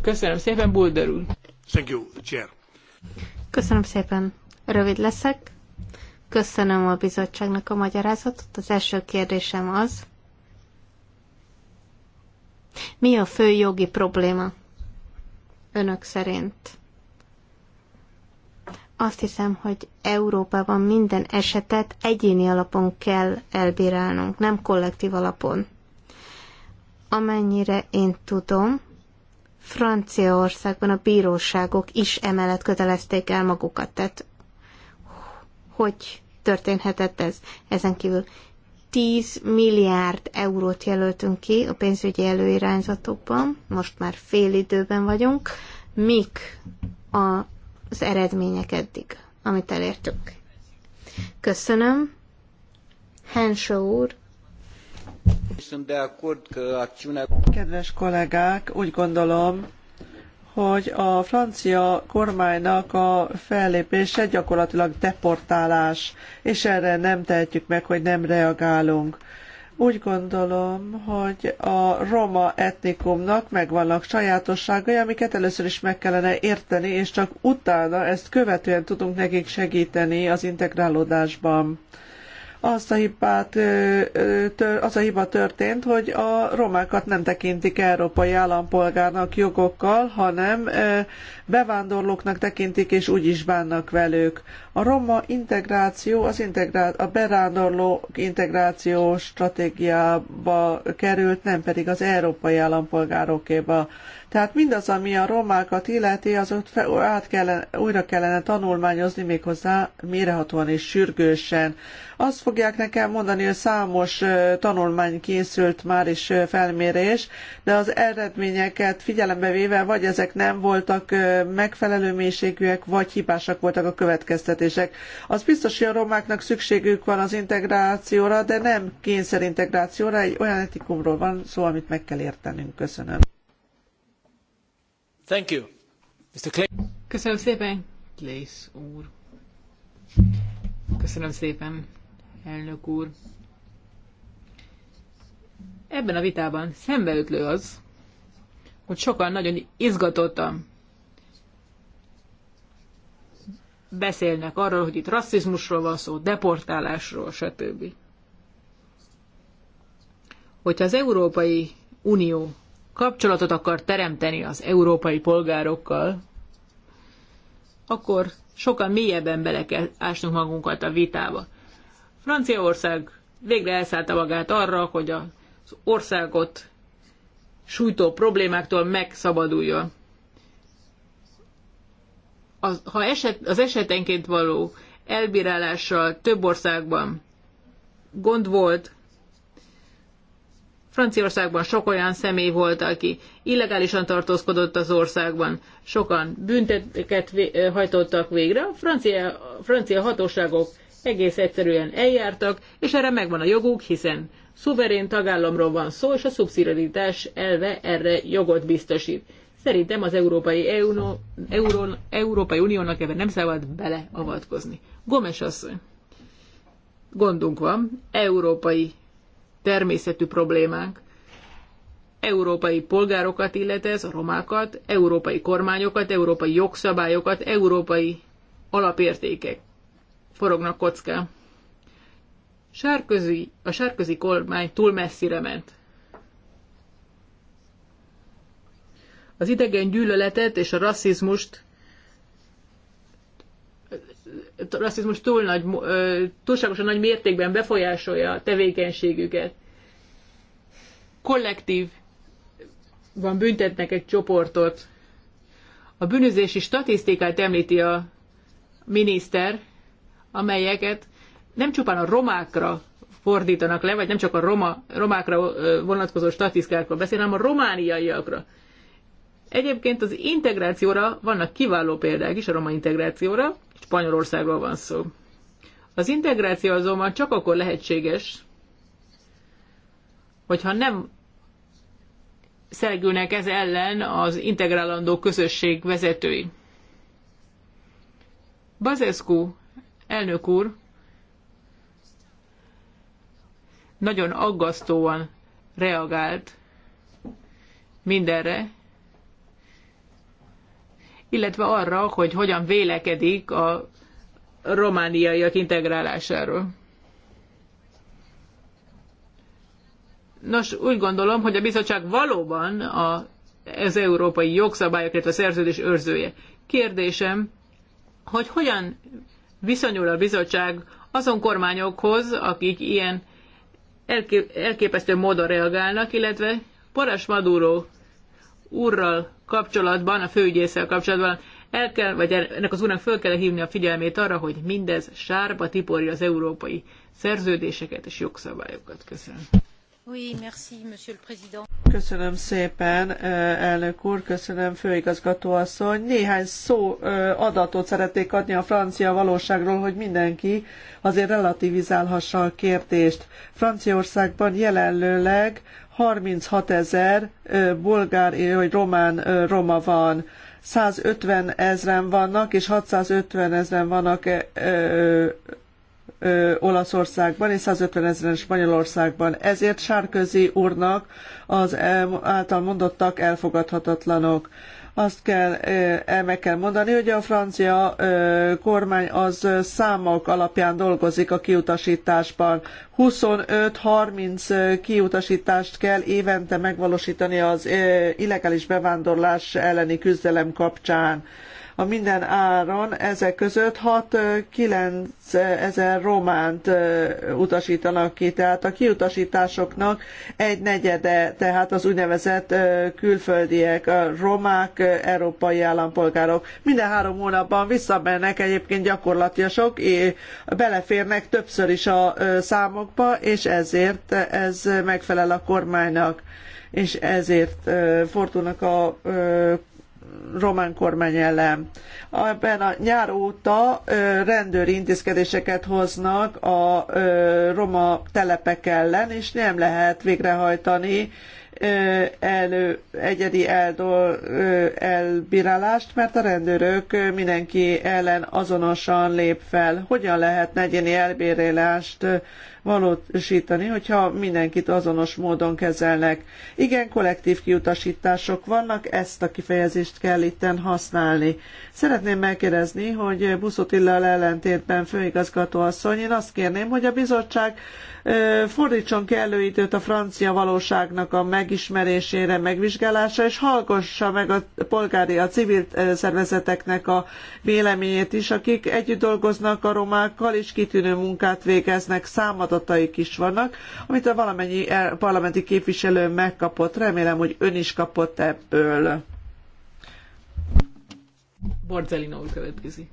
S2: Köszönöm szépen, Bulder úr. Thank you,
S3: chair. Köszönöm szépen. Rövid leszek. Köszönöm a bizottságnak a magyarázatot. Az első kérdésem az, mi a fő jogi probléma önök szerint? Azt hiszem, hogy Európában minden esetet egyéni alapon kell elbírálnunk, nem kollektív alapon. Amennyire én tudom, Franciaországban a bíróságok is emellett kötelezték el magukat. Tehát hogy történhetett ez? Ezen kívül 10 milliárd eurót jelöltünk ki a pénzügyi előirányzatokban, most már fél időben vagyunk. Mik a, az eredmények eddig, amit elértünk? Köszönöm.
S4: Henshaw úr, Kedves kollégák, úgy gondolom, hogy a francia kormánynak a fellépése gyakorlatilag deportálás, és erre nem tehetjük meg, hogy nem reagálunk. Úgy gondolom, hogy a roma etnikumnak megvannak sajátosságai, amiket először is meg kellene érteni, és csak utána ezt követően tudunk nekik segíteni az integrálódásban az a, hibát, az a hiba történt, hogy a romákat nem tekintik európai állampolgárnak jogokkal, hanem bevándorlóknak tekintik, és úgy is bánnak velük. A roma integráció, az integrá- a berándorlók integrációs stratégiába került, nem pedig az európai állampolgárokéba. Tehát mindaz, ami a romákat illeti, azokat át kellene, újra kellene tanulmányozni méghozzá mérehatóan és sürgősen. Azt fogják nekem mondani, hogy számos tanulmány készült már is felmérés, de az eredményeket figyelembe véve vagy ezek nem voltak megfelelő mélységűek, vagy hibásak voltak a következtetések. Az biztos, hogy a romáknak szükségük van az integrációra, de nem kényszerintegrációra, egy olyan etikumról van szó, amit meg kell értenünk. Köszönöm. Köszönöm
S2: szépen, Clays úr. Köszönöm szépen, elnök úr. Ebben a vitában szembeütlő az, hogy sokan nagyon izgatottan beszélnek arról, hogy itt rasszizmusról van szó, deportálásról, stb. Hogyha az Európai Unió kapcsolatot akar teremteni az európai polgárokkal, akkor sokkal mélyebben bele kell ásnunk magunkat a vitába. Franciaország végre elszállta magát arra, hogy az országot sújtó problémáktól megszabaduljon. Az, ha eset, az esetenként való elbírálással több országban gond volt, Franciaországban sok olyan személy volt, aki illegálisan tartózkodott az országban. Sokan bünteteket hajtottak végre. A francia, francia hatóságok egész egyszerűen eljártak, és erre megvan a joguk, hiszen szuverén tagállamról van szó, és a szubszidiaritás elve erre jogot biztosít. Szerintem az Európai, Euno, Európai Uniónak ebben nem szabad beleavatkozni. Gomes asszony. Gondunk van, európai természetű problémánk. Európai polgárokat illet ez, a romákat, európai kormányokat, európai jogszabályokat, európai alapértékek forognak kocká. Sárközi, a sárközi kormány túl messzire ment. Az idegen gyűlöletet és a rasszizmust rasszizmus túl nagy, túlságosan nagy mértékben befolyásolja a tevékenységüket. Kollektív van büntetnek egy csoportot. A bűnözési statisztikát említi a miniszter, amelyeket nem csupán a romákra fordítanak le, vagy nem csak a roma, romákra vonatkozó statisztikákról beszél, hanem a romániaiakra. Egyébként az integrációra vannak kiváló példák is, a roma integrációra, Spanyolországról van szó. Az integráció azonban csak akkor lehetséges, hogyha nem szelgülnek ez ellen az integrálandó közösség vezetői. Bazescu elnök úr nagyon aggasztóan reagált mindenre, illetve arra, hogy hogyan vélekedik a romániaiak integrálásáról. Nos, úgy gondolom, hogy a bizottság valóban a, az európai jogszabályok, illetve a szerződés őrzője. Kérdésem, hogy hogyan viszonyul a bizottság azon kormányokhoz, akik ilyen elképesztő módon reagálnak, illetve Paras Maduro úrral kapcsolatban, a főügyészsel kapcsolatban el kell, vagy ennek az úrnak föl kell hívni a figyelmét arra, hogy mindez sárba tiporja az európai
S4: szerződéseket és jogszabályokat. Köszönöm. Oui, merci, monsieur le président. Köszönöm szépen, eh, elnök úr, köszönöm főigazgató asszony. Néhány szó eh, adatot szeretnék adni a francia valóságról, hogy mindenki azért relativizálhassa a kérdést. Franciaországban jelenlőleg 36 ezer bulgár vagy román roma van. 150 ezren vannak, és 650 ezren vannak e, Olaszországban és 150 ezeren Spanyolországban. Ezért Sárközi úrnak az által mondottak elfogadhatatlanok. Azt kell, meg kell mondani, hogy a francia kormány az számok alapján dolgozik a kiutasításban. 25-30 kiutasítást kell évente megvalósítani az illegális bevándorlás elleni küzdelem kapcsán a minden áron ezek között 6-9 ezer románt utasítanak ki, tehát a kiutasításoknak egy negyede, tehát az úgynevezett külföldiek, a romák, európai állampolgárok. Minden három hónapban visszamennek egyébként gyakorlatiasok, és beleférnek többször is a számokba, és ezért ez megfelel a kormánynak és ezért fordulnak a román kormány ellen. Ebben a nyár óta rendőri intézkedéseket hoznak a roma telepek ellen, és nem lehet végrehajtani elő, egyedi eldol, elbírálást, mert a rendőrök mindenki ellen azonosan lép fel. Hogyan lehet egyéni elbírálást valósítani, hogyha mindenkit azonos módon kezelnek. Igen, kollektív kiutasítások vannak, ezt a kifejezést kell itten használni. Szeretném megkérdezni, hogy Buszotillal ellentétben főigazgató asszony, én azt kérném, hogy a bizottság fordítson kellő időt a francia valóságnak a megismerésére, megvizsgálása, és hallgassa meg a polgári, a civil szervezeteknek a véleményét is, akik együtt dolgoznak a romákkal, és kitűnő munkát végeznek számadatokat feladataik is vannak, amit a valamennyi parlamenti képviselő megkapott. Remélem, hogy ön is kapott ebből.
S2: Borzelino úr következik.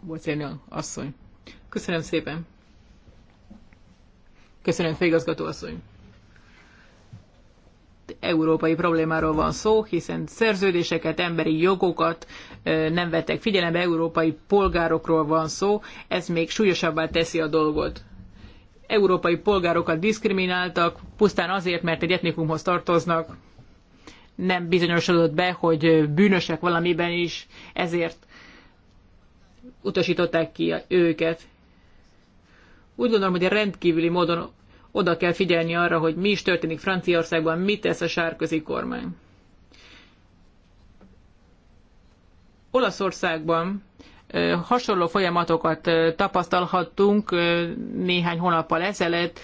S2: Borzelino asszony. Köszönöm szépen. Köszönöm, főigazgató asszony európai problémáról van szó, hiszen szerződéseket, emberi jogokat nem vettek figyelembe, európai polgárokról van szó, ez még súlyosabbá teszi a dolgot. Európai polgárokat diszkrimináltak, pusztán azért, mert egy etnikumhoz tartoznak, nem bizonyosodott be, hogy bűnösek valamiben is, ezért utasították ki őket. Úgy gondolom, hogy rendkívüli módon oda kell figyelni arra, hogy mi is történik Franciaországban, mit tesz a sárközi kormány. Olaszországban hasonló folyamatokat tapasztalhattunk néhány hónappal ezelőtt.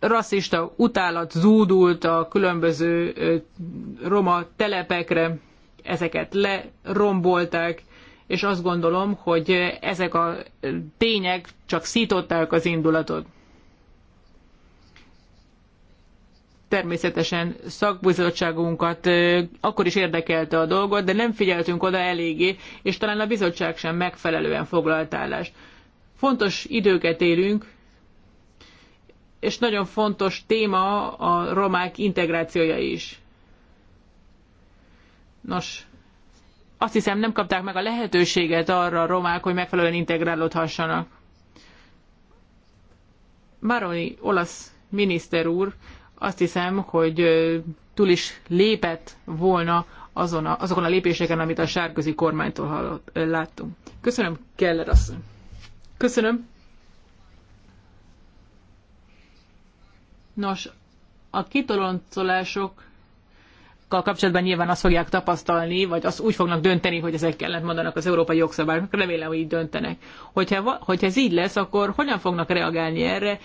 S2: Rasszista utálat zúdult a különböző roma telepekre, ezeket lerombolták, és azt gondolom, hogy ezek a tények csak szították az indulatot. természetesen szakbizottságunkat akkor is érdekelte a dolgot, de nem figyeltünk oda eléggé, és talán a bizottság sem megfelelően foglalt állást. Fontos időket élünk, és nagyon fontos téma a romák integrációja is. Nos, azt hiszem nem kapták meg a lehetőséget arra a romák, hogy megfelelően integrálódhassanak. Maroni olasz miniszter úr azt hiszem, hogy túl is lépett volna azon a, azokon a lépéseken, amit a sárközi kormánytól hallott, láttunk. Köszönöm, Keller asszony. Köszönöm. Nos, a kitoloncolások kapcsolatban nyilván azt fogják tapasztalni, vagy azt úgy fognak dönteni, hogy ezek ellent mondanak az európai jogszabályoknak, remélem, hogy így döntenek. Hogyha, hogyha ez így lesz, akkor hogyan fognak reagálni erre,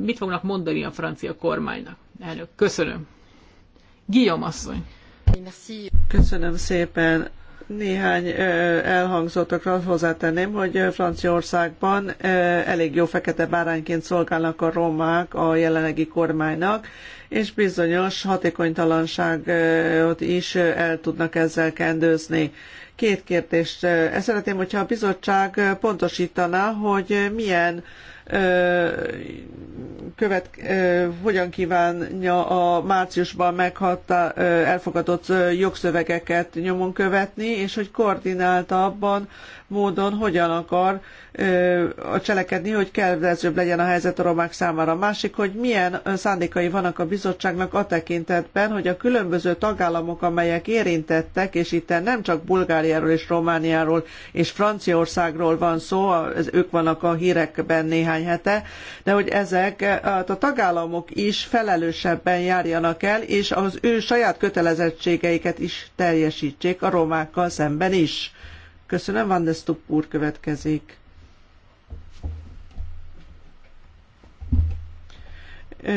S2: mit fognak mondani a francia kormánynak?
S4: Elnök, köszönöm. Guillaume asszony. Köszönöm szépen. Néhány elhangzottakra hozzátenném, hogy Franciaországban elég jó fekete bárányként szolgálnak a romák a jelenlegi kormánynak, és bizonyos hatékonytalanságot is el tudnak ezzel kendőzni. Két kérdést. Ezt szeretném, hogyha a bizottság pontosítana, hogy milyen követ, hogyan kívánja a márciusban meghatta, elfogadott jogszövegeket nyomon követni, és hogy abban, módon hogyan akar ö, cselekedni, hogy kedvezőbb legyen a helyzet a romák számára. A másik, hogy milyen szándékai vannak a bizottságnak a tekintetben, hogy a különböző tagállamok, amelyek érintettek, és itt nem csak Bulgáriáról és Romániáról és Franciaországról van szó, ők vannak a hírekben néhány hete, de hogy ezek hát a tagállamok is felelősebben járjanak el, és az ő saját kötelezettségeiket is teljesítsék a romákkal szemben is. Köszönöm, Van de Stupp úr következik.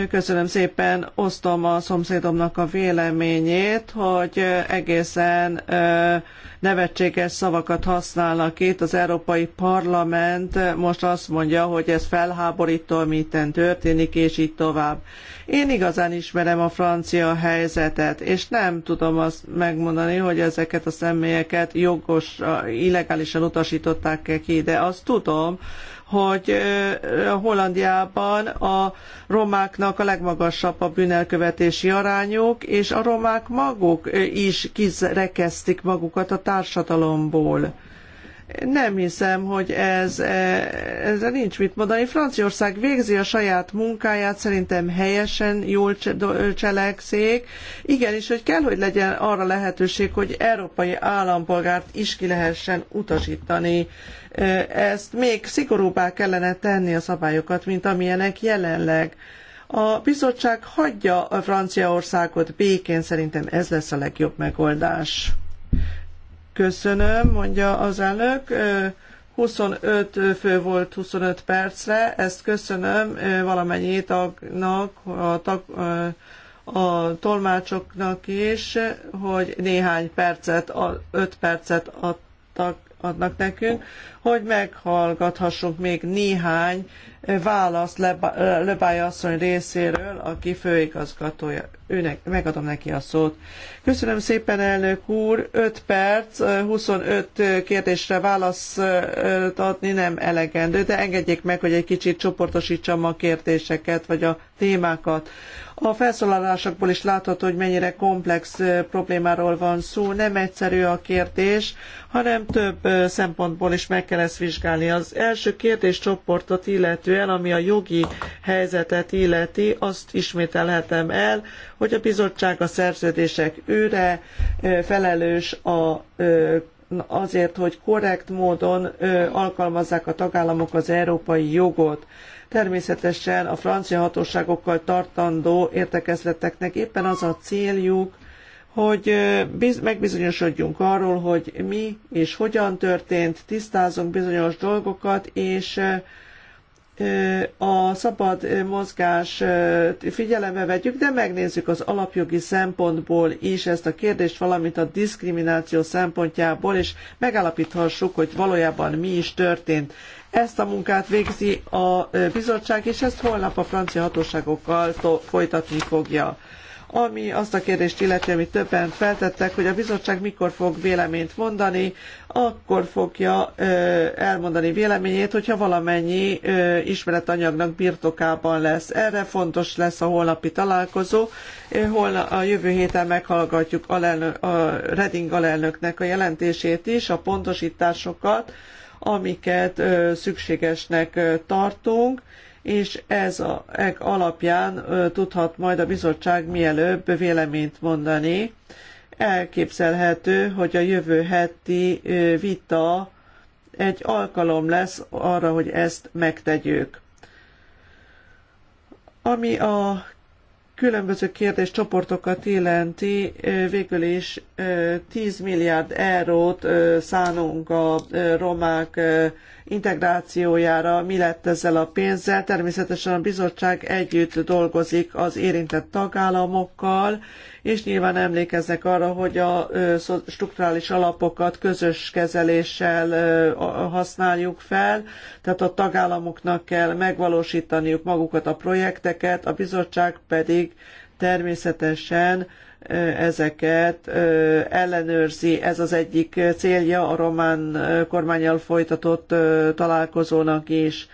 S4: Köszönöm szépen, osztom a szomszédomnak a véleményét, hogy egészen nevetséges szavakat használnak itt. Az Európai Parlament most azt mondja, hogy ez felháborító, ami itten történik, és így tovább. Én igazán ismerem a francia helyzetet, és nem tudom azt megmondani, hogy ezeket a személyeket jogos, illegálisan utasították -e ki, de azt tudom, hogy Hollandiában a romáknak a legmagasabb a bűnelkövetési arányuk, és a romák maguk is kirekesztik magukat a társadalomból nem hiszem, hogy ez, e, ezzel nincs mit mondani. Franciaország végzi a saját munkáját, szerintem helyesen jól cselekszik. Igenis, hogy kell, hogy legyen arra lehetőség, hogy európai állampolgárt is ki lehessen utasítani. E, ezt még szigorúbbá kellene tenni a szabályokat, mint amilyenek jelenleg. A bizottság hagyja a Franciaországot békén, szerintem ez lesz a legjobb megoldás. Köszönöm, mondja az elnök. 25 fő volt 25 percre, ezt köszönöm valamennyi tagnak, a, tag, a tolmácsoknak is, hogy néhány percet, 5 percet adtak adnak nekünk, hogy meghallgathassunk még néhány választ Lebály asszony részéről, aki főigazgatója. Őnek, megadom neki a szót. Köszönöm szépen, elnök úr. 5 perc, 25 kérdésre választ adni nem elegendő, de engedjék meg, hogy egy kicsit csoportosítsam a kérdéseket, vagy a témákat. A felszólalásokból is látható, hogy mennyire komplex problémáról van szó. Nem egyszerű a kérdés, hanem több szempontból is meg kell ezt vizsgálni. Az első kérdéscsoportot illető illetően, ami a jogi helyzetet illeti, azt ismételhetem el, hogy a bizottság a szerződések őre felelős a azért, hogy korrekt módon alkalmazzák a tagállamok az európai jogot. Természetesen a francia hatóságokkal tartandó értekezleteknek éppen az a céljuk, hogy megbizonyosodjunk arról, hogy mi és hogyan történt, tisztázunk bizonyos dolgokat, és a szabad mozgás figyelembe vegyük, de megnézzük az alapjogi szempontból is ezt a kérdést, valamint a diszkrimináció szempontjából, és megállapíthassuk, hogy valójában mi is történt. Ezt a munkát végzi a bizottság, és ezt holnap a francia hatóságokkal folytatni fogja ami azt a kérdést illeti, amit többen feltettek, hogy a bizottság mikor fog véleményt mondani, akkor fogja elmondani véleményét, hogyha valamennyi ismeretanyagnak birtokában lesz. Erre fontos lesz a holnapi találkozó. Holna, a jövő héten meghallgatjuk a Reding alelnöknek a jelentését is, a pontosításokat, amiket szükségesnek tartunk, és ez a, ek alapján tudhat majd a bizottság mielőbb véleményt mondani. Elképzelhető, hogy a jövő heti vita egy alkalom lesz arra, hogy ezt megtegyük. Ami a különböző kérdéscsoportokat illeti, végül is 10 milliárd eurót szánunk a romák integrációjára. Mi lett ezzel a pénzzel? Természetesen a bizottság együtt dolgozik az érintett tagállamokkal, és nyilván emlékeznek arra, hogy a strukturális alapokat közös kezeléssel használjuk fel, tehát a tagállamoknak kell megvalósítaniuk magukat a projekteket, a bizottság pedig természetesen ezeket ellenőrzi. Ez az egyik célja a román kormányjal folytatott találkozónak is.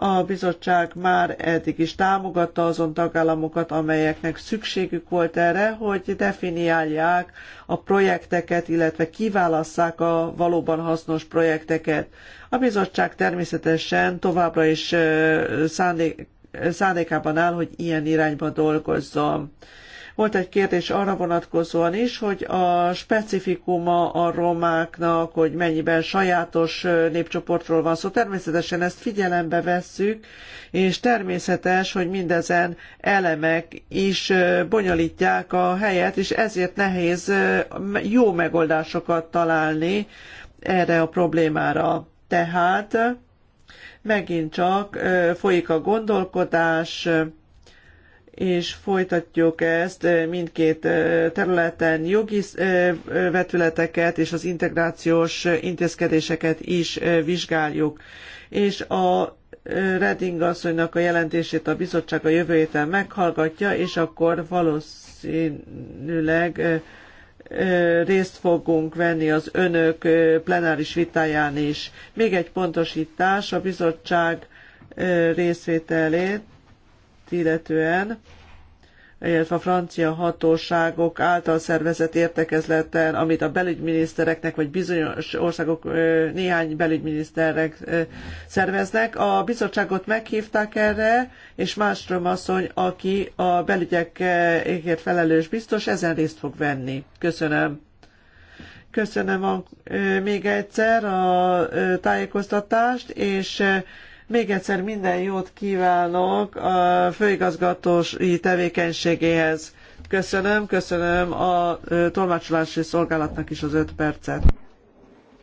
S4: A bizottság már eddig is támogatta azon tagállamokat, amelyeknek szükségük volt erre, hogy definiálják a projekteket, illetve kiválasszák a valóban hasznos projekteket. A bizottság természetesen továbbra is szándék, szándékában áll, hogy ilyen irányba dolgozzon. Volt egy kérdés arra vonatkozóan is, hogy a specifikuma a romáknak, hogy mennyiben sajátos népcsoportról van szó. Szóval természetesen ezt figyelembe vesszük, és természetes, hogy mindezen elemek is bonyolítják a helyet, és ezért nehéz jó megoldásokat találni erre a problémára. Tehát megint csak folyik a gondolkodás, és folytatjuk ezt eh, mindkét eh, területen jogi eh, vetületeket és az integrációs intézkedéseket is vizsgáljuk. És a Reding asszonynak a jelentését a bizottság a jövő héten meghallgatja, és akkor valószínűleg részt fogunk venni az önök plenáris vitáján is. Még egy pontosítás, a bizottság részvételét illetően, illetve a francia hatóságok által szervezett értekezleten, amit a belügyminisztereknek, vagy bizonyos országok néhány belügyminiszterek szerveznek. A bizottságot meghívták erre, és Mástrom asszony, aki a belügyekért felelős biztos, ezen részt fog venni. Köszönöm. Köszönöm a, még egyszer a tájékoztatást, és még egyszer minden jót kívánok a főigazgatói tevékenységéhez. Köszönöm, köszönöm a tolmácsolási szolgálatnak is az öt percet.